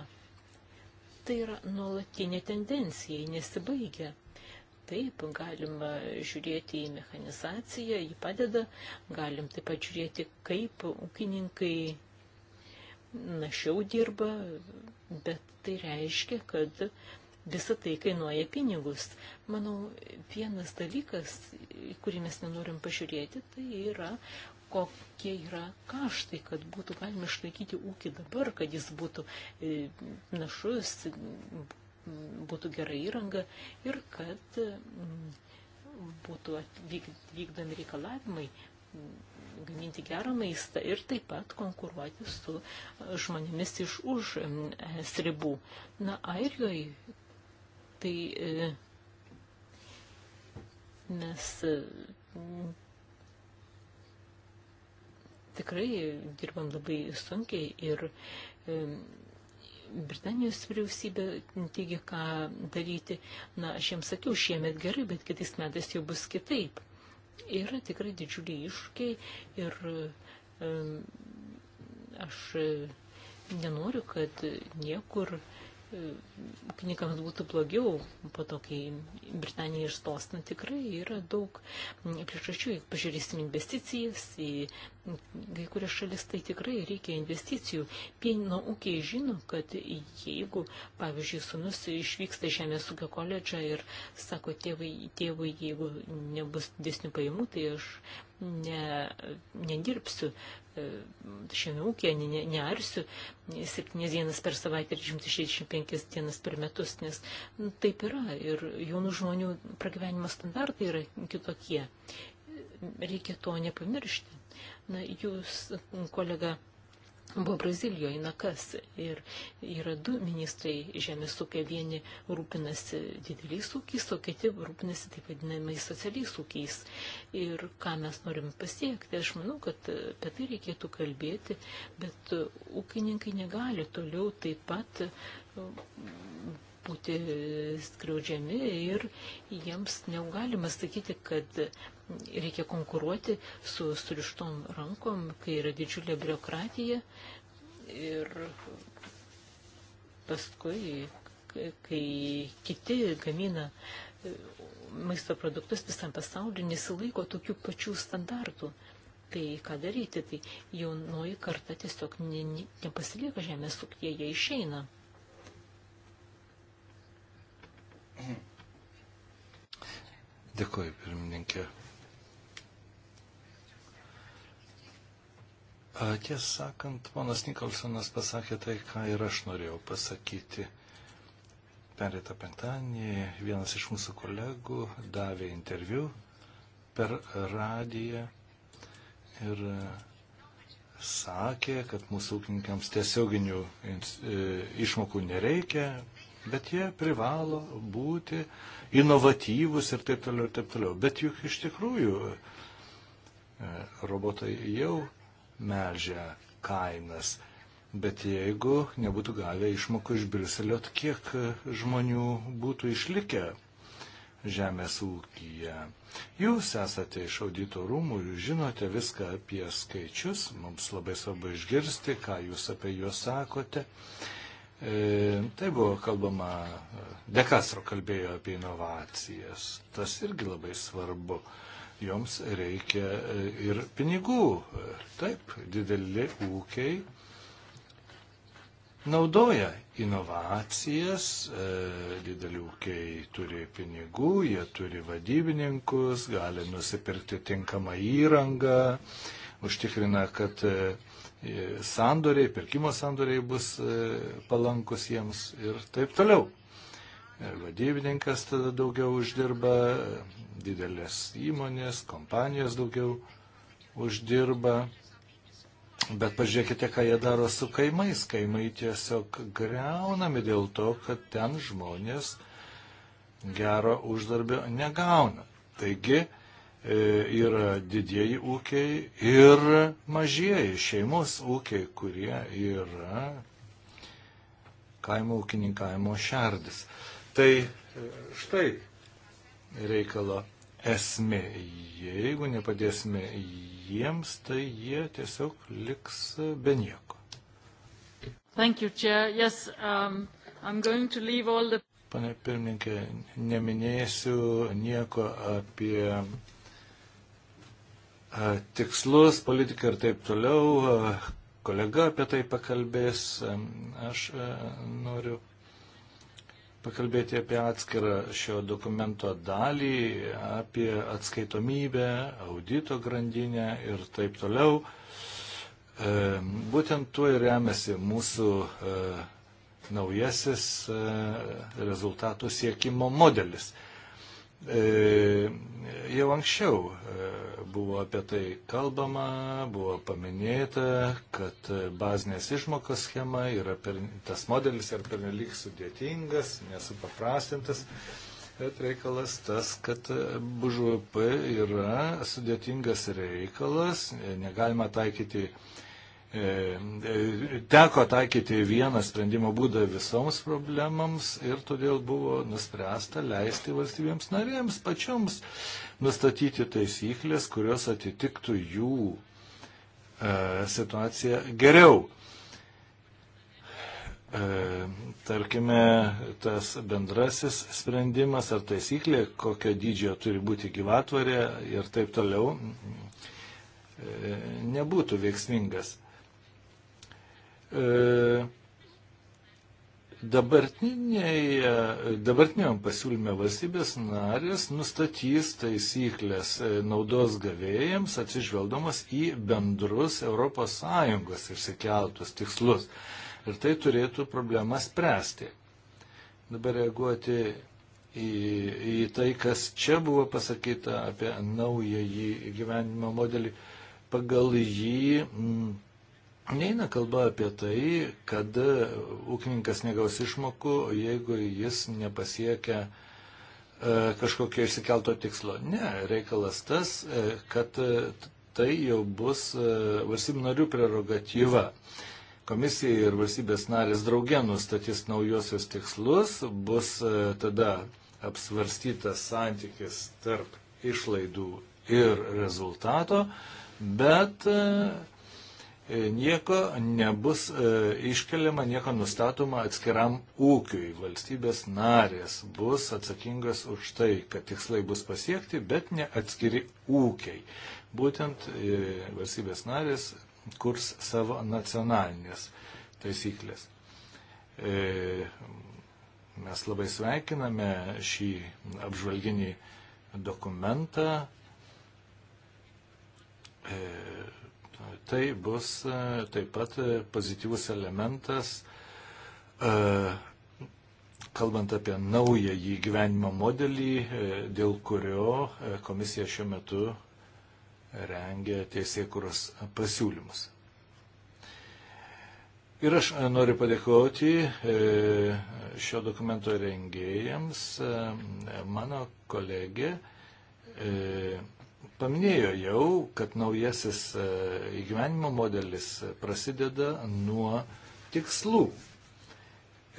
Tai yra nuolatinė tendencija, nesibaigia. Taip, galima žiūrėti į mechanizaciją, jį padeda, galim taip pat žiūrėti, kaip ūkininkai našiau dirba, bet tai reiškia, kad visą tai kainuoja pinigus. Manau, vienas dalykas, kurį mes nenorim pažiūrėti, tai yra kokie yra kaštai, kad būtų galima išlaikyti ūkį dabar, kad jis būtų e, našus, būtų gera įranga ir kad mm, būtų vykdomi reikalavimai mm, gaminti gerą maistą ir taip pat konkuruoti su žmonėmis iš už mm, sribų. Na, Airijoje tai e, mes tikrai dirbam labai sunkiai ir Britanijos vyriausybė teigia, ką daryti. Na, aš jiems sakiau, šiemet gerai, bet kitais metais jau bus kitaip. Yra tikrai didžiuliai iššūkiai ir um, aš nenoriu, kad niekur uh, ūkininkams būtų blogiau po to, kai Britanija išstos. Na tikrai yra daug priešraščių, jeigu pažiūrėsim investicijas į kai kurias šalis, tai tikrai reikia investicijų. Pienino ūkiai žino, kad jeigu, pavyzdžiui, sunus išvyksta žemės ūkio koledžą ir sako tėvai, tėvui, jeigu nebus didesnių pajamų, tai aš ne, nedirbsiu E, šiame ūkėje, ne, nearsiu ne 7 dienas per savaitę ir 165 dienas per metus, nes nu, taip yra ir jaunų žmonių pragyvenimo standartai yra kitokie. Reikia to nepamiršti. Na, jūs, kolega, buvo Brazilijoje, na kas. Ir yra du ministrai žemės ūkio, vieni rūpinasi dideliais ūkiais, o kiti rūpinasi taip vadinamais socialiais ūkiais. Ir ką mes norim pasiekti, aš manau, kad apie tai reikėtų kalbėti, bet ūkininkai negali toliau taip pat uh, būti skriaudžiami ir jiems negalima sakyti, kad reikia konkuruoti su surištom rankom, kai yra didžiulė biurokratija ir paskui, kai kiti gamina maisto produktus visam pasauliu, nesilaiko tokių pačių standartų. Tai ką daryti, tai jaunoji karta tiesiog ne, ne, nepasilieka žemės ūkyje, jie išeina. Dėkuoju, pirmininkė. Tiesą sakant, ponas Nikolsonas pasakė tai, ką ir aš norėjau pasakyti. Perėtą penktadienį vienas iš mūsų kolegų davė interviu per radiją ir e, sakė, kad mūsų ūkininkams tiesioginių e, išmokų nereikia, bet jie privalo būti inovatyvus ir taip toliau ir taip toliau. Bet juk iš tikrųjų e, robotai jau melžia kainas. Bet jeigu nebūtų gavę išmokų iš Briuselio, tai kiek žmonių būtų išlikę žemės ūkyje? Jūs esate iš audito rūmų ir žinote viską apie skaičius. Mums labai svarbu išgirsti, ką jūs apie juos sakote. E, tai buvo kalbama, e, Dekastro kalbėjo apie inovacijas. Tas irgi labai svarbu. E, joms reikia e, ir pinigų. E, taip, dideli ūkiai naudoja inovacijas, e, dideli ūkiai turi pinigų, jie turi vadybininkus, gali nusipirkti tinkamą įrangą, užtikrina, kad sandoriai, pirkimo sandoriai bus palankus jiems ir taip toliau. Vadybininkas tada daugiau uždirba, didelės įmonės, kompanijos daugiau uždirba. Bet pažiūrėkite, ką jie daro su kaimais. Kaimai tiesiog greunami dėl to, kad ten žmonės gero uždarbio negauna. Taigi e, yra didieji ūkiai ir mažieji šeimos ūkiai, kurie yra kaimo ūkininkavimo šerdis. Tai e, štai reikalo esmė. Jeigu nepadėsime jiems, tai jie tiesiog liks be nieko. Thank you, Chair. Yes, um, I'm going to leave all the... Pane pirmininkė, neminėsiu nieko apie a, tikslus, politiką ir taip toliau. A, kolega apie tai pakalbės. A, aš a, noriu pakalbėti apie atskirą šio dokumento dalį, apie atskaitomybę, audito grandinę ir taip toliau. E, būtent tuo ir remiasi mūsų e, naujasis e, rezultatų siekimo modelis. E, jau anksčiau e, buvo apie tai kalbama, buvo paminėta, kad bazinės išmokos schema yra per, tas modelis yra pernelyg sudėtingas, nesupaprastintas. Bet reikalas tas, kad BŽP yra sudėtingas reikalas, negalima taikyti E, e, teko taikyti vieną sprendimo būdą visoms problemams ir todėl buvo nuspręsta leisti valstybėms narėms pačioms nustatyti taisyklės, kurios atitiktų jų e, situaciją geriau. Tarkime, tas bendrasis sprendimas ar taisyklė, kokio dydžio turi būti gyvatvarė ir taip toliau, nebūtų veiksmingas. E, dabartiniam pasiūlyme valstybės narės nustatys taisyklės e, naudos gavėjams atsižvelgdamas į bendrus ES išsikeltus tikslus. Ir tai turėtų problemą spręsti. Dabar reaguoti į, į tai, kas čia buvo pasakyta apie naująjį gyvenimo modelį. Pagal jį. M, Neina kalba apie tai, kad ūkininkas negaus išmokų, jeigu jis nepasiekia e, kažkokio išsikelto tikslo. Ne, reikalas tas, e, kad tai jau bus e, valstybių narių prerogatyva. Komisija ir valstybės narės draugė nustatys naujosios tikslus, bus tada apsvarstytas santykis tarp išlaidų ir rezultato, bet uh, E, nieko nebus e, iškeliama, nieko nustatoma atskiram ūkiui. Valstybės narės bus atsakingas už tai, kad tikslai bus pasiekti, bet ne atskiri ūkiai. Būtent e, valstybės narės kurs savo nacionalinės taisyklės. Mes labai sveikiname šį apžvalginį dokumentą Tai bus e, taip pat e, pozityvus elementas, e, kalbant apie naują jį gyvenimo modelį, dėl kurio komisija šiuo metu rengia teisėkuros pasiūlymus. Ir aš noriu padėkoti šio dokumento rengėjams. Mano kolegė Paminėjo jau, kad naujasis e, įgyvenimo modelis prasideda nuo tikslų.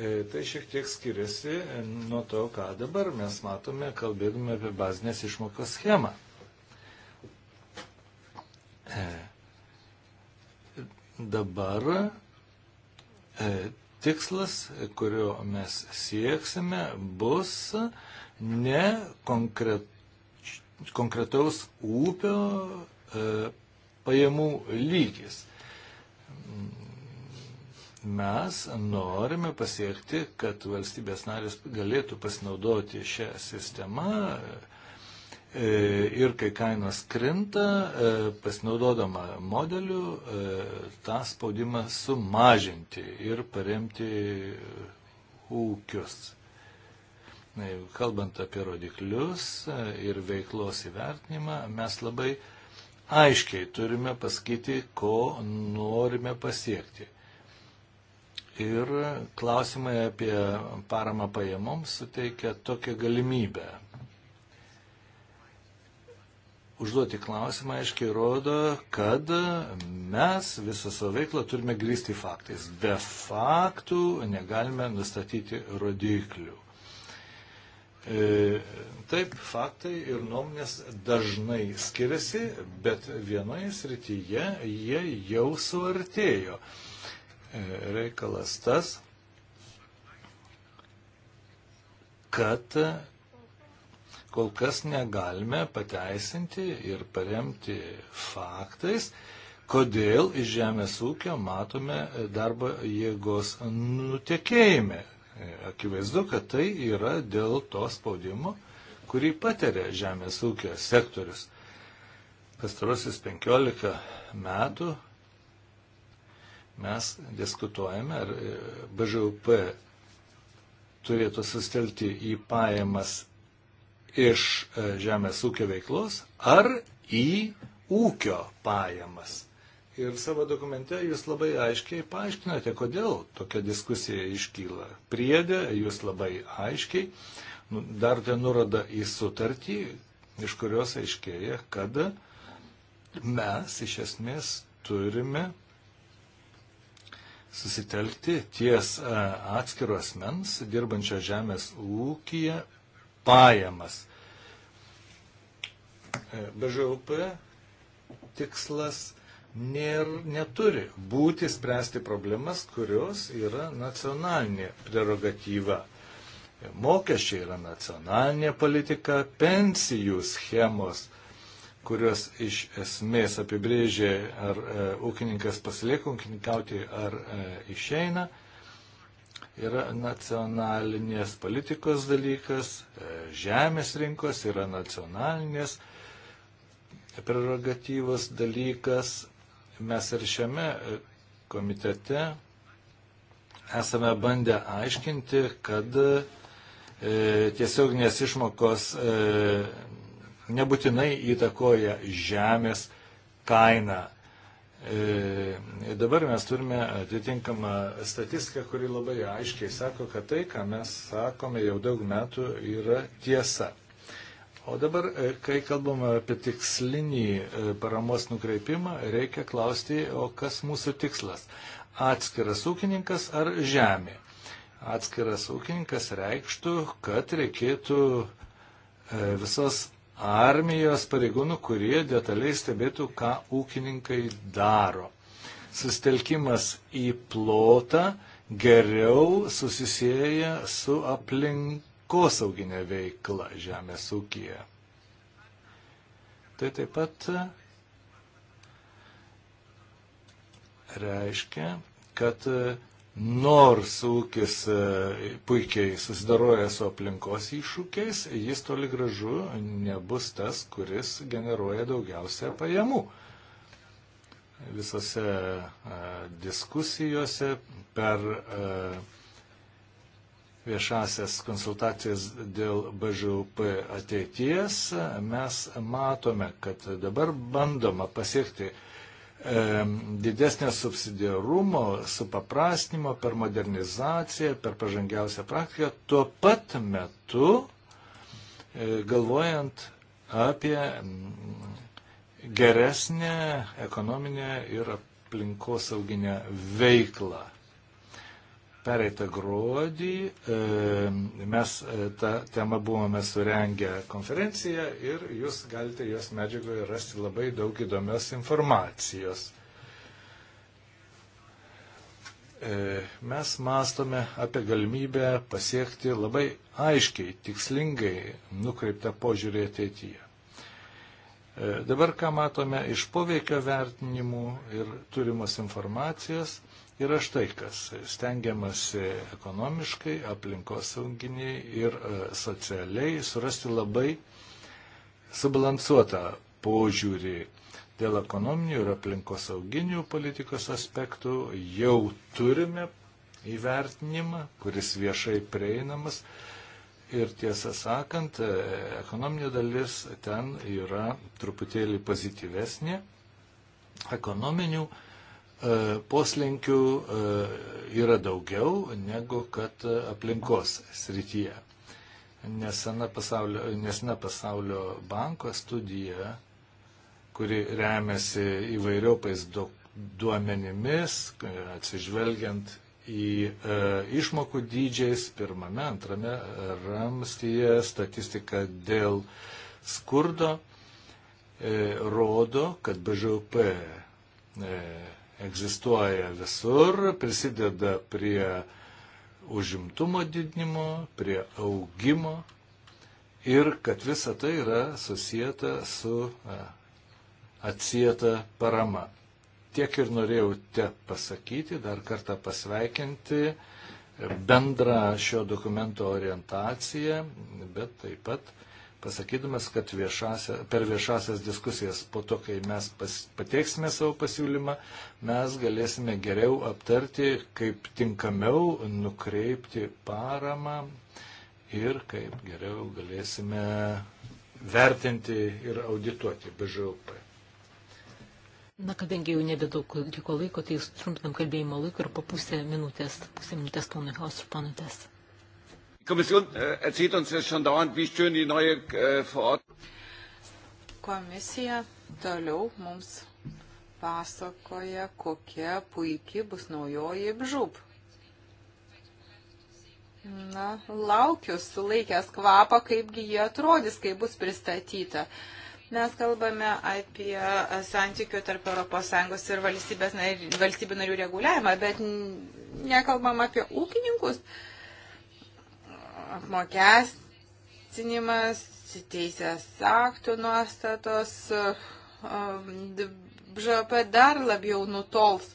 E, tai šiek tiek skiriasi nuo to, ką dabar mes matome, kalbėdami apie bazinės išmokos schemą. E, dabar tikslas, kurio mes sieksime, bus ne konkretus konkretaus ūpio e, pajamų lygis. Mes norime pasiekti, kad valstybės narės galėtų pasinaudoti šią sistemą e, ir kai kainos krinta, e, pasinaudodama modeliu, tą spaudimą sumažinti ir paremti ūkius kalbant apie rodiklius e, ir veiklos įvertinimą, mes labai aiškiai turime pasakyti, ko norime pasiekti. Ir klausimai apie paramą pajamoms suteikia tokią galimybę. Užduoti klausimą aiškiai rodo, kad mes visą savo veiklą turime grįsti faktais. Be faktų negalime nustatyti rodiklių. E, taip, faktai ir nuomonės dažnai skiriasi, bet vienoje srityje jie jau suartėjo. E, reikalas tas, kad kol kas negalime pateisinti ir paremti faktais, kodėl iš žemės ūkio matome darbo jėgos nutekėjimą. E, akivaizdu, kad tai yra dėl to spaudimo, kurį patiria žemės ūkio sektorius. Pastarosius 15 metų mes diskutuojame, ar e, BŽUP turėtų sustelti į pajamas iš e, žemės ūkio veiklos ar į ūkio pajamas. Ir savo dokumente jūs labai aiškiai paaiškinote, kodėl tokia diskusija iškyla. Priedė jūs labai aiškiai nu, darote nurodą į sutartį, iš kurios aiškėja, kad mes iš esmės turime susitelkti ties e, atskiro asmens dirbančio žemės ūkija pajamas. E, BŽUP tikslas nėr, neturi būti spręsti problemas, kurios yra nacionalinė prerogatyva. Mokesčiai yra nacionalinė politika, pensijų schemos, kurios iš esmės apibrėžia, ar e, ūkininkas pasilieka ūkininkauti, ar e, išeina, yra nacionalinės politikos dalykas, e, žemės rinkos yra nacionalinės prerogatyvos dalykas, Mes ir šiame e, komitete esame bandę aiškinti, kad e, tiesioginės išmokos e, nebūtinai įtakoja žemės kainą. E, dabar mes turime atitinkamą statistiką, kuri labai aiškiai sako, kad tai, ką mes sakome jau daug metų, yra tiesa. O dabar, e, kai kalbame apie tikslinį e, paramos nukreipimą, reikia klausti, o kas mūsų tikslas? Atskiras ūkininkas ar žemė? Atskiras ūkininkas reikštų, kad reikėtų e, visos armijos pareigūnų, kurie detaliai stebėtų, ką ūkininkai daro. Sustelkimas į plotą geriau susisėja su aplink aplinkosauginė veikla žemės ūkija. Tai taip pat e, reiškia, kad e, nors ūkis e, puikiai susidaroja su aplinkos iššūkiais, jis toli gražu nebus tas, kuris generuoja daugiausia pajamų. Visose diskusijose per a, viešasias konsultacijas dėl BŽUP ateities, mes matome, kad dabar bandoma pasiekti e, didesnio subsidiarumo, supaprastinimo per modernizaciją, per pažangiausią praktiką, tuo pat metu e, galvojant apie geresnę ekonominę ir aplinkosauginę veiklą. Pereitą gruodį e, mes e, tą temą buvome surengę konferenciją ir jūs galite jos medžiagoje rasti labai daug įdomios informacijos. E, mes mastome apie galimybę pasiekti labai aiškiai, tikslingai nukreiptą požiūrį ateityje. Dabar ką matome iš poveikio vertinimų ir turimos informacijos – yra štai kas. Stengiamasi ekonomiškai, aplinkosauginiai ir e, socialiai surasti labai subalansuotą požiūrį dėl ekonominių ir aplinkosauginių politikos aspektų. Jau turime įvertinimą, kuris viešai prieinamas. Ir tiesą sakant, e, ekonominė dalis ten yra truputėlį pozityvesnė. Ekonominių uh, E, poslinkių e, yra daugiau negu kad aplinkos srityje. Nesena pasaulio, nesena pasaulio banko studija, kuri remiasi įvairiopais duomenimis, e, atsižvelgiant į e, išmokų dydžiais pirmame, antrame ramstyje statistika dėl skurdo e, rodo, kad BŽP e, egzistuoja visur, prisideda prie užimtumo didinimo, prie augimo ir kad visa tai yra susijęta su atsieta parama. Tiek ir norėjau te pasakyti, dar kartą pasveikinti bendrą šio dokumento orientaciją, bet taip pat pasakydamas, kad viešasia, per viešasias diskusijas po to, kai mes pas, pateiksime savo pasiūlymą, mes galėsime geriau aptarti, kaip tinkamiau nukreipti paramą ir kaip geriau galėsime vertinti ir audituoti BŽUP. Na, kadangi jau nebedaug liko laiko, tai trumpinam kalbėjimo laiką ir po pusę minutės, pusę minutės ponui Haus ir ponui Tesą. Äh, äh, Komisija toliau mums pasakoja, kokia puikiai bus naujoji bžūp. Na, laukiu sulaikęs kvapą, kaipgi jie atrodys, kai bus pristatyta. Mes kalbame apie santykių tarp ES ir valstybių narių reguliavimą, bet nekalbam apie ūkininkus. Uh, apmokestinimas, teisės aktų nuostatos, BŽP dar labiau nutols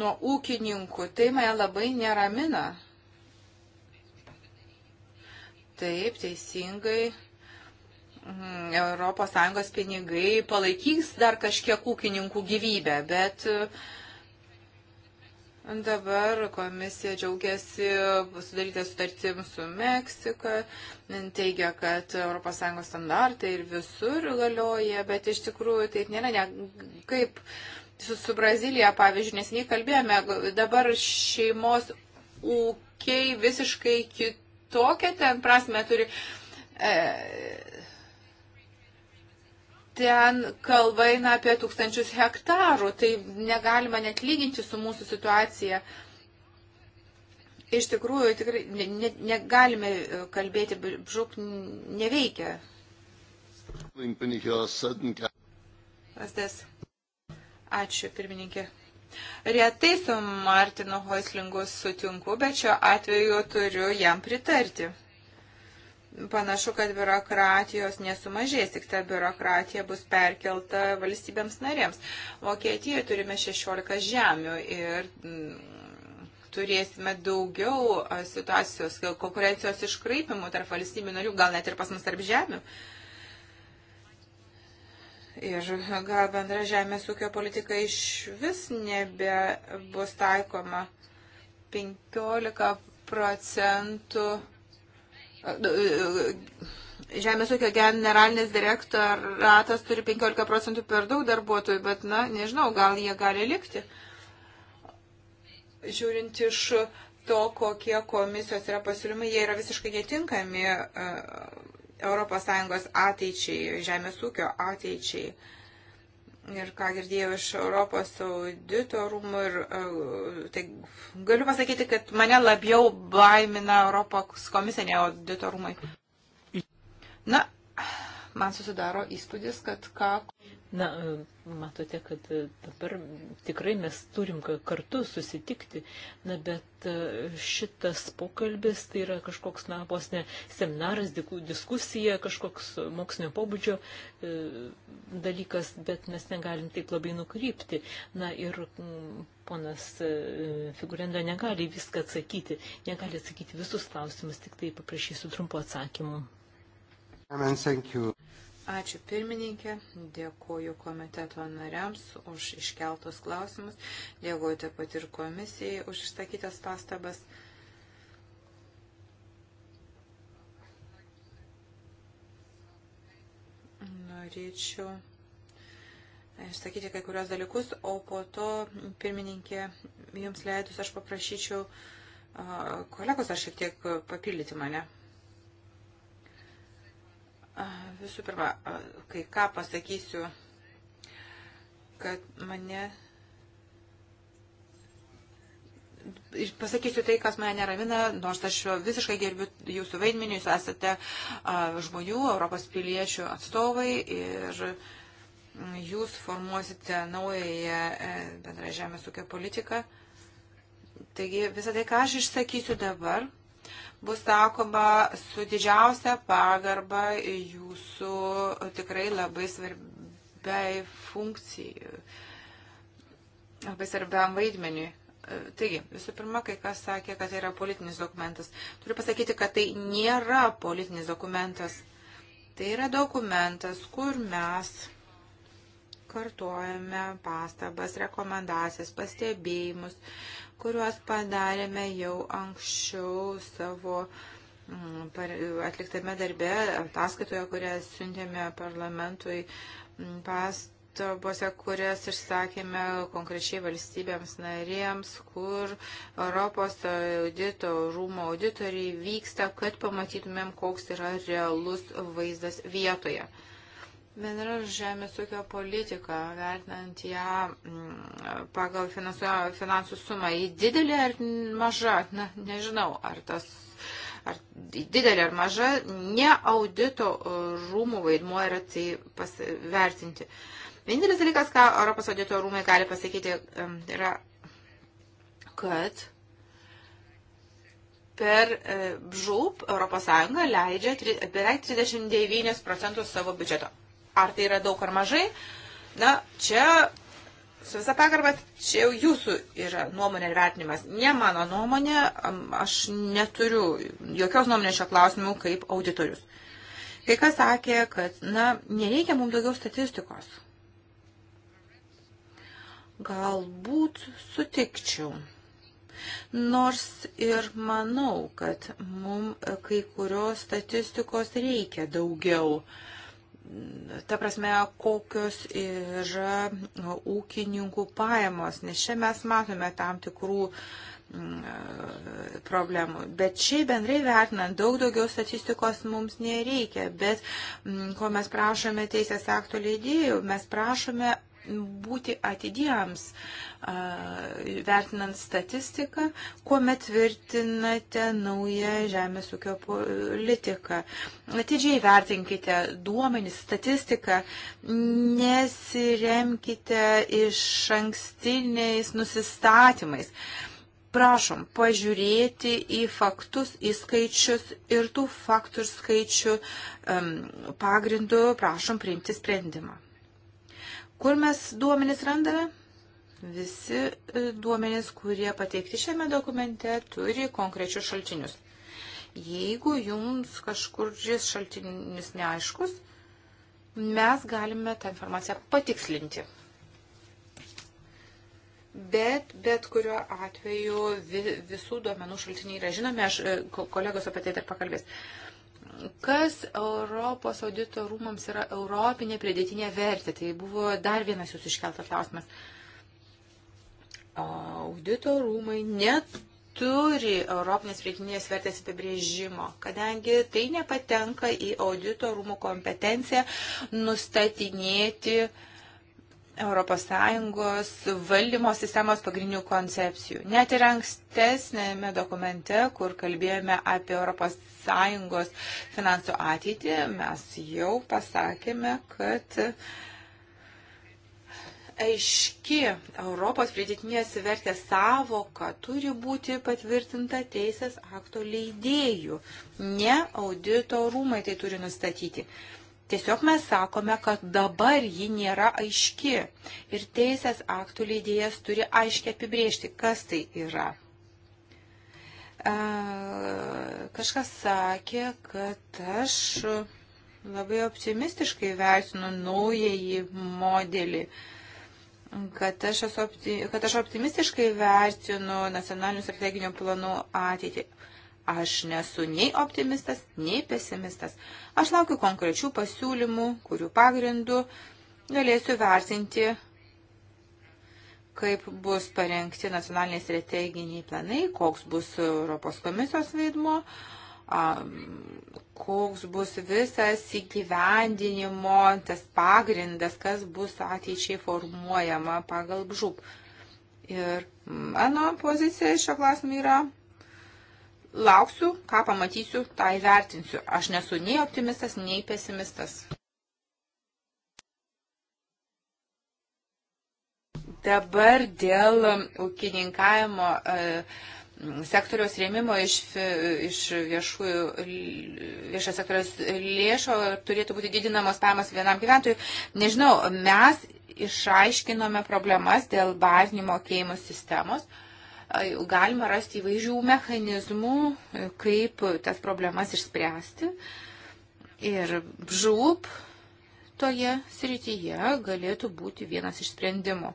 nuo ūkininkų. Tai mane labai neramina. Taip, teisingai. Mm, ES pinigai palaikys dar kažkiek ūkininkų gyvybę, bet uh, Dabar komisija džiaugiasi sudarytą sutartim su Meksika, teigia, kad ES standartai ir visur galioja, bet iš tikrųjų taip nėra, ne, kaip su, su Brazilija, pavyzdžiui, nesiniai kalbėjome, dabar šeimos ūkiai visiškai kitokią ten prasme turi. E, ten kalba eina apie tūkstančius hektarų, tai negalima net lyginti su mūsų situacija. Iš tikrųjų, tikrai ne, negalime e, kalbėti, žuk neveikia. Astes. Ačiū, pirmininkė. Retai su Martinu Hoislingu sutinku, bet šiuo atveju turiu jam pritarti panašu, kad biurokratijos nesumažės, tik ta biurokratija bus perkelta valstybėms narėms. Vokietijoje turime 16 žemių ir mm, turėsime daugiau situacijos, konkurencijos iškraipimų tarp valstybių narių, gal net ir pas mus tarp žemių. Ir gal bendra žemės ūkio politika iš vis nebe bus taikoma 15 procentų Žemės ūkio generalinis direktoratas turi 15 procentų per daug darbuotojų, bet, na, nežinau, gal jie gali likti. Žiūrint iš to, kokie komisijos yra pasiūlymai, jie yra visiškai netinkami ES ateičiai, žemės ūkio ateičiai. Uh, ir ką girdėjau iš Europos audito rūmų ir e, tai galiu pasakyti, kad mane labiau baimina Europos komisija, ne audito rūmai. Na, man susidaro įspūdis, kad ką Na, matote, kad dabar tikrai mes turim kartu susitikti, na, bet šitas pokalbis tai yra kažkoks, na, vos ne seminaras, diskusija, kažkoks mokslinio pobūdžio e, dalykas, bet mes negalim taip labai nukrypti. Na, ir mm, ponas e, figurenda negali viską atsakyti, negali atsakyti visus klausimus, tik tai paprašysiu trumpo atsakymu. Amen, thank you. Ačiū pirmininkė, dėkoju komiteto nariams už iškeltus klausimus, dėkoju taip pat ir komisijai už išsakytas pastabas. Norėčiau išsakyti kai kurios dalykus, o po to, pirmininkė, jums leidus aš paprašyčiau kolegos ar šiek tiek papildyti mane. Visų pirma, kai ką pasakysiu, kad mane. Pasakysiu tai, kas mane neramina, nors aš visiškai gerbiu jūsų vaidmenį, jūs esate žmonių, Europos piliečių atstovai ir jūs formuosite naująją e, bendrą žemės ūkio politiką. Taigi visą tai, ką aš išsakysiu dabar, bus sakoma su didžiausia pagarba jūsų tikrai labai svarbiai funkcijai, labai svarbiam vaidmeniui. Taigi, visų pirma, kai kas sakė, kad tai yra politinis dokumentas. Turiu pasakyti, kad tai nėra politinis dokumentas. Tai yra dokumentas, kur mes kartuojame pastabas, rekomendacijas, pastebėjimus, kuriuos padarėme jau anksčiau savo mm, atliktame darbe, ataskaitoje, kurią siuntėme parlamentui mm, pastabose, kurias išsakėme konkrečiai valstybėms narėms, kur Europos audito rūmo auditoriai vyksta, kad pamatytumėm, koks yra realus vaizdas vietoje. Bendra žemės ūkio politika, vertinant ją mm, pagal finansų sumą, į didelį ar mažą, na, nežinau, ar tas ar didelė ar maža, ne audito e, rūmų vaidmuo yra tai vertinti. Vienintelis dalykas, ką Europos audito rūmai gali pasakyti, yra, kad per e, žūp ES leidžia beveik 39 procentus savo biudžeto. Ar tai yra daug ar mažai? Na, čia su visa pagarba, čia jau jūsų yra nuomonė ir vertinimas. Ne mano nuomonė, aš neturiu jokios nuomonės šio klausimu kaip auditorius. Kai kas sakė, kad, na, nereikia mums daugiau statistikos. Galbūt sutikčiau. Nors ir manau, kad mums kai kurios statistikos reikia daugiau. Uh, ta prasme, kokios yra ūkininkų pajamos, nes čia mes matome tam tikrų mm, problemų. Bet šiaip bendrai vertinant, daug daugiau statistikos mums nereikia, bet mm, ko mes prašome teisės aktų leidėjų, mes prašome būti atidiems, vertinant statistiką, kuomet tvirtinate naują žemės ūkio politiką. Atidžiai vertinkite duomenys, statistiką, nesiremkite iš ankstiniais nusistatymais prašom pažiūrėti į faktus, į skaičius ir tų faktų ir skaičių um, pagrindų prašom priimti sprendimą. Kur mes duomenis randame? Visi e, duomenis, kurie pateikti šiame dokumente, turi konkrečius šaltinius. Jeigu jums kažkur šis šaltinis neaiškus, mes galime tą informaciją patikslinti. Bet, bet kuriuo atveju vi, visų duomenų šaltiniai yra žinomi, aš e, kolegos apie tai dar pakalbės. Uh, kas Europos audito rūmams yra europinė pridėtinė vertė. Tai buvo dar vienas jūsų iškeltas klausimas. Audito rūmai neturi europinės pridėtinės vertės apibrėžimo, kadangi tai nepatenka į audito rūmų kompetenciją nustatinėti uh, ES valdymo sistemos pagrindinių koncepcijų. Net ir ankstesnėme dokumente, kur kalbėjome apie ES finansų ateitį, mes jau pasakėme, kad aiški Europos pridėtinės vertės savoka turi būti patvirtinta teisės akto leidėjų, ne audito rūmai tai turi nustatyti. Tiesiog mes sakome, kad dabar ji nėra aiški ir teisės aktų leidėjas turi aiškiai apibriežti, kas tai yra. E, kažkas sakė, kad aš labai optimistiškai vertinu naująjį modelį kad aš, esu, opti, kad aš optimistiškai vertinu nacionalinių strateginių planų ateitį. Aš nesu nei optimistas, nei pesimistas. Aš laukiu konkrečių pasiūlymų, kurių pagrindų galėsiu vertinti, kaip bus parengti nacionaliniai strateginiai planai, koks bus Europos komisijos vaidmo, koks bus visas įgyvendinimo, tas pagrindas, kas bus ateičiai formuojama pagal žūp. Ir mano pozicija šio klausimo yra Lauksiu, ką pamatysiu, tą įvertinsiu. Aš nesu nei optimistas, nei pesimistas. Dabar dėl um, ūkininkavimo e, sektoriaus rėmimo iš, iš viešųjų, viešo sektoriaus lėšo turėtų būti didinamos pajamos vienam gyventojui. Nežinau, mes išaiškinome problemas dėl bazinių mokėjimų sistemos galima rasti įvairių mechanizmų, e, kaip tas problemas išspręsti. Ir žūp toje srityje galėtų būti vienas iš sprendimų.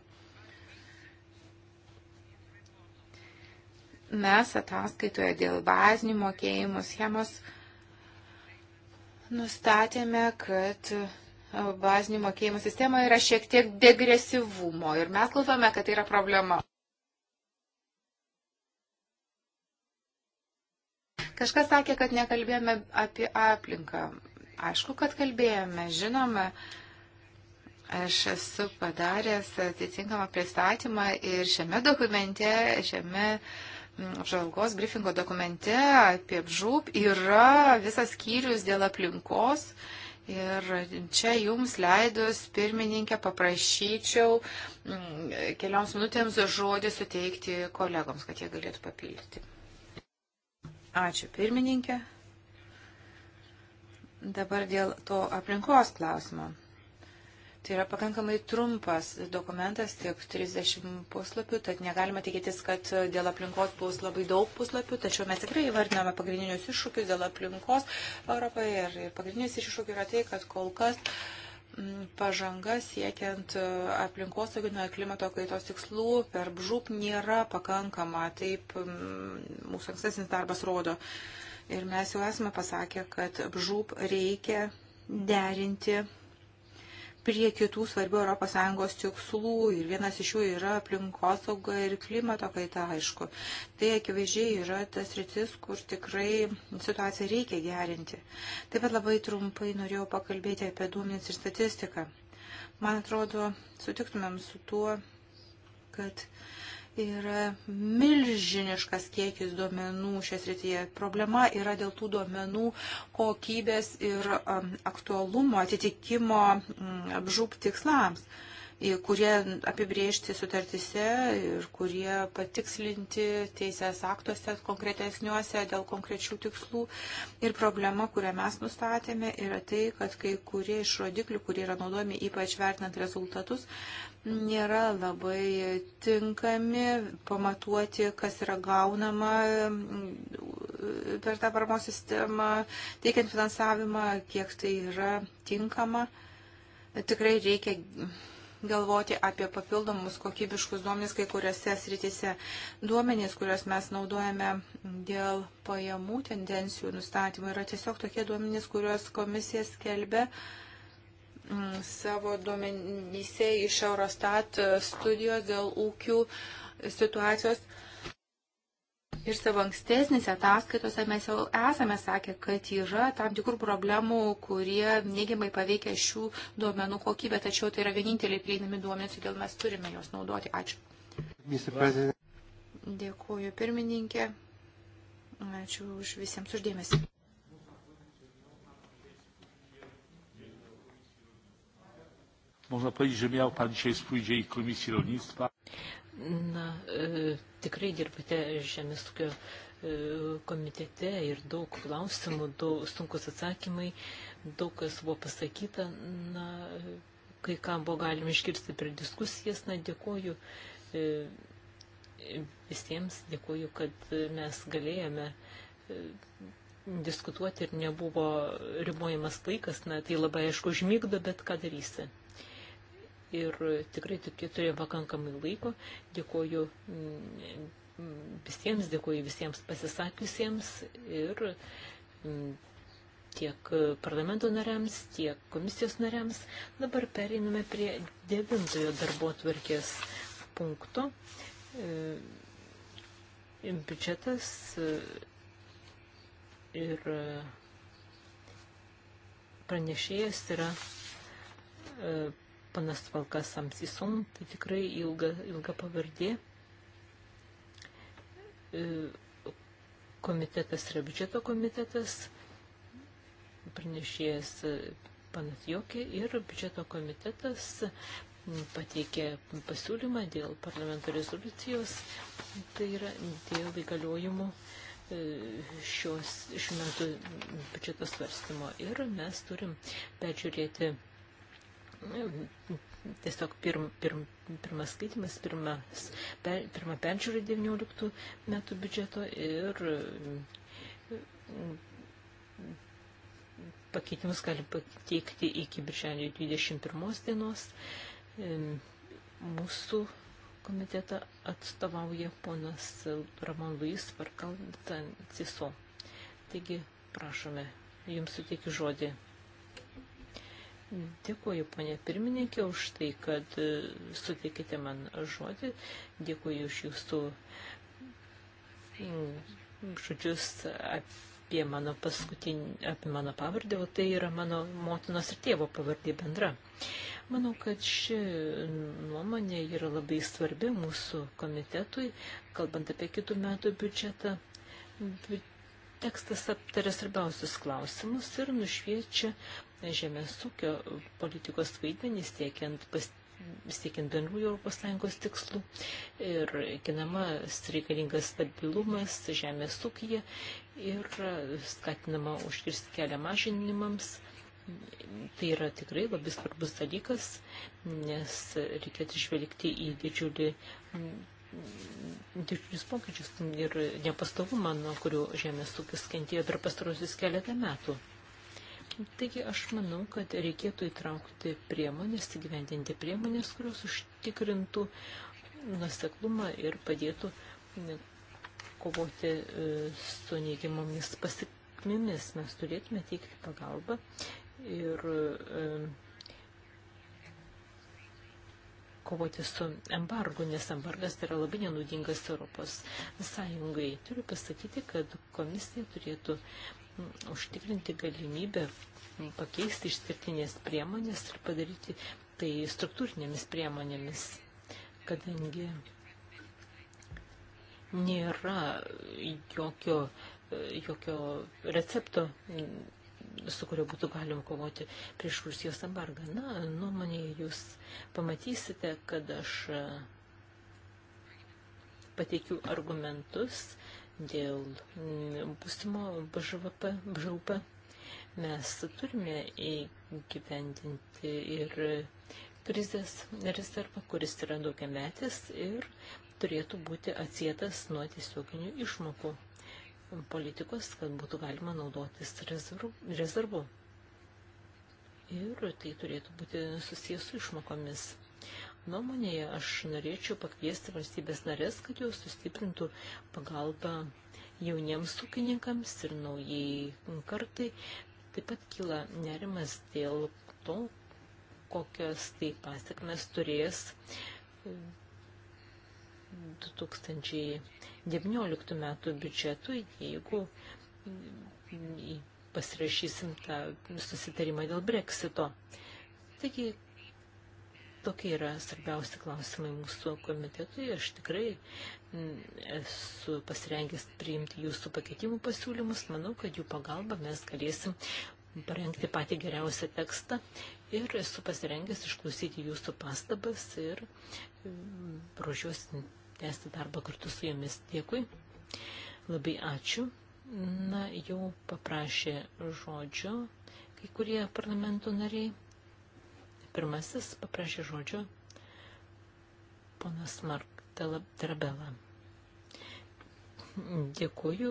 Mes ataskaitoje dėl bazinių mokėjimų schemos nustatėme, kad e, bazinių mokėjimų sistema yra šiek tiek degresyvumo ir mes galvome, kad tai yra problema. Kažkas sakė, kad nekalbėjome apie aplinką. Aišku, kad kalbėjome, žinome. Aš esu padaręs atitinkamą pristatymą ir šiame dokumente, šiame mm, apžvalgos briefingo dokumente apie žūp yra visas skyrius dėl aplinkos. Ir čia jums leidus, pirmininkė, paprašyčiau mm, kelioms minutėms žodį suteikti kolegoms, kad jie galėtų papildyti. Ačiū pirmininkė. Dabar dėl to aplinkos klausimo. Tai yra pakankamai trumpas dokumentas, tik 30 puslapių, tad negalima tikėtis, kad dėl aplinkos bus labai daug puslapių, tačiau mes tikrai įvardiname pagrindinius iššūkius dėl aplinkos Europoje ir pagrindinis iššūkis yra tai, kad kol kas uh, pažanga siekiant e, aplinkosauginio klimato kaitos tikslų per bžūp nėra pakankama, taip mūsų ankstesnis darbas rodo. Ir mes jau esame pasakę, kad bžūp reikia derinti prie kitų svarbių ES tikslų ir vienas iš jų yra aplinkosauga ir klimato kaita, aišku. Tai akivaizdžiai yra tas rytis, kur tikrai situaciją reikia gerinti. Taip pat labai trumpai norėjau pakalbėti apie duomenis ir statistiką. Man atrodo, sutiktumėm su tuo, kad yra milžiniškas kiekis duomenų šias rytyje. Problema yra dėl tų duomenų kokybės ir um, aktualumo atitikimo apžūp mm, tikslams kurie apibriežti sutartise ir kurie patikslinti teisės aktuose konkretesniuose dėl konkrečių tikslų. Ir problema, kurią mes nustatėme, yra tai, kad kai kurie iš rodiklių, kurie yra naudojami ypač vertinant rezultatus, nėra labai tinkami pamatuoti, kas yra gaunama mm, per tą paramos sistemą, teikiant finansavimą, kiek tai yra tinkama. Tikrai reikia galvoti apie papildomus kokybiškus duomenys kai kuriuose srityse. Duomenys, kuriuos mes naudojame dėl pajamų tendencijų nustatymų, yra tiesiog tokie duomenys, kuriuos komisija skelbia uh, savo duomenyse iš Eurostat studijos dėl ūkių situacijos. Ir savo ankstesnėse ataskaitose mes jau esame sakę, kad yra tam tikrų problemų, kurie neigiamai paveikia šių duomenų kokybę, tačiau tai yra vieninteliai prieinami duomenys, todėl mes turime juos naudoti. Ačiū. Dėkuoju pirmininkė. Ačiū už visiems uždėmesi. Można powiedzieć, że miał Pan dzisiaj swój dzień w Komisji Rolnictwa. Na, e, tikrai dirbate Žemės ūkio e, komitete ir daug klausimų, daug sunkus atsakymai, daug kas buvo pasakyta, na, kai kam buvo galima iškirsti per diskusijas, na, dėkoju e, visiems, dėkoju, kad mes galėjome e, diskutuoti ir nebuvo ribojamas laikas, na, tai labai aišku užmygdo, bet ką darysi ir tikrai turėjau pakankamai laiko. Dėkoju mm, mm, visiems, dėkoju visiems pasisakiusiems ir mm, tiek parlamento nariams, tiek komisijos nariams. Dabar pereiname prie devintojo darbo tvarkės punkto. E, biudžetas e, ir e, pranešėjas yra panas Valkas Samsison, tai tikrai ilga, ilga pavardė. E, komitetas yra biudžeto komitetas, pranešėjas e, panas Jokė ir biudžeto komitetas pateikė pasiūlymą dėl parlamento rezoliucijos, tai yra dėl įgaliojimų e, šios, šiuo metu biudžeto svarstymo. Ir mes turim peržiūrėti tiesiog pirm, pirm, pirmas skaitimas, pirmas, per, pirma peržiūra 19 metų biudžeto ir mm, pakeitimus gali pateikti iki birželio 21 dienos. Mūsų komitetą atstovauja ponas Ramon Luis Varkaldantiso. Taigi, prašome, jums suteikiu žodį. Dėkuoju, ponė pirmininkė, už tai, kad e, sutikite man žodį. Dėkuoju už jūsų mm, žodžius apie mano, apie mano pavardę, o tai yra mano motinos ir tėvo pavardė bendra. Manau, kad ši nuomonė yra labai svarbi mūsų komitetui, kalbant apie kitų metų biudžetą. Tekstas aptarė svarbiausius klausimus ir nušviečia žemės ūkio politikos vaidmenį siekiant pas siekiant bendrųjų ES tikslų ir ginamas reikalingas stabilumas žemės ūkija ir skatinama užkirsti kelią mažinimams. Tai yra tikrai labai svarbus dalykas, nes reikia atsižvelgti į didžiulį didžiulis pokyčius ir nepastovumą, nuo kurių žemės ūkis kentėjo per pastarosius keletą metų. Taigi aš manau, kad reikėtų įtraukti priemonės, įgyvendinti priemonės, kurios užtikrintų nuseklumą ir padėtų kovoti e, su neigiamomis pasikmėmis. Mes turėtume teikti pagalbą ir e, kovoti su embargu, nes embargas yra labai nenudingas Europos Sąjungai. Turiu pasakyti, kad komisija turėtų užtikrinti galimybę pakeisti išskirtinės priemonės ir padaryti tai struktūrinėmis priemonėmis, kadangi nėra jokio, jokio recepto, su kurio būtų galima kovoti prieš Rusijos embargą. Na, nuomonėje jūs pamatysite, kad aš pateikiu argumentus dėl būsimo BŽVP, BŽVP Mes turime įgyvendinti ir krizės rezervą, kuris yra daugiametis ir turėtų būti atsietas nuo tiesioginių išmokų politikos, kad būtų galima naudotis rezervu. rezervu. Ir tai turėtų būti susijęs su išmokomis. Nuomonėje aš norėčiau pakviesti valstybės narės, kad jos sustiprintų pagalbą jauniems ūkininkams ir naujai kartai, Taip pat kyla nerimas dėl to, kokios tai pasiekmes turės 2019 e, metų biudžetui, jeigu pasirašysim tą susitarimą dėl breksito. Taigi, Tokie yra svarbiausi klausimai mūsų komitetui. Aš tikrai mm, esu pasirengęs priimti jūsų pakeitimų pasiūlymus. Manau, kad jų pagalba mes galėsim parengti patį geriausią tekstą ir esu pasirengęs išklausyti jūsų pastabas ir mm, ruošiuosi tęsti darbą kartu su jumis. Dėkui. Labai ačiū. Na, jau paprašė žodžio kai kurie parlamento nariai pirmasis paprašė žodžio ponas Mark Trabela. Dėkuoju,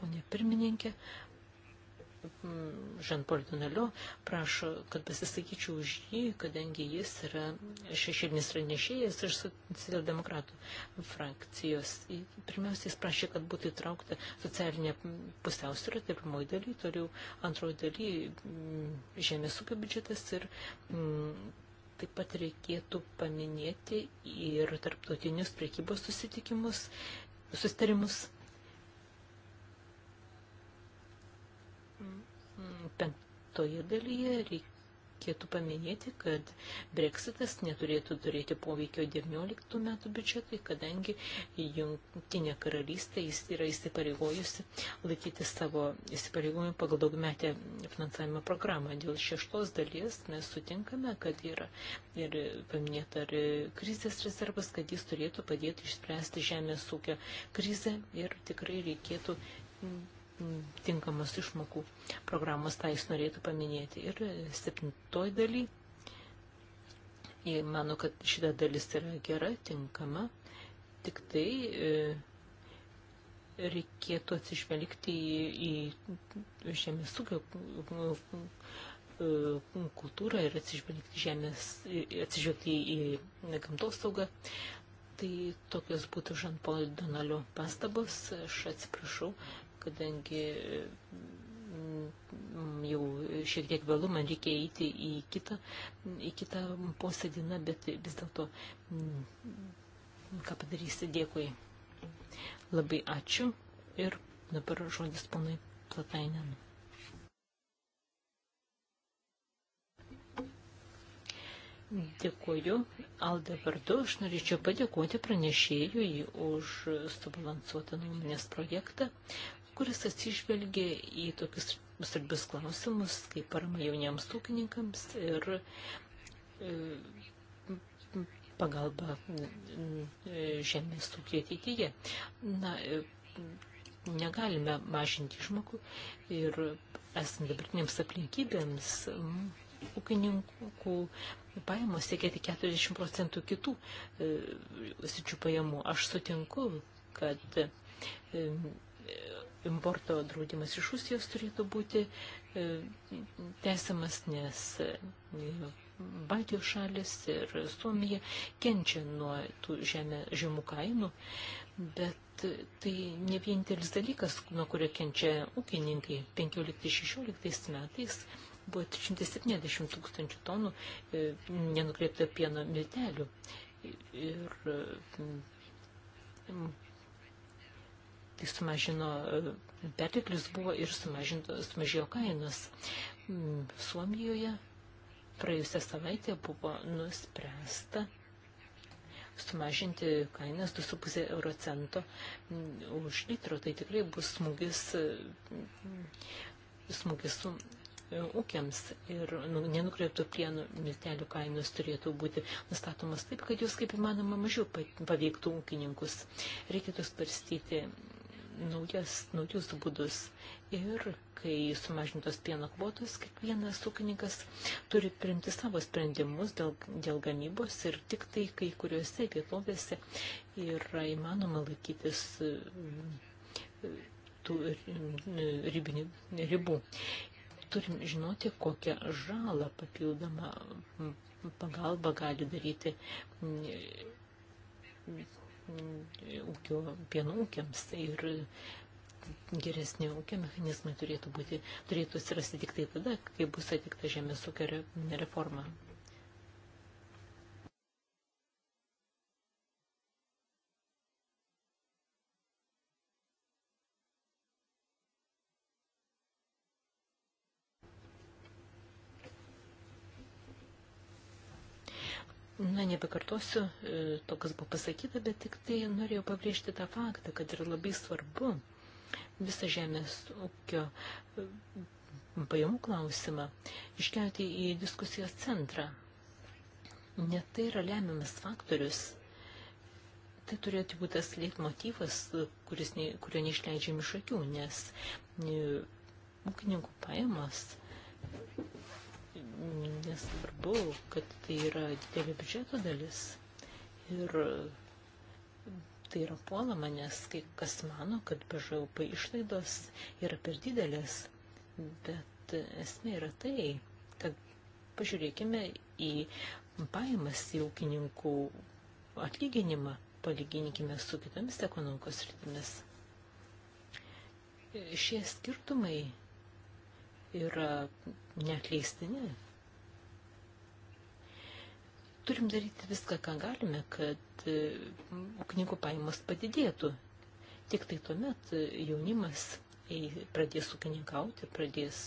ponė pirmininkė. Žanpol mhm. Tuneliu prašo, kad pasisakyčiau už jį, kadangi jis yra šešėlinis ranešėjas iš socialdemokratų frakcijos. Pirmiausia, jis prašė, kad būtų įtraukta socialinė pusiausvyrą, tai pirmoji daly, toliau antroji daly mm, žemės ūkio biudžetas ir m, mm, taip pat reikėtų paminėti ir tarptautinius prekybos susitikimus, sustarimus Penktoje dalyje reikėtų paminėti, kad Brexitas neturėtų turėti poveikio 19 metų biudžetui, kadangi Jungtinė karalystė jis yra įsipareigojusi laikyti savo įsipareigojimą pagal daugmetę finansavimo programą. Dėl šeštos dalies mes sutinkame, kad yra ir paminėta ar krizės rezervas, kad jis turėtų padėti išspręsti žemės ūkio krizę ir tikrai reikėtų tinkamas išmokų programos, tą jis norėtų paminėti. Ir e, septintoj daly, manau, kad šita dalis yra gera, tinkama, tik tai e, reikėtų atsižvelgti į, į žemės ūkio kultūrą ir atsižvelgti, žemės, atsižvelgti į gamtos saugą. Tai tokios būtų Žanpolio Donalio pastabos. Aš atsiprašau, kadangi mm, jau šiek tiek vėlų, man reikia eiti į kitą, į kitą posėdiną, bet vis dėlto, mm, ką padarysi, dėkui. Labai ačiū ir dabar žodis ponai Platainen. Dėkuoju Alde vardu. Aš norėčiau padėkoti pranešėjui už subalansuotą nuomonės projektą kuris atsižvelgia į tokius svarbius klausimus, kaip parama jauniems ūkininkams ir e, pagalba e, žemės ūkio ateityje. Na, e, negalime mažinti išmokų ir esant dabartiniams aplinkybėms ūkininkų pajamos siekia tik 40 procentų kitų e, sičių pajamų. Aš sutinku, kad e, importo draudimas iš Rusijos turėtų būti e, tęsiamas, nes e, Baltijos šalis ir Suomija kenčia nuo tų žemė, žemų kainų, bet tai ne vienintelis dalykas, nuo kurio kenčia ūkininkai 15-16 metais buvo 370 tūkstančių tonų e, nenukreipta pieno miltelių. Ir tai sumažino e, perteklius buvo ir sumažinto, sumažėjo kainos. Mm, Suomijoje praėjusią savaitę buvo nuspręsta sumažinti kainas 2,5 euro cento mm, už litrą. Tai tikrai bus smūgis, mm, smūgis e, ūkiams ir nu, nenukreiptų plienų miltelių kainos turėtų būti nustatomas taip, kad jos kaip įmanoma mažiau paveiktų ūkininkus. Reikėtų svarstyti naujas, naujus būdus. Ir kai sumažintos pieno kvotos, kiekvienas ūkininkas turi priimti savo sprendimus dėl, dėl gamybos ir tik tai kai kuriuose vietovėse yra įmanoma laikytis mm, tų ribinių, ribų. Turim žinoti, kokią žalą papildomą pagalba gali daryti mm, ūkio, pieno ūkiams ir geresni ūkio mechanizmai turėtų būti, turėtų atsirasti tik tai tada, kai bus atlikta žemės ūkio reforma. kalbėjome, nebekartosiu e, to, kas buvo pasakyta, bet tik tai norėjau pabrėžti tą faktą, kad yra labai svarbu visą žemės ūkio e, pajamų klausimą iškelti į diskusijos centrą. Net tai yra lemiamas faktorius. Tai turėtų būti tas leitmotyvas, kuris, kurio neišleidžiam iš akių, nes e, ūkininkų pajamos nesvarbu, kad tai yra didelė biudžeto dalis ir tai yra puolama, nes kai kas mano, kad BŽUP išlaidos yra per didelės, bet esmė yra tai, kad pažiūrėkime į pajamas į ūkininkų atlyginimą, palyginkime su kitomis ekonomikos rytimis. Šie skirtumai yra neatleistini. Turim daryti viską, ką galime, kad e, knygų pajamos padidėtų. Tik tai tuomet e, jaunimas pradės ūkininkauti, pradės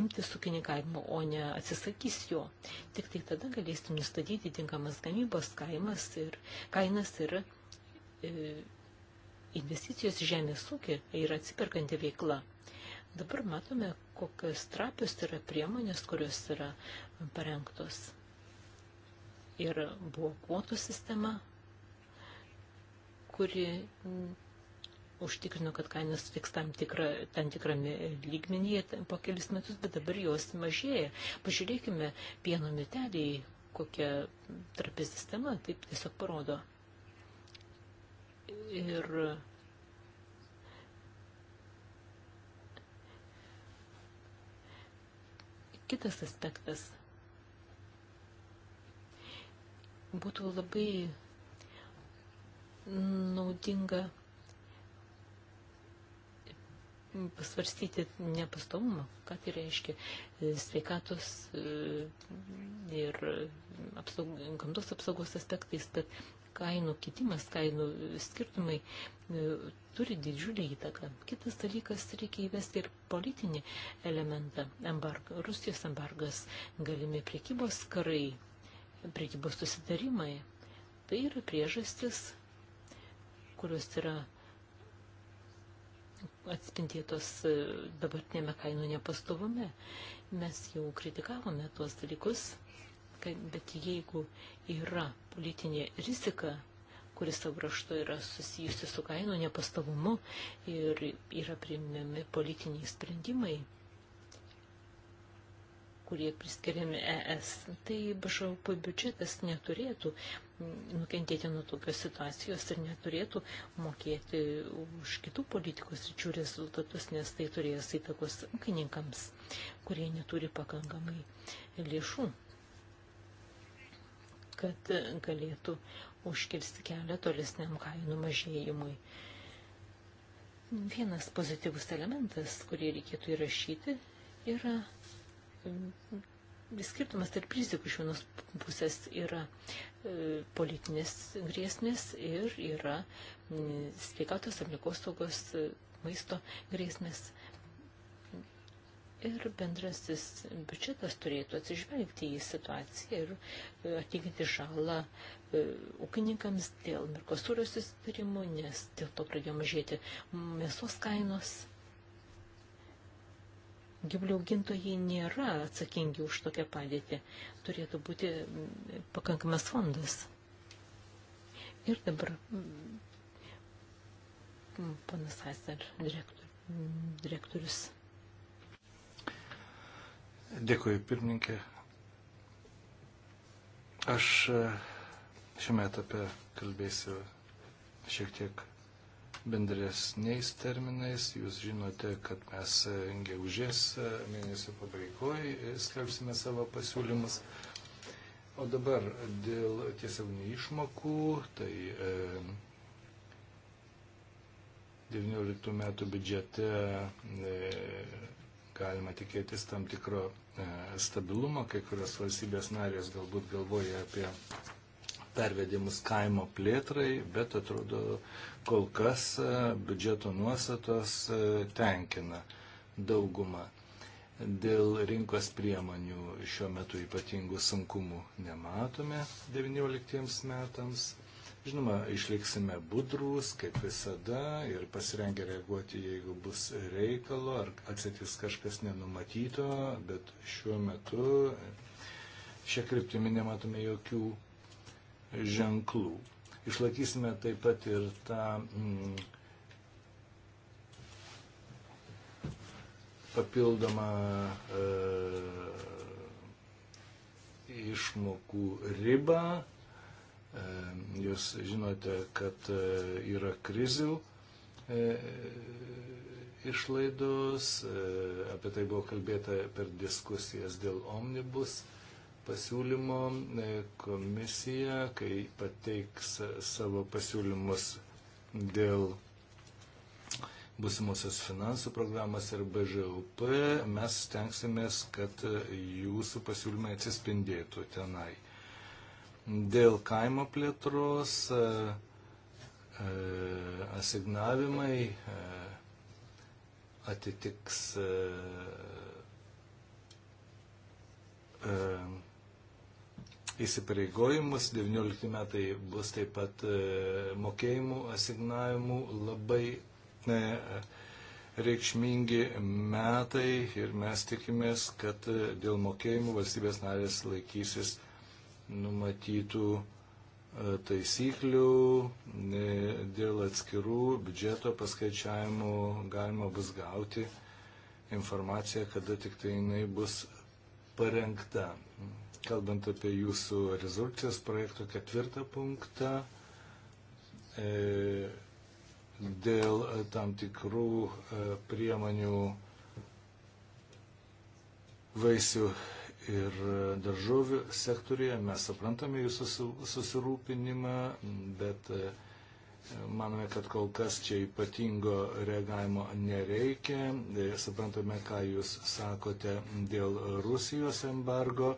imti sukininkavimo, o ne atsisakys jo. Tik tai tada galėsim nustatyti tinkamas gamybos kaimas ir kainas ir e, investicijos žemės ūkį yra atsiperkanti veikla. Dabar matome, kokios trapios yra priemonės, kurios yra parengtos ir buvo kvotų sistema, kuri užtikrino, kad kainos tiks tam, tikra, tam tikrame lygmenyje po kelis metus, bet dabar jos mažėja. Pažiūrėkime pieno meteliai, kokia trapi sistema, taip tiesiog parodo. Ir kitas aspektas – būtų labai naudinga pasvarstyti nepastovumą, ką tai reiškia e, sveikatos e, ir apsaug, gamtos apsaugos aspektais, tad kainų kitimas, kainų skirtumai e, turi didžiulį įtaką. Kitas dalykas, reikia įvesti ir politinį elementą. Embarg, Rusijos embargas, galimi priekybos karai prekybos susitarimai. Tai yra priežastis, kurios yra atspindėtos e, dabartinėme kainų nepastovume. Mes jau kritikavome tuos dalykus, kad, bet jeigu yra politinė rizika, kuris savo raštu yra susijusi su kainų nepastovumu ir yra priimami politiniai sprendimai, kurie priskiriami ES. Tai BŽP biudžetas neturėtų nukentėti nuo tokios situacijos ir neturėtų mokėti už kitų politikos ryčių rezultatus, nes tai turės įtakos ūkininkams, kurie neturi pakankamai lėšų, kad galėtų užkirsti kelią tolesniam kainų mažėjimui. Vienas pozityvus elementas, kurį reikėtų įrašyti, yra E, skirtumas tarp rizikų iš vienos pusės yra e, politinės grėsmės ir yra e, sveikatos aplinkos saugos e, maisto grėsmės. Ir bendrasis biudžetas turėtų atsižvelgti į situaciją ir e, atlyginti žalą e, ūkininkams dėl Mirkosūrio susitarimų, nes dėl to pradėjo mažėti mėsos kainos gyvulių augintojai nėra atsakingi už tokią padėtį. Turėtų būti mm, pakankamas fondas. Ir dabar mm, mm, panas Aister, direktor, direktorius. Dėkuoju, pirmininkė. Aš e, šiame etape kalbėsiu šiek tiek bendresniais terminais. Jūs žinote, kad mes e, gegužės e, mėnesio pabaigoje skelbsime savo pasiūlymus. O dabar dėl tiesioginių išmokų, tai e, 19 metų biudžete e, galima tikėtis tam tikro e, stabilumo, kai kurios valstybės narės galbūt galvoja apie pervedimus kaimo plėtrai, bet atrodo, kol kas e, biudžeto nuostatos e, tenkina daugumą. Dėl rinkos priemonių šiuo metu ypatingų sunkumų nematome 19 metams. Žinoma, išliksime budrus, kaip visada, ir pasirengę reaguoti, jeigu bus reikalo ar atsitiks kažkas nenumatyto, bet šiuo metu šią kryptimį nematome jokių ženklų. Išlaikysime taip pat ir tą mm, papildomą e, išmokų ribą. E, jūs žinote, kad e, yra krizių e, išlaidos, e, apie tai buvo kalbėta per diskusijas dėl omnibus. E, pasiūlymo. E, komisija, kai pateiks savo pasiūlymus dėl busimusios finansų programas ir BŽUP, mes stengsimės, kad jūsų pasiūlymai atsispindėtų tenai. Dėl kaimo plėtros e, e, asignavimai atitiks įsipareigojimus. 19 metai bus taip pat e, mokėjimų asignavimų labai e, reikšmingi metai ir mes tikimės, kad e, dėl mokėjimų valstybės narės laikysis numatytų taisyklių, dėl atskirų biudžeto paskaičiavimų galima bus gauti informaciją, kada tik tai jinai bus parengta. Kalbant apie jūsų rezoliucijos projekto ketvirtą punktą, e, dėl tam tikrų e, priemonių vaisių ir daržovių sektorėje. Mes suprantame jūsų susirūpinimą, bet e, Manome, kad kol kas čia ypatingo reagavimo nereikia. Suprantame, ką Jūs sakote dėl Rusijos embargo,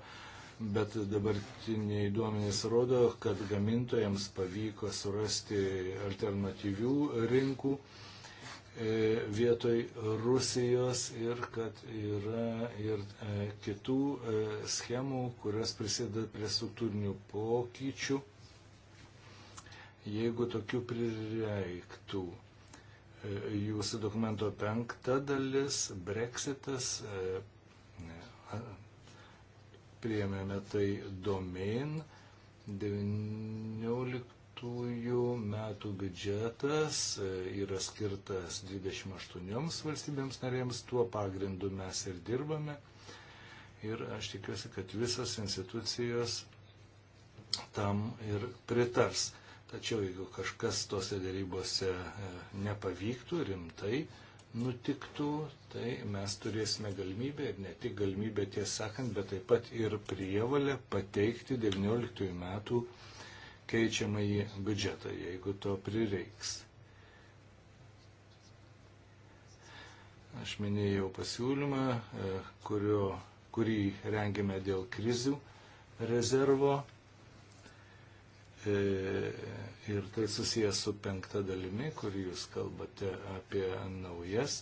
bet dabartiniai duomenys rodo, kad gamintojams pavyko surasti alternatyvių rinkų e, vietoj Rusijos ir kad yra ir e, kitų e, schemų, kurios prisideda prie struktūrinių pokyčių jeigu tokių prireiktų. E, jūsų dokumento penkta dalis, Brexitas, e, priėmėme tai domin, 19 metų biudžetas e, yra skirtas 28 valstybėms narėms, tuo pagrindu mes ir dirbame. Ir aš tikiuosi, kad visos institucijos tam ir pritars. Tačiau jeigu kažkas tose dėrybose e, nepavyktų rimtai, nutiktų, tai mes turėsime galimybę ir ne tik galimybę tiesąkant, bet taip pat ir prievalę pateikti 19 metų keičiamąjį biudžetą, jeigu to prireiks. Aš minėjau pasiūlymą, e, kurio, kurį rengėme dėl krizių rezervo ir tai susijęs su penkta dalimi, kur jūs kalbate apie naujas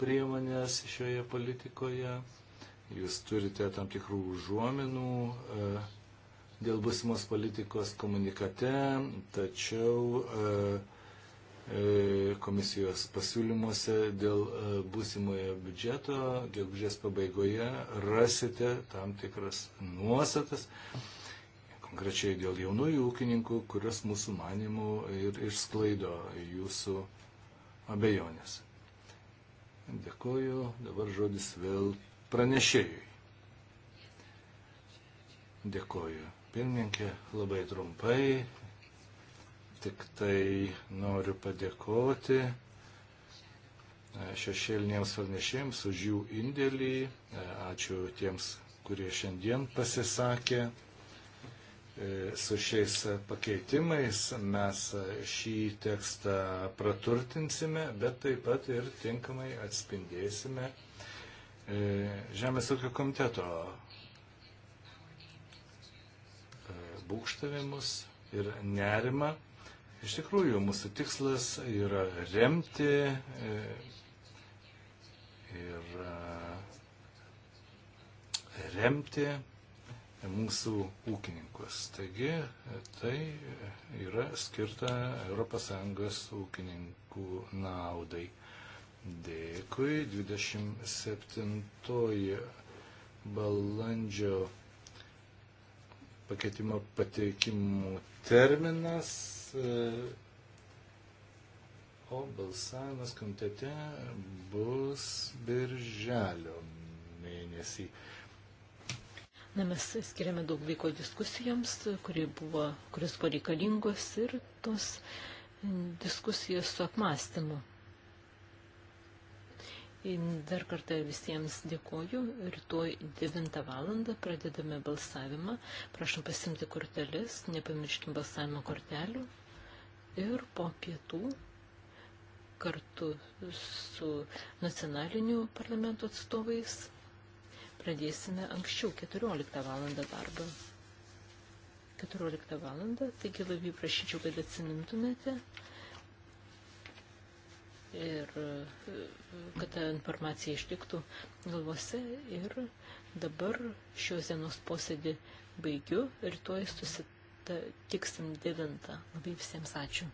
priemonės šioje politikoje. Jūs turite tam tikrų užuominų e, dėl busimos politikos komunikate, tačiau e, e, komisijos pasiūlymuose dėl būsimojo biudžeto, gegužės pabaigoje rasite tam tikras nuostatas, konkrečiai dėl jaunųjų ūkininkų, kurios mūsų manimų ir išsklaido jūsų abejonės. Dėkoju, dabar žodis vėl pranešėjui. Dėkoju. Pirmininkė, labai trumpai, tik tai noriu padėkoti šešėlinėms pranešėjams už jų indėlį. Ačiū tiems, kurie šiandien pasisakė. E, su šiais pakeitimais mes šį tekstą praturtinsime, bet taip pat ir tinkamai atspindėsime e, Žemės ūkio komiteto e, būkštavimus ir nerimą. Iš tikrųjų, mūsų tikslas yra remti ir remti mūsų ūkininkus. Taigi tai yra skirta ES ūkininkų naudai. Dėkui. 27 balandžio pakeitimo pateikimų terminas, o balsavimas komitete bus birželio mėnesį. Na, mes skiriame daug laiko diskusijoms, kuri buvo, kuris buvo reikalingos ir tos diskusijos su apmąstymu. Ir dar kartą visiems dėkoju. Rytoj 9 valandą pradedame balsavimą. Prašom pasimti korteles, nepamirškim balsavimo kortelių. Ir po pietų kartu su nacionaliniu parlamento atstovais pradėsime anksčiau, 14 valandą darbą. 14 valandą, taigi labai prašyčiau, kad atsimintumėte ir e, kad ta informacija išliktų galvose. Ir dabar šios dienos posėdį baigiu, rytoj susitiksim 9. Labai visiems ačiū.